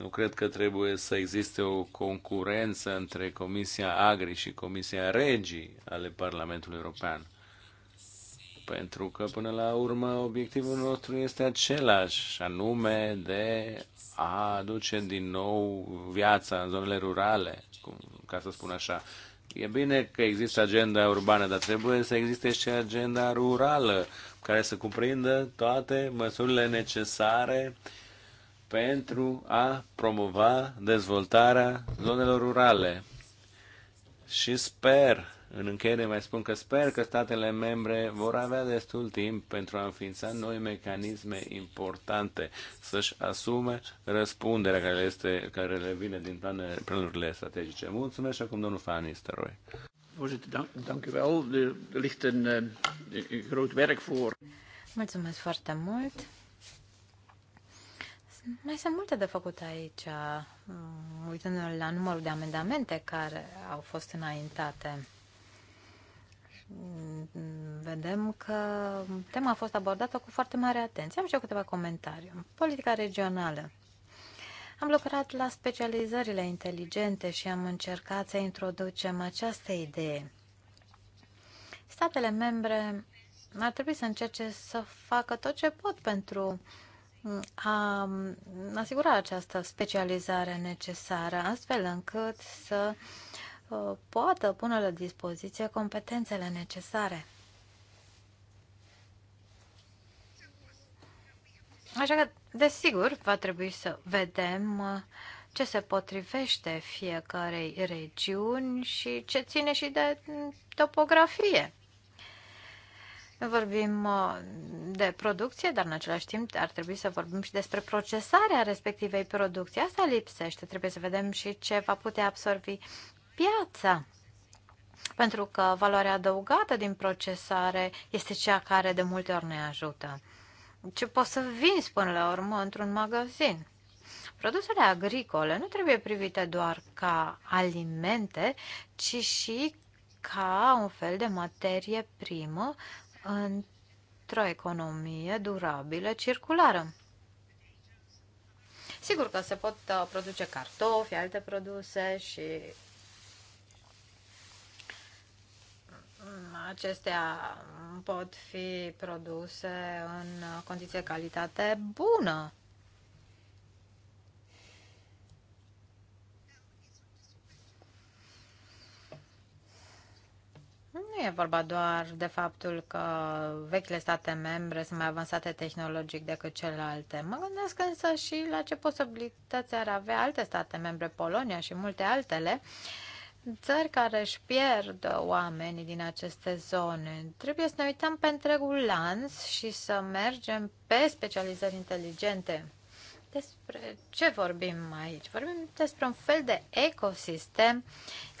[SPEAKER 4] Eu cred că trebuie să existe o concurență între Comisia Agri și Comisia Regii ale Parlamentului European. Pentru că, până la urmă, obiectivul nostru este același, anume de a aduce din nou viața în zonele rurale, cum, ca să spun așa. E bine că există agenda urbană, dar trebuie să existe și agenda rurală, care să cuprindă toate măsurile necesare pentru a promova dezvoltarea zonelor rurale. Și sper în încheiere mai spun că sper că statele membre vor avea destul timp pentru a înființa noi mecanisme importante, să-și asume răspunderea care, este, care le vine din planurile strategice. Mulțumesc și acum domnul Fan Nistelrooy. Er- er eh,
[SPEAKER 2] Mulțumesc foarte mult. Mai sunt multe de făcut aici, mm, uitându-ne la numărul de amendamente care au fost înaintate vedem că tema a fost abordată cu foarte mare atenție. Am și eu câteva comentarii. Politica regională. Am lucrat la specializările inteligente și am încercat să introducem această idee. Statele membre ar trebui să încerce să facă tot ce pot pentru a asigura această specializare necesară, astfel încât să uh, Uh, poată pune la dispoziție competențele necesare. Așa că, desigur, va trebui să vedem uh, ce se potrivește fiecarei regiuni și ce ține și de mm, topografie. Vorbim uh, de producție, dar în același timp ar trebui să vorbim și despre procesarea respectivei producții. Asta lipsește. Trebuie să vedem și ce va putea absorbi piața. Pentru că valoarea adăugată din procesare este cea care de multe ori ne ajută. Ce poți să vinzi până la urmă într-un magazin? Produsele agricole nu trebuie privite doar ca alimente, ci și ca un fel de materie primă într-o economie durabilă, circulară. Sigur că se pot uh, produce cartofi, alte produse și acestea pot fi produse în condiții de calitate bună. Nu e vorba doar de faptul că vechile state membre sunt mai avansate tehnologic decât celelalte. Mă gândesc însă și la ce posibilități ar avea alte state membre, Polonia și multe altele, uh, țări care își pierd oamenii din aceste zone. Trebuie să ne uităm pe întregul lanț și să mergem pe specializări inteligente. Despre ce vorbim aici? Vorbim despre un fel de ecosistem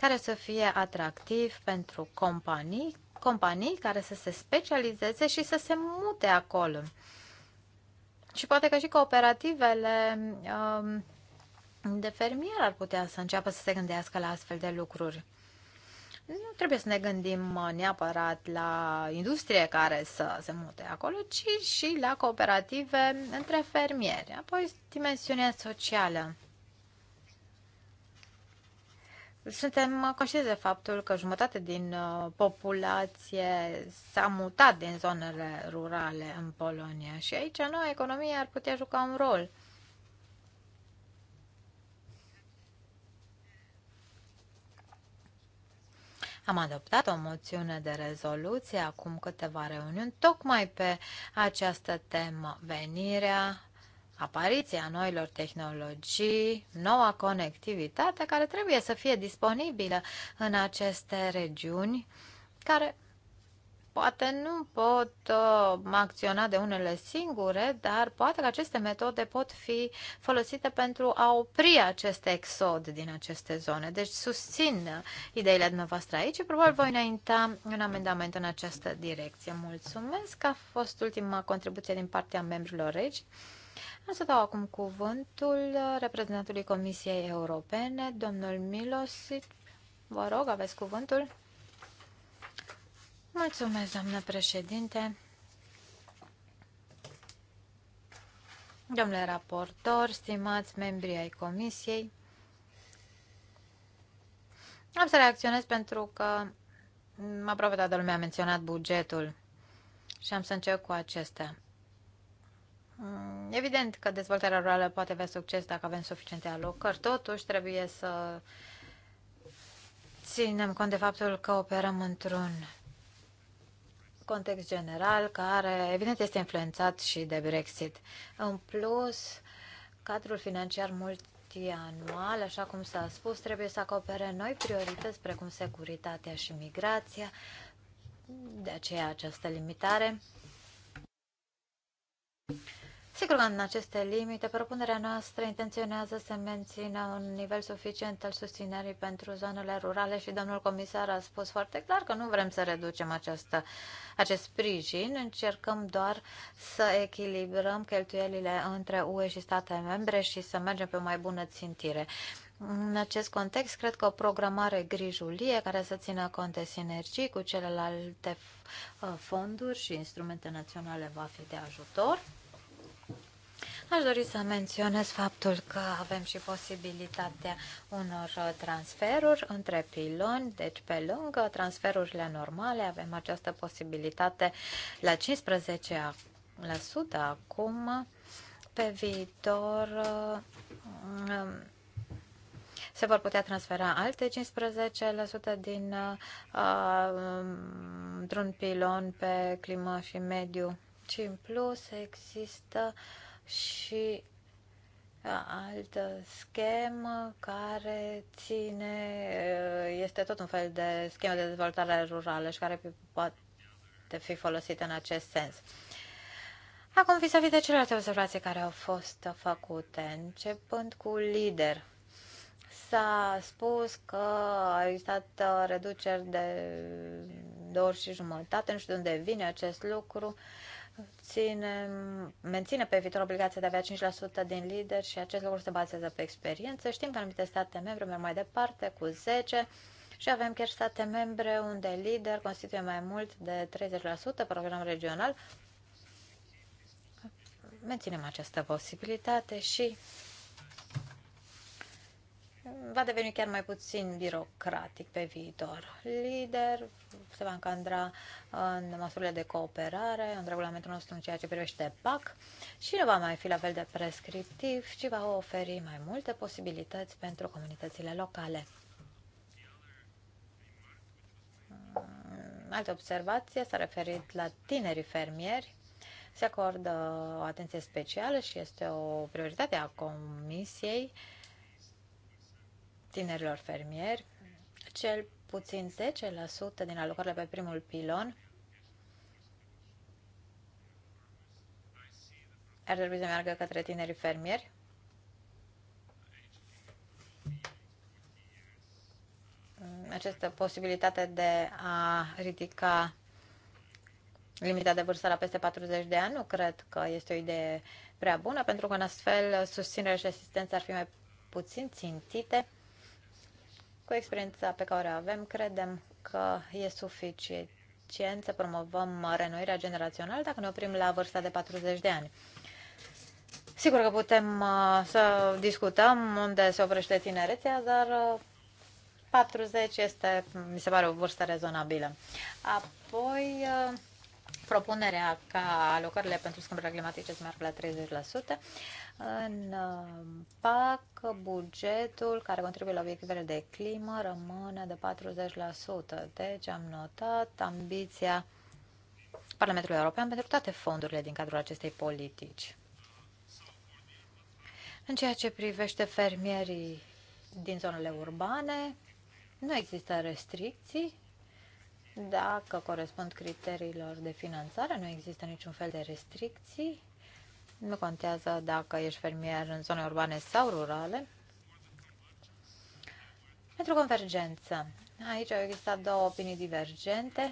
[SPEAKER 2] care să fie atractiv pentru companii, companii care să se specializeze și să se mute acolo. Și poate că și cooperativele um, de fermier ar putea să înceapă să se gândească la astfel de lucruri. Nu trebuie să ne gândim neapărat la industrie care să se mute acolo, ci și la cooperative între fermieri. Apoi, dimensiunea socială. Suntem conștienți de faptul că jumătate din uh, populație s-a mutat din zonele rurale în Polonia și aici noua economie ar putea juca un rol. Am adoptat o moțiune de rezoluție acum câteva reuniuni tocmai pe această temă, venirea, apariția noilor tehnologii, noua conectivitate care trebuie să fie disponibilă în aceste regiuni care Poate nu pot uh, acționa de unele singure, dar poate că aceste metode pot fi folosite pentru a opri acest exod din aceste zone. Deci susțin ideile dumneavoastră aici și probabil voi înainta un amendament în această direcție. Mulțumesc a fost ultima contribuție din partea membrilor regi. Am să dau acum cuvântul reprezentantului Comisiei Europene, domnul Milosic. Vă rog, aveți cuvântul. Mulțumesc, doamnă președinte. Domnule raportor, stimați membri ai comisiei, am să reacționez pentru că aproape toată lumea a menționat bugetul și am să încep cu acestea. Mm, evident că dezvoltarea rurală poate avea succes dacă avem suficiente alocări, totuși trebuie să ținem cont de faptul că operăm într-un context general care, evident, este influențat și de Brexit. În plus, cadrul financiar multianual, așa cum s-a spus, trebuie să acopere noi priorități precum securitatea și migrația, de aceea această limitare. Sigur că în aceste limite, propunerea noastră intenționează să mențină un nivel suficient al susținerii pentru zonele rurale și domnul comisar a spus foarte clar că nu vrem să reducem această, acest sprijin, încercăm doar să echilibrăm cheltuielile între UE și state membre și să mergem pe o mai bună țintire. În acest context, cred că o programare grijulie care să țină cont de sinergii cu celelalte uh, fonduri și instrumente naționale va fi de ajutor. Aș dori să menționez faptul că avem și posibilitatea unor transferuri între piloni, deci pe lângă transferurile normale avem această posibilitate la 15% acum. Pe viitor um, se vor putea transfera alte 15% din uh, um, un pilon pe climă și mediu. Și în plus există uh, și altă schemă care ține, este tot un fel de schemă de dezvoltare rurală și care poate fi folosită în acest sens. Acum, vis-a-vis -vis de celelalte observații care au fost făcute, începând cu lider, s-a spus că a existat uh, reduceri de două ori și jumătate, nu știu de unde vine acest lucru. Uh, ținem, menține pe viitor obligația de a avea 5% din lider și acest lucru se bazează pe experiență. Știm că anumite state membre merg mai departe cu 10 și avem chiar state membre unde lider constituie mai mult de 30% program regional. Menținem această posibilitate și va deveni chiar mai puțin birocratic pe viitor. Lider se va încadra în măsurile de cooperare, în regulamentul nostru în ceea ce privește PAC și nu va mai fi la fel de prescriptiv, ci va oferi mai multe posibilități pentru comunitățile locale. Mm, altă observație s-a referit la tinerii fermieri se acordă o atenție specială și este o prioritate a Comisiei tinerilor fermieri, cel puțin 10% din alocările pe primul pilon ar trebui să meargă către tinerii fermieri. Această posibilitate de a ridica limita de vârstă la peste 40 de ani nu cred că este o idee prea bună, pentru că în astfel susținerea și asistența ar fi mai puțin țintite cu experiența pe care o avem, credem că e suficient să promovăm renoirea generațională dacă ne oprim la vârsta de 40 de ani. Sigur că putem uh, să discutăm unde se oprește tinerețea, dar 40 uh, este, mi se pare, o vârstă rezonabilă. Apoi, uh, propunerea ca alocările pentru schimbările climatice să meargă la 30%. În uh, PAC, bugetul care contribuie la obiectivele de climă rămâne de 40%. Deci am notat ambiția Parlamentului European pentru toate fondurile din cadrul acestei politici. În ceea ce privește fermierii din zonele urbane, nu există restricții dacă corespund criteriilor de finanțare, nu există niciun fel de restricții. Nu contează dacă ești fermier în zone urbane sau rurale. Pentru convergență, aici au existat două opinii divergente.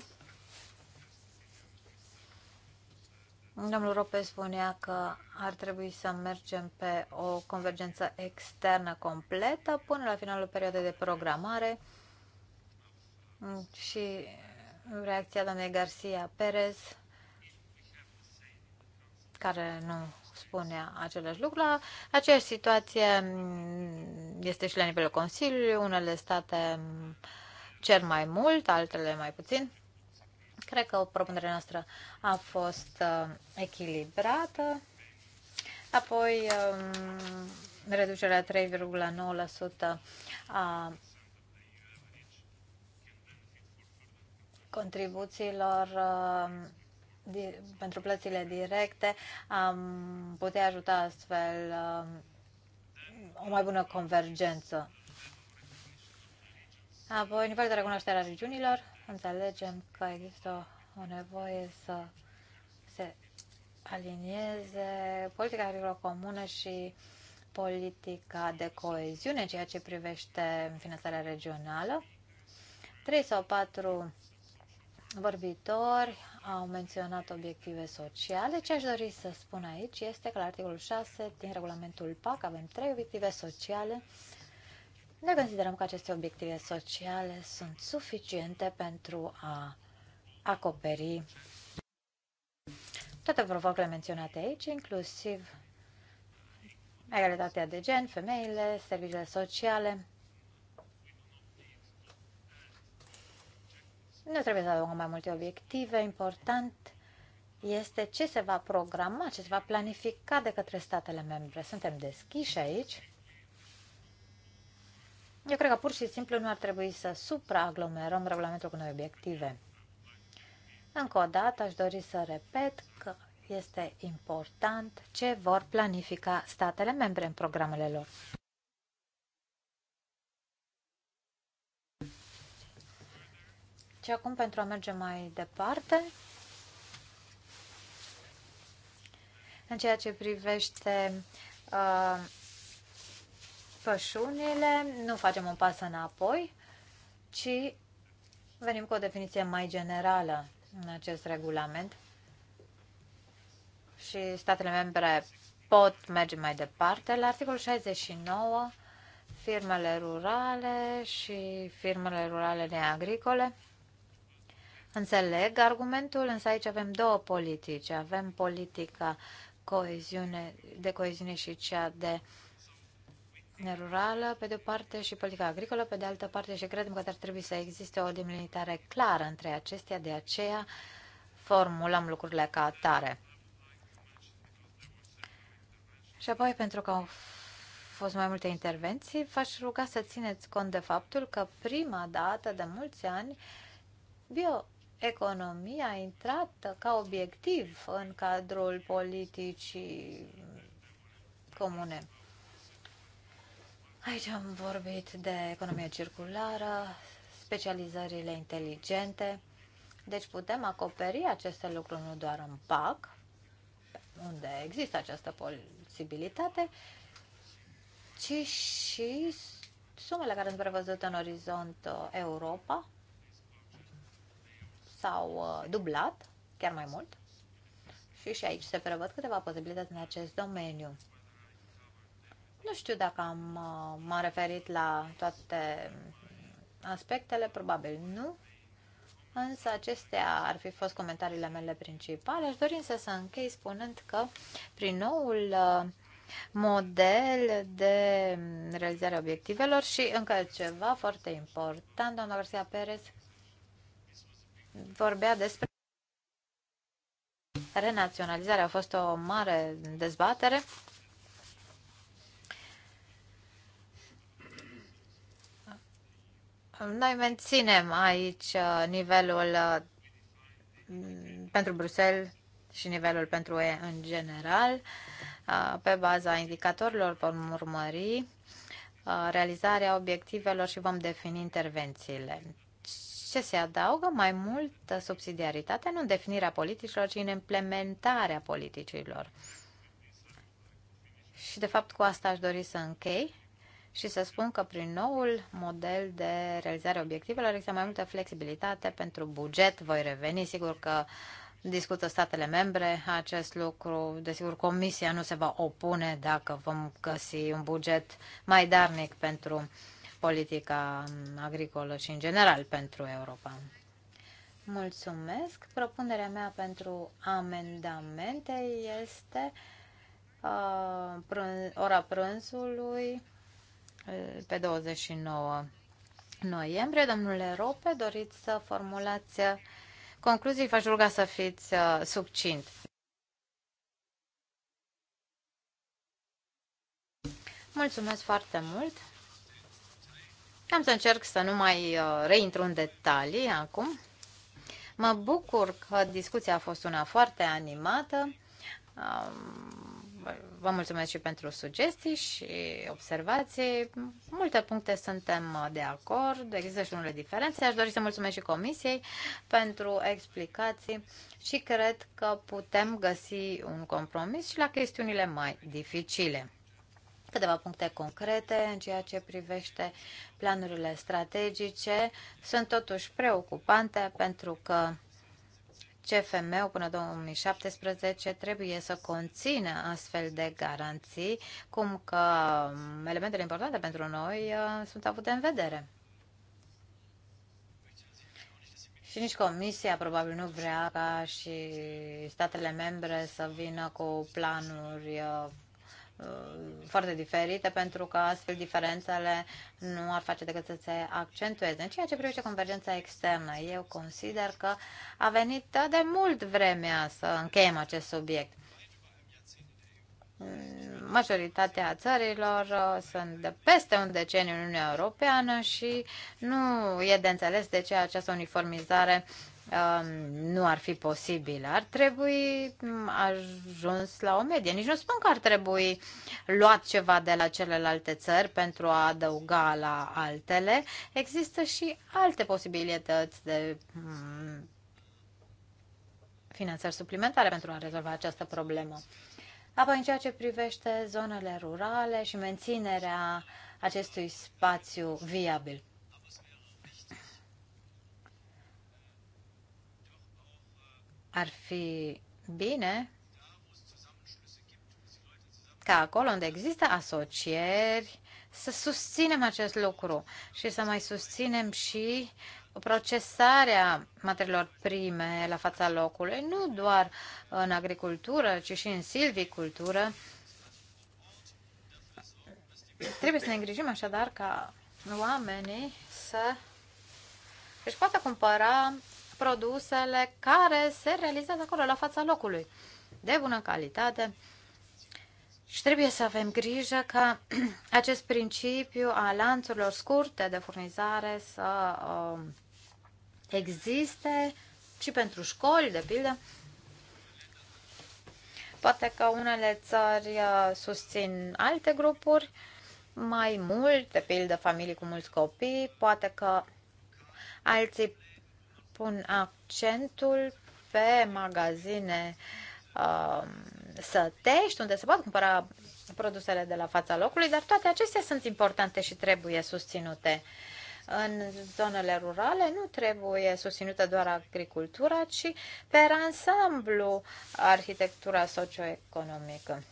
[SPEAKER 2] Domnul Rope spunea că ar trebui să mergem pe o convergență externă completă până la finalul perioadei de programare și reacția doamnei Garcia Perez, care nu spunea același lucru. La aceeași situație mm, este și la nivelul Consiliului. Unele state mm, cer mai mult, altele mai puțin. Cred că propunerea noastră a fost uh, echilibrată. Apoi, um, reducerea 3,9% a contribuțiilor uh, pentru plățile directe am putea ajuta astfel uh, o mai bună convergență. Apoi, nivelul de recunoaștere a regiunilor, înțelegem că există o nevoie să se alinieze politica agricolă comună și politica de coeziune, ceea ce privește finanțarea regională. Trei sau patru vorbitori au menționat obiective sociale. Ce aș dori să spun aici este că la articolul 6 din regulamentul PAC avem trei obiective sociale. Ne considerăm că aceste obiective sociale sunt suficiente pentru a acoperi toate provocările menționate aici, inclusiv egalitatea de gen, femeile, serviciile sociale, Nu trebuie să adăugăm mai multe obiective. Important este ce se va programa, ce se va planifica de către statele membre. Suntem deschiși aici. Eu cred că pur și simplu nu ar trebui să supraaglomerăm regulamentul cu noi obiective. Încă o dată aș dori să repet că este important ce vor planifica statele membre în programele lor. Și acum, pentru a merge mai departe, în ceea ce privește uh, pășunile, nu facem un pas înapoi, ci venim cu o definiție mai generală în acest regulament și statele membre pot merge mai departe. La articolul 69, firmele rurale și firmele rurale neagricole Înțeleg argumentul, însă aici avem două politici. Avem politica coeziune, de coeziune și cea de rurală, pe de-o parte, și politica agricolă, pe de altă parte, și credem că ar trebui să existe o delimitare clară între acestea, de aceea formulăm lucrurile ca atare. Și apoi, pentru că au fost mai multe intervenții, v-aș ruga să țineți cont de faptul că prima dată de mulți ani bio economia a intrat ca obiectiv în cadrul politicii comune. Aici am vorbit de economia circulară, specializările inteligente, deci putem acoperi aceste lucruri nu doar în PAC, unde există această posibilitate, ci și sumele care sunt prevăzute în orizont uh, Europa, s-au uh, dublat, chiar mai mult. Și și aici se prevăd câteva posibilități în acest domeniu. Nu știu dacă am, uh, m-am referit la toate aspectele, probabil nu, însă acestea ar fi fost comentariile mele principale. Aș dori însă să închei spunând că prin noul uh, model de realizare obiectivelor și încă ceva foarte important, doamna Garcia Perez vorbea despre renaționalizare. A fost o mare dezbatere. Noi menținem aici uh, nivelul uh, pentru Bruxelles și nivelul pentru E în general, uh, pe baza indicatorilor vom urmări realizarea obiectivelor și vom defini intervențiile ce se adaugă mai multă subsidiaritate, nu în definirea politicilor, ci în implementarea politicilor. Și, de fapt, cu asta aș dori să închei și să spun că prin noul model de realizare obiectivelor există mai multă flexibilitate pentru buget. Voi reveni, sigur că discută statele membre acest lucru. Desigur, Comisia nu se va opune dacă vom găsi un buget mai darnic pentru uh, politica agricolă și în general pentru Europa. Mulțumesc. Propunerea mea pentru amendamente este uh, ora prânzului uh, pe 29 noiembrie. Domnule Rope, doriți să formulați concluzii? V-aș ruga să fiți uh, succint. Mulțumesc foarte mult! Am să încerc să nu mai uh, reintru în detalii acum. Mă bucur că discuția a fost una foarte animată. Vă mulțumesc și pentru sugestii și observații. Multe puncte suntem uh, de acord, există și unele diferențe. Aș dori să mulțumesc și Comisiei pentru explicații și cred că putem găsi un compromis și la chestiunile mai dificile câteva puncte concrete în ceea ce privește planurile strategice. Sunt totuși preocupante pentru că CFM-ul până 2017 trebuie să conțină astfel de garanții, cum că elementele importante pentru noi uh, sunt avute în vedere. Și nici Comisia probabil nu vrea ca și statele membre să vină cu planuri uh, Uh, foarte diferite, pentru că astfel diferențele nu ar face decât să se accentueze. În ceea ce privește convergența externă, eu consider că a venit de mult vremea să încheiem acest subiect. Majoritatea țărilor uh, sunt de peste un deceniu în Uniunea Europeană și nu e de înțeles de ce această uniformizare Um, nu ar fi posibil. Ar trebui mm, ajuns la o medie. Nici nu spun că ar trebui luat ceva de la celelalte țări pentru a adăuga la altele. Există și alte posibilități de mm, finanțări suplimentare pentru a rezolva această problemă. Apoi, în ceea ce privește zonele rurale și menținerea acestui spațiu viabil. ar fi bine ca acolo unde există asocieri să susținem acest lucru și să mai susținem și procesarea materiilor prime la fața locului, nu doar în agricultură, ci și în silvicultură. Trebuie să ne îngrijim așadar ca oamenii să își poată cumpăra produsele care se realizează acolo, la fața locului, de bună calitate. Și trebuie să avem grijă ca acest principiu a lanțurilor scurte de furnizare să um, existe și pentru școli, de pildă. Poate că unele țări uh, susțin alte grupuri mai mult, de pildă familii cu mulți copii, poate că alții pun accentul pe magazine uh, sătești, unde se pot cumpăra produsele de la fața locului, dar toate acestea sunt importante și trebuie susținute. În zonele rurale nu trebuie susținută doar agricultura, ci pe ansamblu arhitectura socioeconomică.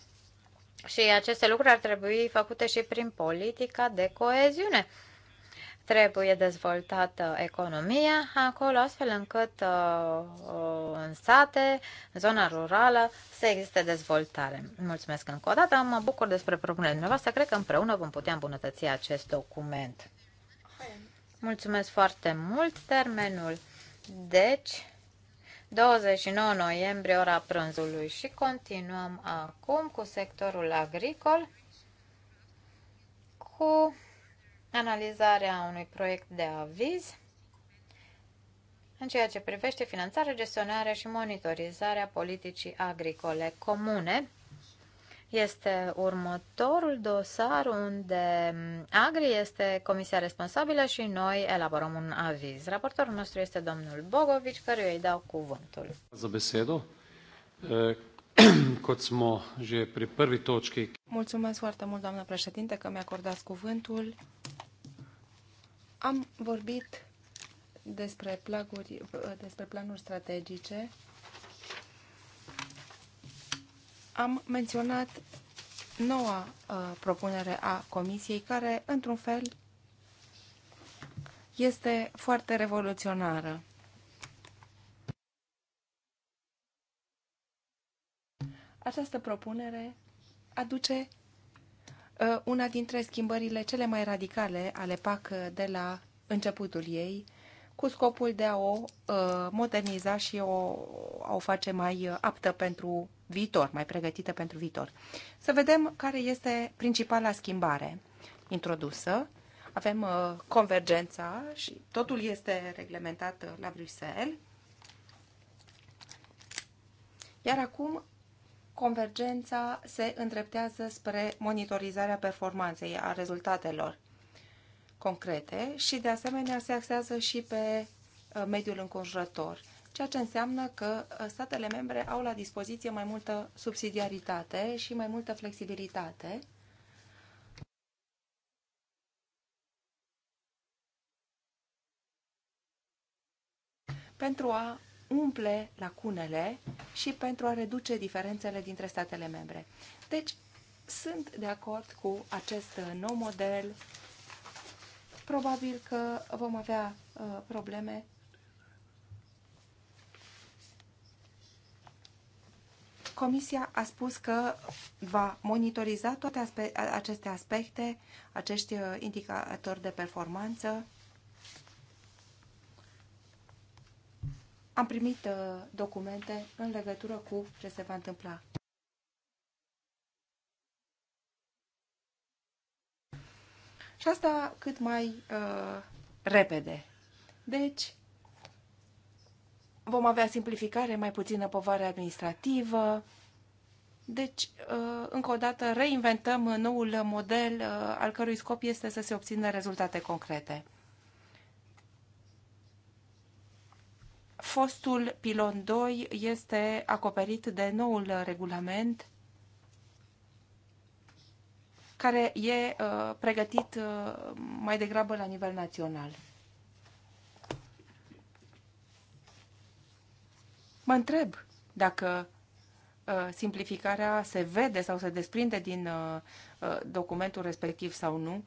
[SPEAKER 2] Și aceste lucruri ar trebui făcute și prin politica de coeziune trebuie dezvoltată economia acolo, astfel încât uh, uh, în sate, în zona rurală, să existe dezvoltare. Mulțumesc încă o dată, mă bucur despre propunerea dumneavoastră, cred că împreună vom putea îmbunătăți acest document. Mulțumesc foarte mult termenul. Deci, 29 noiembrie, ora prânzului și continuăm acum cu sectorul agricol cu analizarea unui proiect de aviz în ceea ce privește finanțarea, gestionarea și monitorizarea politicii agricole comune. Este următorul dosar unde Agri este comisia responsabilă și noi elaborăm un aviz. Raportorul nostru este domnul Bogovici, căruia îi dau
[SPEAKER 1] cuvântul. Mulțumesc foarte mult, doamnă președinte, că mi a acordat cuvântul. Am vorbit despre, plaguri, despre planuri strategice. Am menționat noua uh, propunere a Comisiei, care, într-un fel, este foarte revoluționară. Această propunere aduce Uh, una dintre schimbările cele mai radicale ale PAC de la începutul ei, cu scopul de a o uh, moderniza și o, a o face mai uh, aptă pentru viitor, mai pregătită pentru viitor. Să vedem care este principala schimbare introdusă. Avem convergența și totul este reglementat la Bruxelles. Iar acum convergența se îndreptează spre monitorizarea performanței a rezultatelor concrete și, de asemenea, se axează și pe uh, mediul înconjurător, ceea ce înseamnă că uh, statele membre au la dispoziție mai multă subsidiaritate și mai multă flexibilitate pentru a umple lacunele și pentru a reduce diferențele dintre statele membre. Deci, sunt de acord cu acest nou model. Probabil că vom avea uh, probleme Comisia a spus că va monitoriza toate aspe aceste aspecte, acești uh, indicatori de performanță am primit uh, documente în legătură cu ce se va întâmpla. Și asta cât mai uh, repede. Deci, vom avea simplificare, mai puțină povară administrativă. Deci, uh, încă o dată, reinventăm noul model uh, al cărui scop este să se obțină rezultate concrete. fostul pilon 2 este acoperit de noul regulament care e uh, pregătit uh, mai degrabă la nivel național. Mă întreb dacă uh, simplificarea se vede sau se desprinde din uh, uh documentul respectiv sau nu. Uh,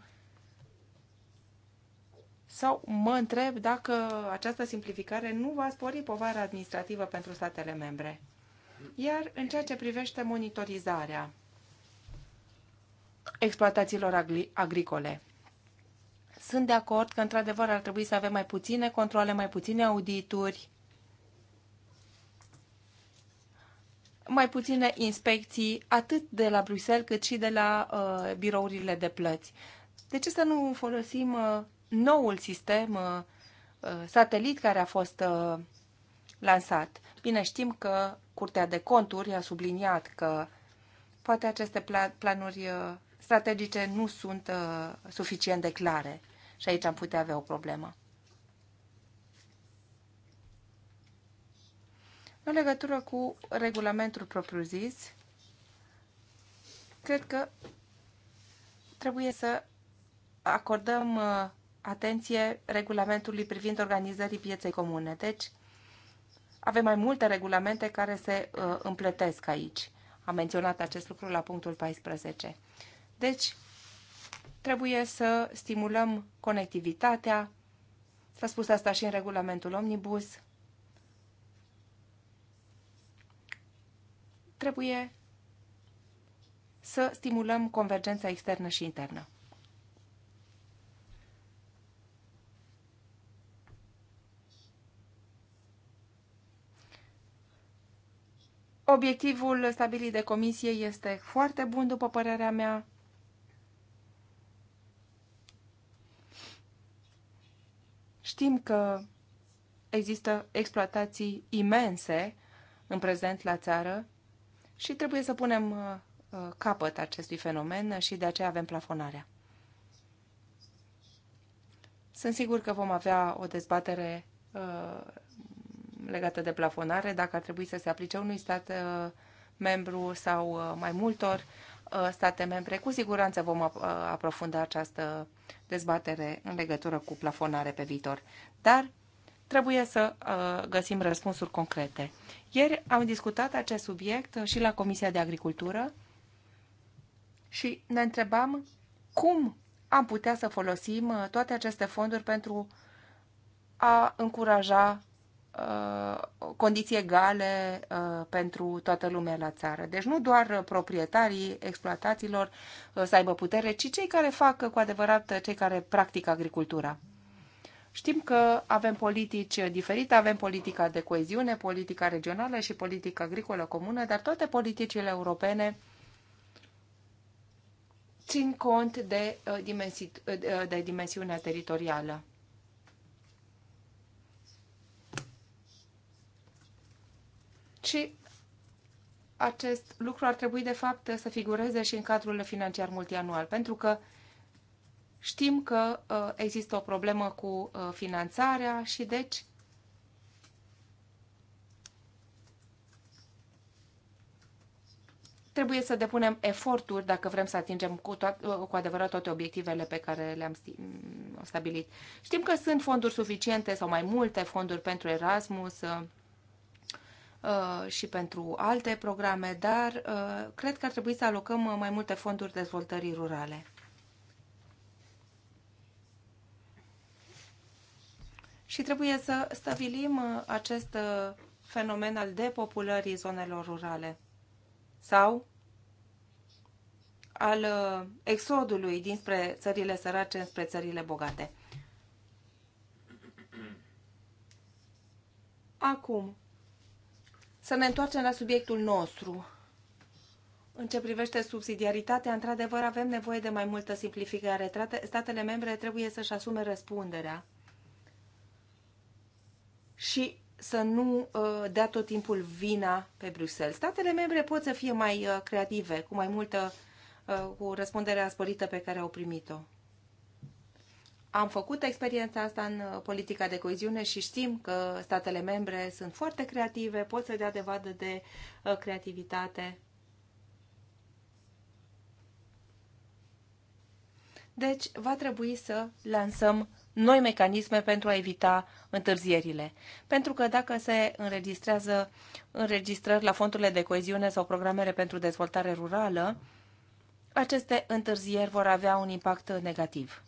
[SPEAKER 1] sau mă întreb dacă această simplificare nu va spori povara administrativă pentru statele membre. Iar în ceea ce privește monitorizarea exploatațiilor agricole, sunt de acord că, într-adevăr, ar trebui să avem mai puține controle, mai puține audituri, mai puține inspecții, atât de la Bruxelles cât și de la uh, birourile de plăți. De ce să nu folosim uh, noul sistem uh, uh, satelit care a fost uh, lansat. Bine, știm că Curtea de Conturi a subliniat că poate aceste planuri strategice nu sunt suficient de clare și aici am putea avea o problemă. În legătură cu regulamentul propriu-zis, cred că trebuie să acordăm atenție regulamentului privind organizării pieței comune. Deci, avem mai multe regulamente care se uh, împletesc aici. Am menționat acest lucru la punctul 14. Deci, trebuie să stimulăm conectivitatea. S-a spus asta și în regulamentul Omnibus. Trebuie să stimulăm convergența externă și internă. Obiectivul stabilit de comisie este foarte bun, după părerea mea. Știm că există exploatații imense în prezent la țară și trebuie să punem uh, uh, capăt acestui fenomen și de aceea avem plafonarea. Sunt sigur că vom avea o dezbatere uh, legată de plafonare, dacă ar trebui să se aplice unui stat uh, membru sau uh, mai multor uh, state membre. Cu siguranță vom aprofunda această dezbatere în legătură cu plafonare pe viitor. Dar trebuie să găsim răspunsuri concrete. Ieri am discutat acest subiect și la Comisia de Agricultură și ne întrebam cum am putea să folosim toate aceste fonduri pentru a încuraja Uh, condiții egale uh, pentru toată lumea la țară. Deci nu doar proprietarii exploatațiilor uh, să aibă putere, ci cei care fac cu adevărat, cei care practică agricultura. Știm că avem politici diferite, avem politica de coeziune, politica regională și politica agricolă comună, dar toate politicile europene țin cont de, dimensi- de dimensiunea teritorială. și acest lucru ar trebui, de fapt, să figureze și în cadrul financiar multianual, pentru că știm că uh, există o problemă cu uh, finanțarea și, deci, trebuie să depunem eforturi dacă vrem să atingem cu, toat, uh, cu adevărat toate obiectivele pe care le-am mm, stabilit. Știm că sunt fonduri suficiente sau mai multe fonduri pentru Erasmus, Uh, și pentru alte programe, dar uh, cred că ar trebui să alocăm uh, mai multe fonduri dezvoltării rurale. Și trebuie să stabilim acest fenomen al depopulării zonelor rurale sau al exodului dinspre țările sărace spre țările bogate. Acum, să ne întoarcem la subiectul nostru. În ce privește subsidiaritatea, într-adevăr avem nevoie de mai multă simplificare. Statele membre trebuie să-și asume răspunderea și să nu uh, dea tot timpul vina pe Bruxelles. Statele membre pot să fie mai uh, creative, cu mai multă, uh, cu răspunderea sporită pe care au primit-o. Am făcut experiența asta în uh, politica de coeziune și știm că statele membre sunt foarte creative, pot să dea dovadă de uh, creativitate. Deci, va trebui să lansăm noi mecanisme pentru a evita întârzierile. Pentru că dacă se înregistrează înregistrări la fondurile de coeziune sau programele pentru dezvoltare rurală, aceste întârzieri vor avea un impact negativ.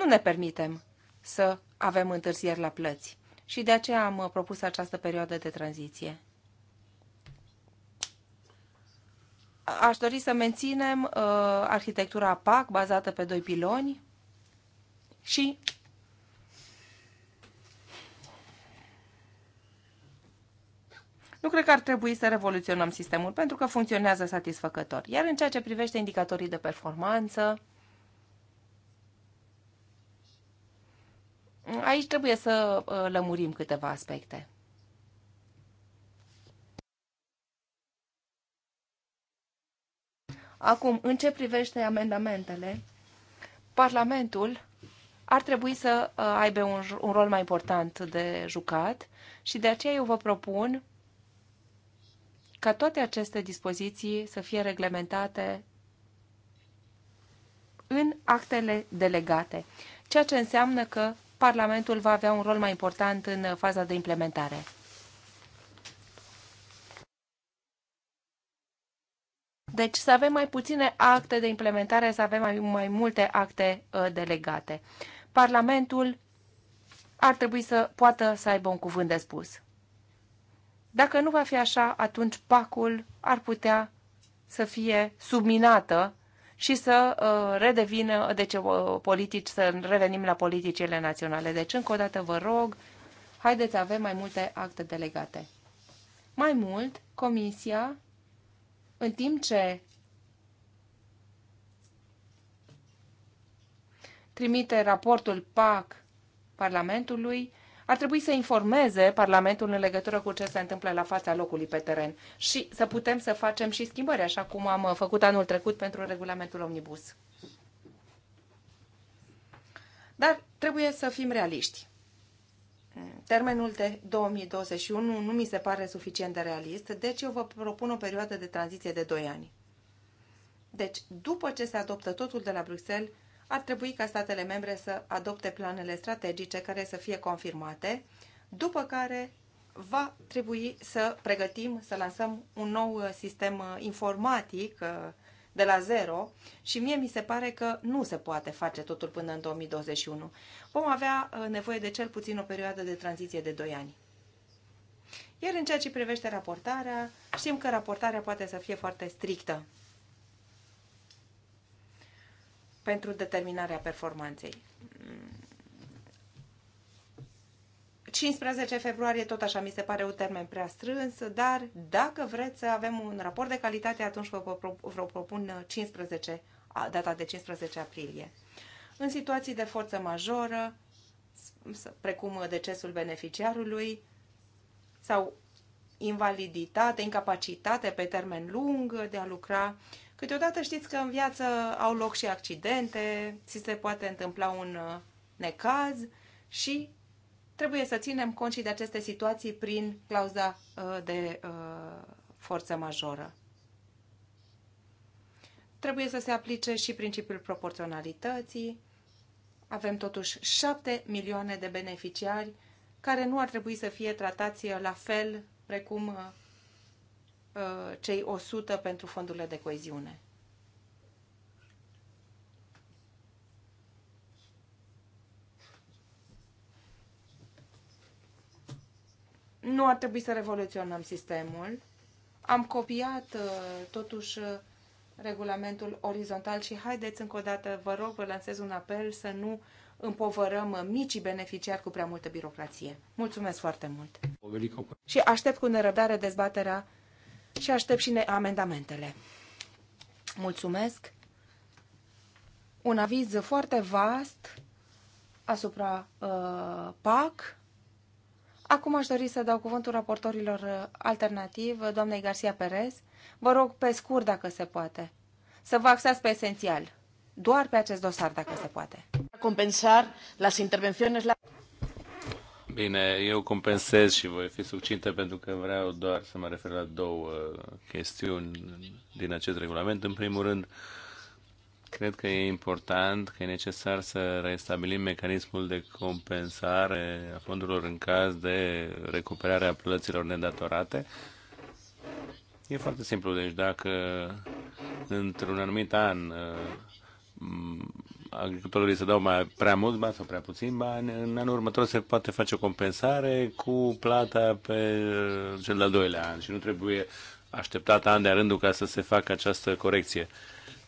[SPEAKER 1] nu ne permitem să avem întârzieri la plăți și de aceea am uh, propus această perioadă de tranziție. Aș dori să menținem uh, arhitectura PAC bazată pe doi piloni și Nu cred că ar trebui să revoluționăm sistemul, pentru că funcționează satisfăcător. Iar în ceea ce privește indicatorii de performanță, aici trebuie să uh, lămurim câteva aspecte. Acum, în ce privește amendamentele, Parlamentul ar trebui să uh, aibă un, un rol mai important de jucat și de aceea eu vă propun ca toate aceste dispoziții să fie reglementate în actele delegate, ceea ce înseamnă că Parlamentul va avea un rol mai important în faza de implementare. Deci să avem mai puține acte de implementare, să avem mai, mai multe acte uh, delegate. Parlamentul ar trebui să poată să aibă un cuvânt de spus. Dacă nu va fi așa, atunci pacul ar putea să fie subminată și să uh, redevină, deci uh, politici, să revenim la politicile naționale. Deci, încă o dată vă rog, haideți să avem mai multe acte delegate. Mai mult, Comisia, în timp ce trimite raportul PAC Parlamentului, ar trebui să informeze Parlamentul în legătură cu ce se întâmplă la fața locului pe teren și să putem să facem și schimbări, așa cum am făcut anul trecut pentru regulamentul Omnibus. Dar trebuie să fim realiști. Termenul de 2021 nu mi se pare suficient de realist, deci eu vă propun o perioadă de tranziție de 2 ani. Deci, după ce se adoptă totul de la Bruxelles, ar trebui ca statele membre să adopte planele strategice care să fie confirmate, după care va trebui să pregătim, să lansăm un nou uh, sistem uh, informatic uh, de la zero și mie mi se pare că nu se poate face totul până în 2021. Vom avea nevoie de cel puțin o perioadă de tranziție de 2 ani. Iar în ceea ce privește raportarea, știm că raportarea poate să fie foarte strictă pentru determinarea performanței. 15 februarie, tot așa, mi se pare un termen prea strâns, dar dacă vreți să avem un raport de calitate, atunci vă, vă propun 15, data de 15 aprilie. În situații de forță majoră, precum decesul beneficiarului sau invaliditate, incapacitate pe termen lung de a lucra, Câteodată știți că în viață au loc și accidente, ți se poate întâmpla un uh, necaz și trebuie să ținem cont și de aceste situații prin clauza uh, de uh, forță majoră. Trebuie să se aplice și principiul proporționalității. Avem totuși 7 milioane de beneficiari care nu ar trebui să fie tratați la fel precum Uh, cei 100 pentru fondurile de coeziune. Nu ar trebui să revoluționăm sistemul. Am copiat uh, totuși uh, regulamentul orizontal și haideți încă o dată, vă rog, vă lansez un apel să nu împovărăm micii beneficiari cu prea multă birocrație. Mulțumesc foarte mult! Și aștept cu nerăbdare dezbaterea și aștept și amendamentele. Mulțumesc! Un aviz foarte vast asupra uh, PAC. Acum aș dori să dau cuvântul raportorilor uh, alternativ, uh, doamnei Garcia Perez. Vă rog pe scurt, dacă se poate, să vă axați pe esențial, doar pe acest dosar, dacă se poate. Compensar las intervenciones...
[SPEAKER 4] Bine, eu compensez și voi fi succintă pentru că vreau doar să mă refer la două chestiuni din acest regulament. În primul rând, cred că e important, că e necesar să restabilim mecanismul de compensare a fondurilor în caz de recuperare a plăților nedatorate. E foarte simplu, deci dacă într-un anumit an Mm, agricultorii să dau mai prea mult bani sau prea puțin bani, în anul următor se poate face o compensare cu plata pe uh, cel de-al doilea an și nu trebuie așteptat an de rândul ca să se facă această corecție.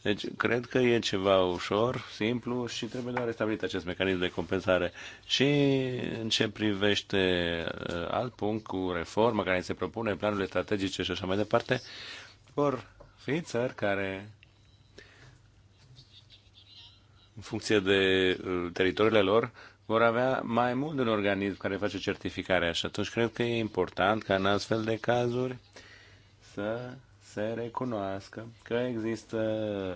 [SPEAKER 4] Deci, cred că e ceva ușor, simplu și trebuie doar restabilit acest mecanism de compensare. Și în ce privește uh, alt punct cu reforma care se propune, planurile strategice și așa mai departe, vor fi țări care în funcție de uh, teritoriile lor, vor avea mai mult un organism care face certificarea și atunci cred că e important ca în astfel de cazuri să se recunoască că există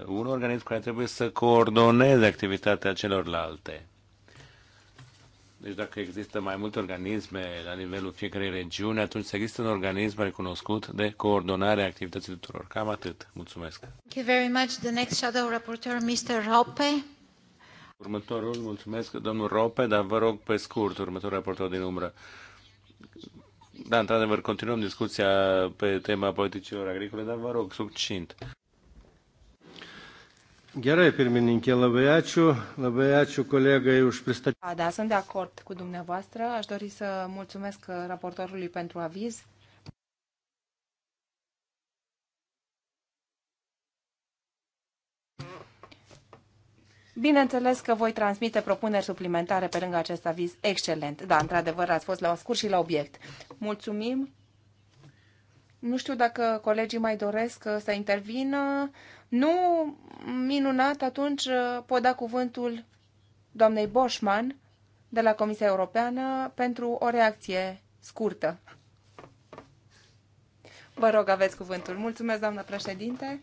[SPEAKER 4] un organism care trebuie să coordoneze activitatea celorlalte. Deci dacă există mai multe organisme la nivelul fiecarei regiuni, atunci există un organism recunoscut de coordonare a activității tuturor. Cam atât. Mulțumesc. Thank
[SPEAKER 3] you very much. The next shadow rapporteur, Mr. Hoppe.
[SPEAKER 4] Următorul, mulțumesc, domnul Rope, dar vă rog pe scurt, următorul raportor din umbră. Da, într-adevăr, continuăm discuția pe tema politicilor agricole, dar vă rog, succint. Gerai, la labai ačiū, labai ačiū kolegai už pristatymą.
[SPEAKER 1] Da, sunt de acord cu dumneavoastră. Aș dori să mulțumesc raportorului pentru aviz. Bineînțeles că voi transmite propuneri suplimentare pe lângă acest aviz excelent. Da, într-adevăr, ați fost la scurt și la obiect. Mulțumim! Nu știu dacă colegii mai doresc uh, să intervină. Nu, minunat, atunci uh, pot da cuvântul doamnei Boschman de la Comisia Europeană pentru o reacție scurtă. Vă rog, aveți cuvântul. Mulțumesc, doamnă președinte.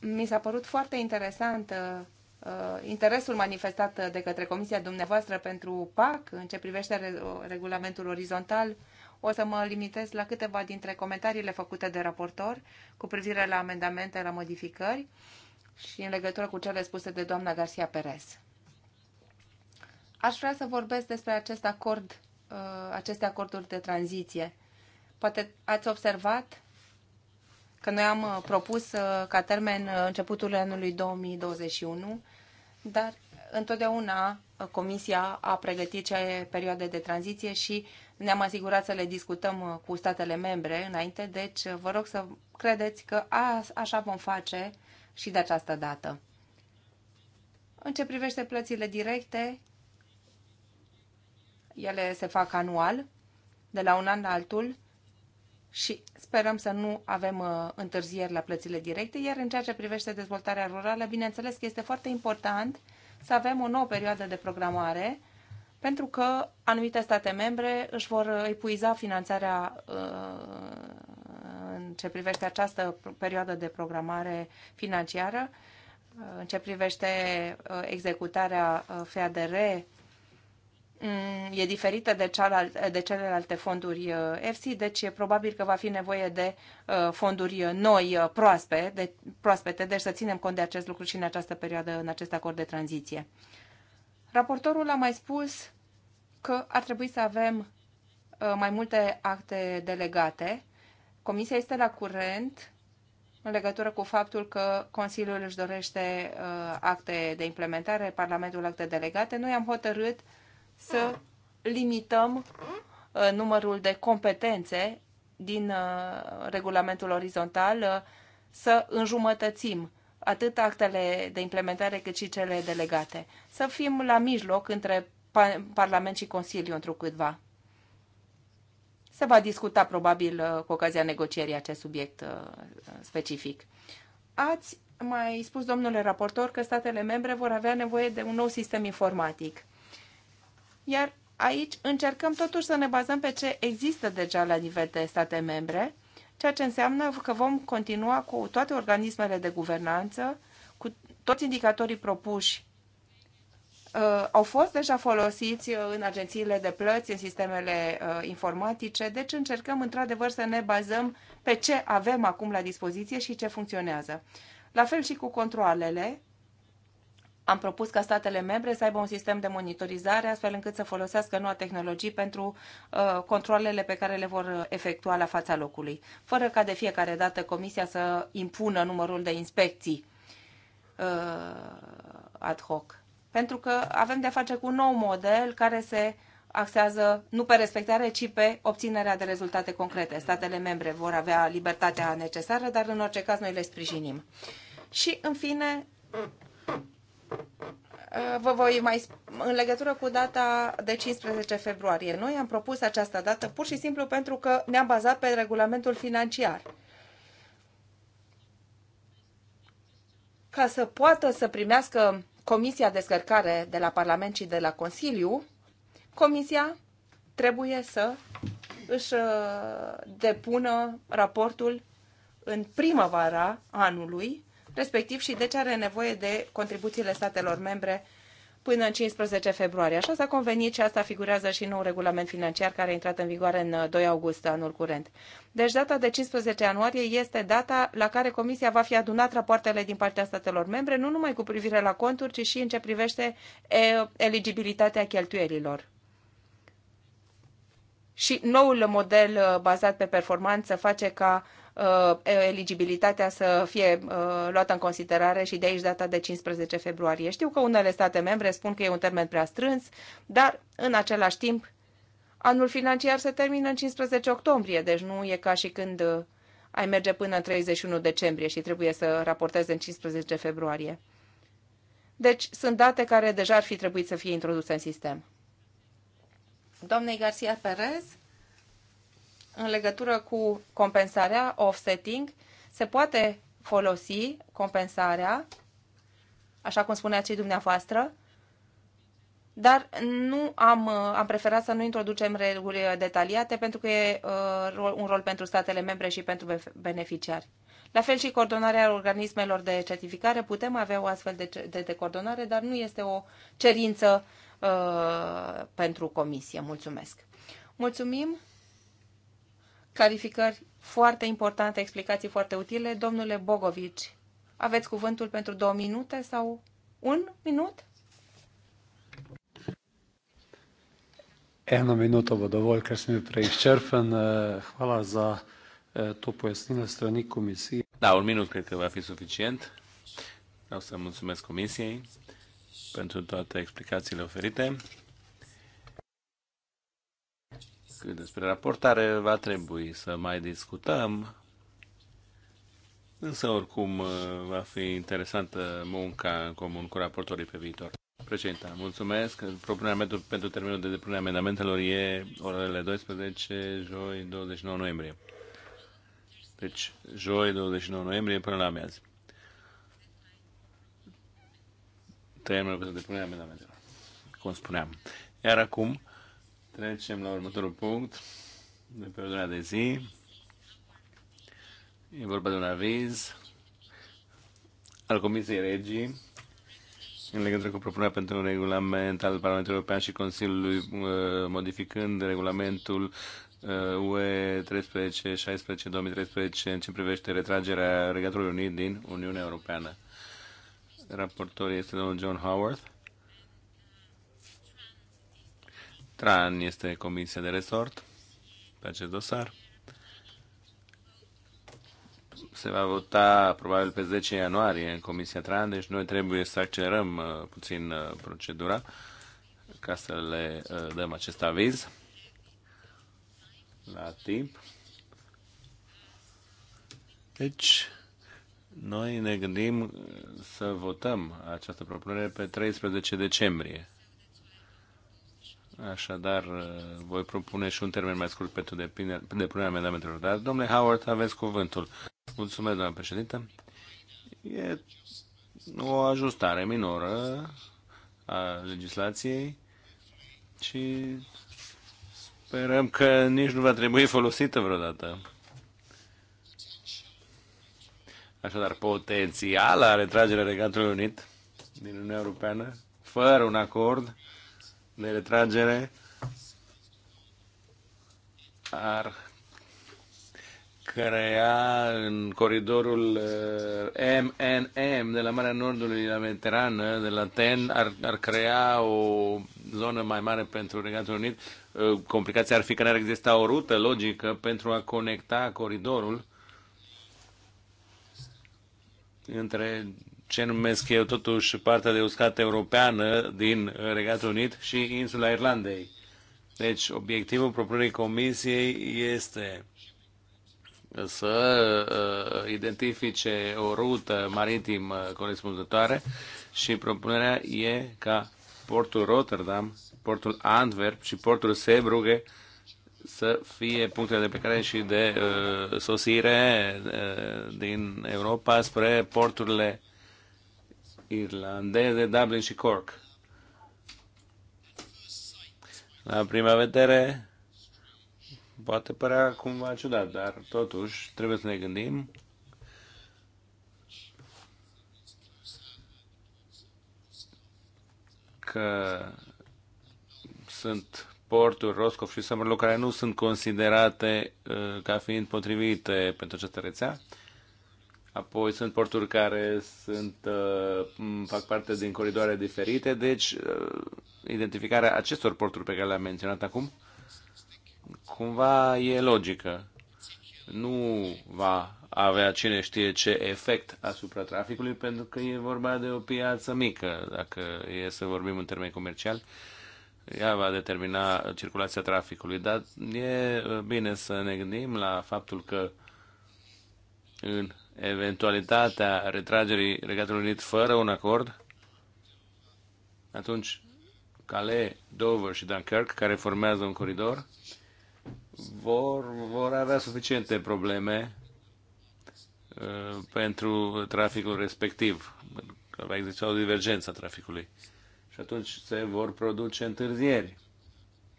[SPEAKER 1] Mi s-a părut foarte interesant uh, interesul manifestat de către Comisia dumneavoastră pentru PAC în ce privește regulamentul orizontal. O să mă limitez la câteva dintre comentariile făcute de raportor cu privire la amendamente, la modificări și în legătură cu cele spuse de doamna Garcia Perez. Aș vrea să vorbesc despre acest acord, uh, aceste acorduri de tranziție. Poate ați observat că noi am uh, propus uh, ca termen uh, începutul anului 2021, dar întotdeauna Comisia a pregătit cea perioade de tranziție și ne-am asigurat să le discutăm cu statele membre înainte, deci vă rog să credeți că a, așa vom face și de această dată. În ce privește plățile directe, ele se fac anual, de la un an la altul, și sperăm să nu avem uh, întârzieri la plățile directe, iar în ceea ce privește dezvoltarea rurală, bineînțeles că este foarte important să avem o nouă perioadă de programare, pentru că anumite state membre își vor epuiza finanțarea uh, în ce privește această perioadă de programare financiară, uh, în ce privește uh, executarea uh, FADR, Mm, e diferită de, cealalt, de celelalte fonduri EFSI, uh, deci probabil că va fi nevoie de uh, fonduri noi, uh, proaspe, de, proaspete, deci să ținem cont de acest lucru și în această perioadă, în acest acord de tranziție. Raportorul a mai spus că ar trebui să avem mai multe acte delegate. Comisia este la curent în legătură cu faptul că Consiliul își dorește acte de implementare, Parlamentul acte delegate. Noi am hotărât uh, să limităm uh, numărul de competențe din uh, regulamentul orizontal, uh, să înjumătățim atât actele de implementare cât și cele delegate. Să fim la mijloc între Parlament și Consiliu întrucâtva. Se va discuta probabil cu ocazia negocierii acest subiect specific. Ați mai spus, domnule raportor, că statele membre vor avea nevoie de un nou sistem informatic iar aici încercăm totuși să ne bazăm pe ce există deja la nivel de state membre, ceea ce înseamnă că vom continua cu toate organismele de guvernanță, cu toți indicatorii propuși uh, au fost deja folosiți uh, în agențiile de plăți, în sistemele uh, informatice, deci încercăm într-adevăr să ne bazăm pe ce avem acum la dispoziție și ce funcționează. La fel și cu controlele, am propus ca statele membre să aibă un sistem de monitorizare astfel încât să folosească noua tehnologie pentru uh, controlele pe care le vor efectua la fața locului, fără ca de fiecare dată Comisia să impună numărul de inspecții uh, ad hoc. Pentru că avem de-a face cu un nou model care se axează nu pe respectare, ci pe obținerea de rezultate concrete. Statele membre vor avea libertatea necesară, dar în orice caz noi le sprijinim. Și, în fine, Uh, vă voi mai în legătură cu data de 15 februarie. Noi am propus această dată pur și simplu pentru că ne-am bazat pe regulamentul financiar. Ca să poată să primească Comisia Descărcare de la Parlament și de la Consiliu, Comisia trebuie să își uh, depună raportul în primăvara anului respectiv și de ce are nevoie de contribuțiile statelor membre până în 15 februarie. Așa s-a convenit și asta figurează și nou regulament financiar care a intrat în vigoare în 2 august anul curent. Deci data de 15 ianuarie este data la care Comisia va fi adunat rapoartele din partea statelor membre, nu numai cu privire la conturi, ci și în ce privește eligibilitatea cheltuielilor. Și noul model uh, bazat pe performanță face ca Uh, eligibilitatea să fie uh, luată în considerare și de aici data de 15 februarie. Știu că unele state membre spun că e un termen prea strâns, dar în același timp anul financiar se termină în 15 octombrie, deci nu e ca și când uh, ai merge până în 31 decembrie și trebuie să raportezi în 15 februarie. Deci sunt date care deja ar fi trebuit să fie introduse în sistem. Domnei Garcia Perez, în legătură cu compensarea, offsetting, se poate folosi compensarea, așa cum spunea cei dumneavoastră, dar nu am, am preferat să nu introducem reguli detaliate pentru că e uh, un rol pentru statele membre și pentru beneficiari. La fel și coordonarea organismelor de certificare, putem avea o astfel de, de, de coordonare, dar nu este o cerință uh, pentru comisie. Mulțumesc! Mulțumim! clarificări foarte importante, explicații foarte utile. Domnule Bogovici, aveți cuvântul pentru două minute sau un minut?
[SPEAKER 4] Eno minuto bo dovolj, ker sem bil preizčrpen. Eh, hvala za eh, to pojasnilo strani komisije. Da, un minut cred că va fi suficient. Vreau să mulțumesc comisiei pentru toate explicațiile oferite despre raportare va trebui să mai discutăm. Însă, oricum, uh, va fi interesantă munca în comun cu raportorii pe viitor. Președinte, mulțumesc. Propunerea pentru terminul de depunere amendamentelor e orele 12, joi 29 noiembrie. Deci, joi 29 noiembrie până la amiază. Termenul pentru depunerea amendamentelor, cum spuneam. Iar acum Trecem la următorul punct de pe ordinea de zi. E vorba de un aviz al Comisiei Regii în legătură cu propunerea pentru un regulament al Parlamentului European și Consiliului uh, modificând regulamentul uh, UE 13-16-2013 în ce privește retragerea Regatului Unit din Uniunea Europeană. Raportor este domnul John Howard. TRAN este comisia de resort pe acest dosar. Se va vota probabil pe 10 ianuarie în Comisia TRAN, deci noi trebuie să accelerăm uh, puțin uh, procedura ca să le uh, dăm acest aviz la timp. Deci, noi ne gândim să votăm această propunere pe 13 decembrie. Așadar, uh, voi propune și un termen mai scurt pentru depunerea amendamentelor. Dar, domnule Howard, aveți cuvântul. Mulțumesc, doamnă președintă. E o ajustare minoră a legislației și sperăm că nici nu va trebui folosită vreodată. Așadar, potențiala retragerea Regatului Unit din Uniunea Europeană, fără un acord, de retragere ar crea în coridorul MNM eh, de la Marea Nordului la Mediterană, de la TEN, ar, ar crea o zonă mai mare pentru Regatul Unit. Eh, complicația ar fi că n-ar exista o rută logică pentru a conecta coridorul între ce numesc eu totuși partea de uscat europeană din Regatul Unit și insula Irlandei. Deci, obiectivul propunerii comisiei este să uh, identifice o rută maritimă corespunzătoare și propunerea e ca portul Rotterdam, portul Antwerp și portul Sebrughe să fie punctele de plecare și de uh, sosire uh, din Europa spre porturile irlandeze, Dublin și Cork. La prima vedere, poate părea cumva ciudat, dar totuși trebuie să ne gândim că sunt porturi, Roscoff și Summerloo, care nu sunt considerate uh, ca fiind potrivite pentru această rețea. Uh, apoi sunt porturi care sunt, uh, fac parte din coridoare diferite, deci uh, identificarea acestor porturi pe care le-am menționat acum cumva e logică. Nu va avea cine știe ce efect asupra traficului, pentru că e vorba de o piață mică, dacă e să vorbim în termeni comerciali. Ea va determina circulația traficului, dar e uh, bine să ne gândim la faptul că în eventualitatea retragerii Regatului Unit fără un acord, atunci Calais, Dover și Dunkirk, care formează un coridor, vor, vor avea suficiente probleme uh, pentru traficul respectiv. Va exista o divergență a traficului. Și atunci se vor produce întârzieri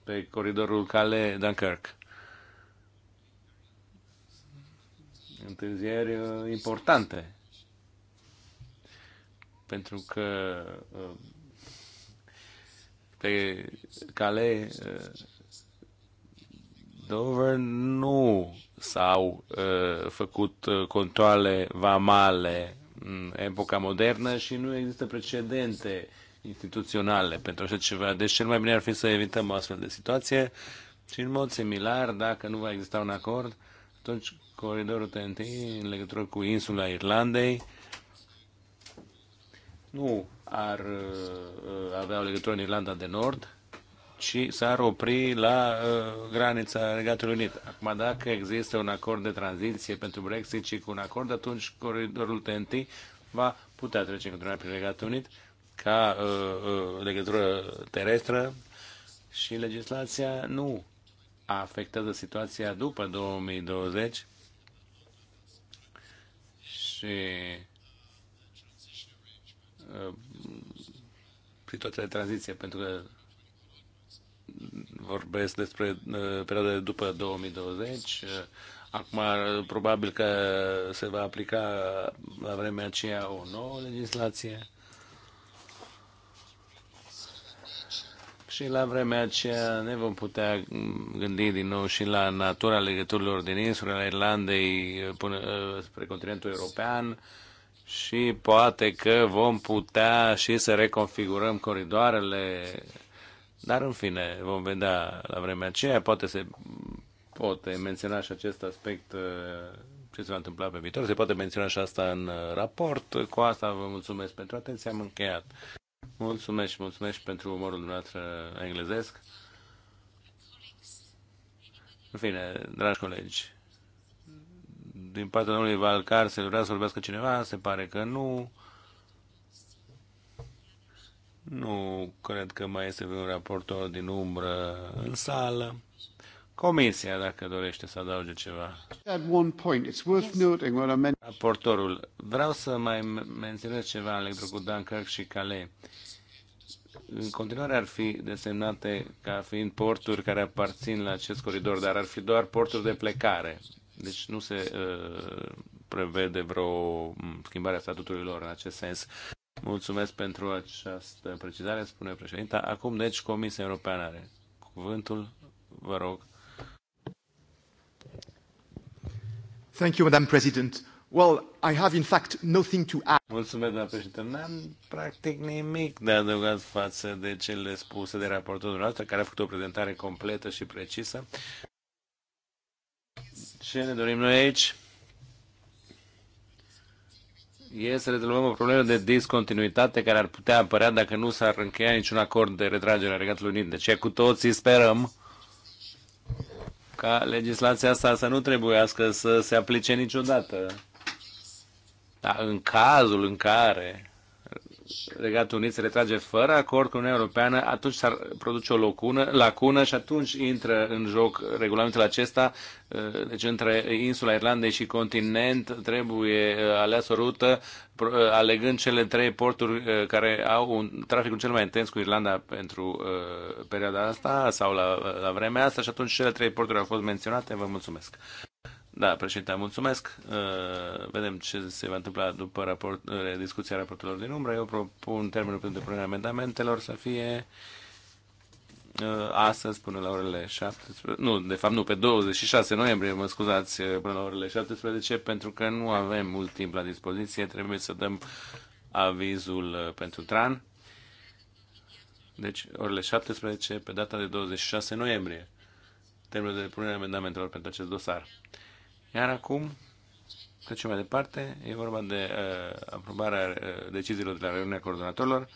[SPEAKER 4] pe coridorul Calais-Dunkirk. întârzieri uh, importante. Pentru că uh, pe cale uh, Dover nu s-au făcut controle vamale în epoca modernă și nu există precedente instituționale pentru așa ceva. Deci cel mai bine ar fi să evităm o astfel de situație și în mod similar, dacă nu va exista un acord, atunci coridorul TNT în legătură cu insula Irlandei nu ar uh, avea o legătură în Irlanda de Nord, ci s-ar opri la uh, granița Regatului Unit. Acum, dacă există un acord de tranziție pentru Brexit și cu un acord, atunci coridorul TNT va putea trece în continuare prin Regatul Unit ca uh, uh, legătură terestră și legislația nu afectează situația după 2020 și situația uh, de tranziție, pentru că vorbesc despre uh, perioada de după 2020. Uh, acum, probabil că se va aplica la vremea aceea o nouă legislație Și la vremea aceea ne vom putea gândi din nou și la natura legăturilor din insula Irlandei până, ă, spre continentul european și poate că vom putea și să reconfigurăm coridoarele, dar în fine vom vedea la vremea aceea, poate se poate menționa și acest aspect ă, ce se va întâmpla pe viitor, se poate menționa și asta în raport. Cu asta vă mulțumesc pentru atenție, am încheiat. Mulțumesc și mulțumesc pentru umorul dumneavoastră englezesc. În fine, dragi colegi, din partea domnului Valcar se vrea să vorbească cineva, se pare că nu. Nu cred că mai este un raportor din umbră în sală. Comisia, dacă dorește să adauge ceva. Raportorul, vreau să mai menționez ceva în legătură cu Dunkirk și Calais în continuare ar fi desemnate ca fiind porturi care aparțin la acest coridor, dar ar fi doar porturi de plecare. Deci nu se uh, prevede vreo mm, schimbare a statutului lor în acest sens. Mulțumesc pentru această precizare, spune președinta. Acum, deci, Comisia Europeană are cuvântul. Vă rog. Thank you, Madam President. Well, I have in fact nothing to add. Mulțumesc, doamnă președinte. N-am practic nimic de adăugat față de cele spuse de raportul dumneavoastră, care a făcut o prezentare completă și precisă. Ce ne dorim noi aici? E să rezolvăm o problemă de discontinuitate care ar putea apărea dacă nu s-ar încheia niciun acord de retragere a Regatului Unit. Deci cu toții sperăm ca legislația asta să nu trebuiască să se aplice niciodată da, în cazul în care Regatul Unit se retrage fără acord cu Uniunea Europeană, atunci s-ar produce o locună, lacună și atunci intră în joc regulamentul acesta. Deci între insula Irlandei și continent trebuie uh, ales o rută uh, alegând cele trei porturi uh, care au un trafic cel mai intens cu Irlanda pentru perioada asta sau la, la vremea asta și atunci cele trei porturi au fost menționate. Vă mulțumesc! Da, președinte, mulțumesc. Uh, vedem ce se va întâmpla după raport, uh, discuția raportelor din umbră. Eu propun termenul pentru depunerea amendamentelor să fie uh, astăzi până la orele 17, nu, de fapt nu, pe 26 noiembrie, mă scuzați, până la orele 17, pentru că nu avem mult timp la dispoziție, trebuie să dăm avizul pentru TRAN. Deci, orele 17, pe data de 26 noiembrie, termenul de depunere a amendamentelor pentru acest dosar. Iar acum trecem mai departe. E vorba de uh, aprobarea uh, deciziilor de la reuniunea coordonatorilor.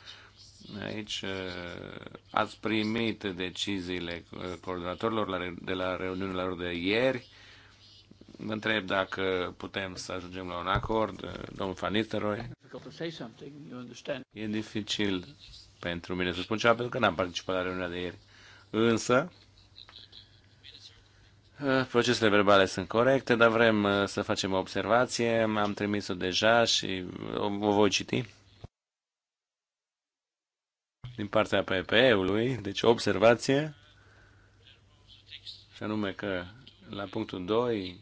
[SPEAKER 4] Aici uh, ați primit deciziile uh, coordonatorilor la, de la reuniunea lor de ieri. Mă întreb dacă putem să ajungem la un acord, uh, domnul Van E dificil pentru mine să spun ceva, pentru că n-am participat la reuniunea de ieri. Însă, Eh, procesele verbale sunt corecte, dar vrem eh, să facem o observație. Am trimis-o deja și eh, o, o voi citi din partea PPE-ului, deci observație, și anume că la punctul 2,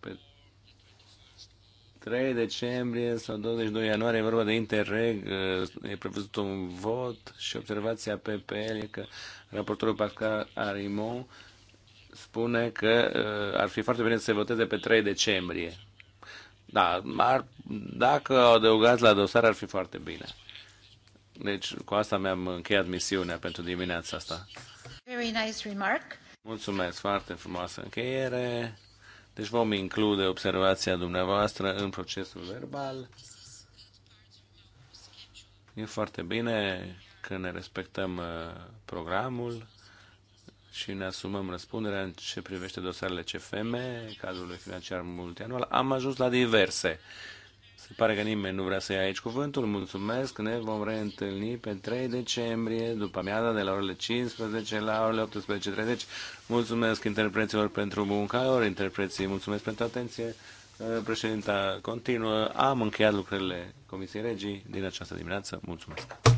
[SPEAKER 4] pe 3 decembrie sau 22 ianuarie, e vorba de Interreg, e prevăzut un vot și observația PPE e că raportorul Pascal Arimont spune că uh, ar fi foarte bine să se voteze pe 3 decembrie. Da, ar, dacă o adăugați la dosar ar fi foarte bine. Deci cu asta mi-am încheiat misiunea pentru dimineața asta.
[SPEAKER 3] Very nice remark.
[SPEAKER 4] Mulțumesc, foarte frumoasă încheiere. Deci vom include observația dumneavoastră în procesul verbal. E foarte bine că ne respectăm uh, programul și ne asumăm răspunderea în ce privește dosarele CFM, cadrul financiar multianual. Am ajuns la diverse. Se pare că nimeni nu vrea să ia aici cuvântul. Mulțumesc, ne vom reîntâlni pe 3 decembrie, după amiaza, de la orele 15 la orele 18.30. Mulțumesc interpreților pentru munca lor, interpreții, mulțumesc pentru atenție. Președinta continuă, am încheiat lucrările Comisiei Regii din această dimineață. Mulțumesc!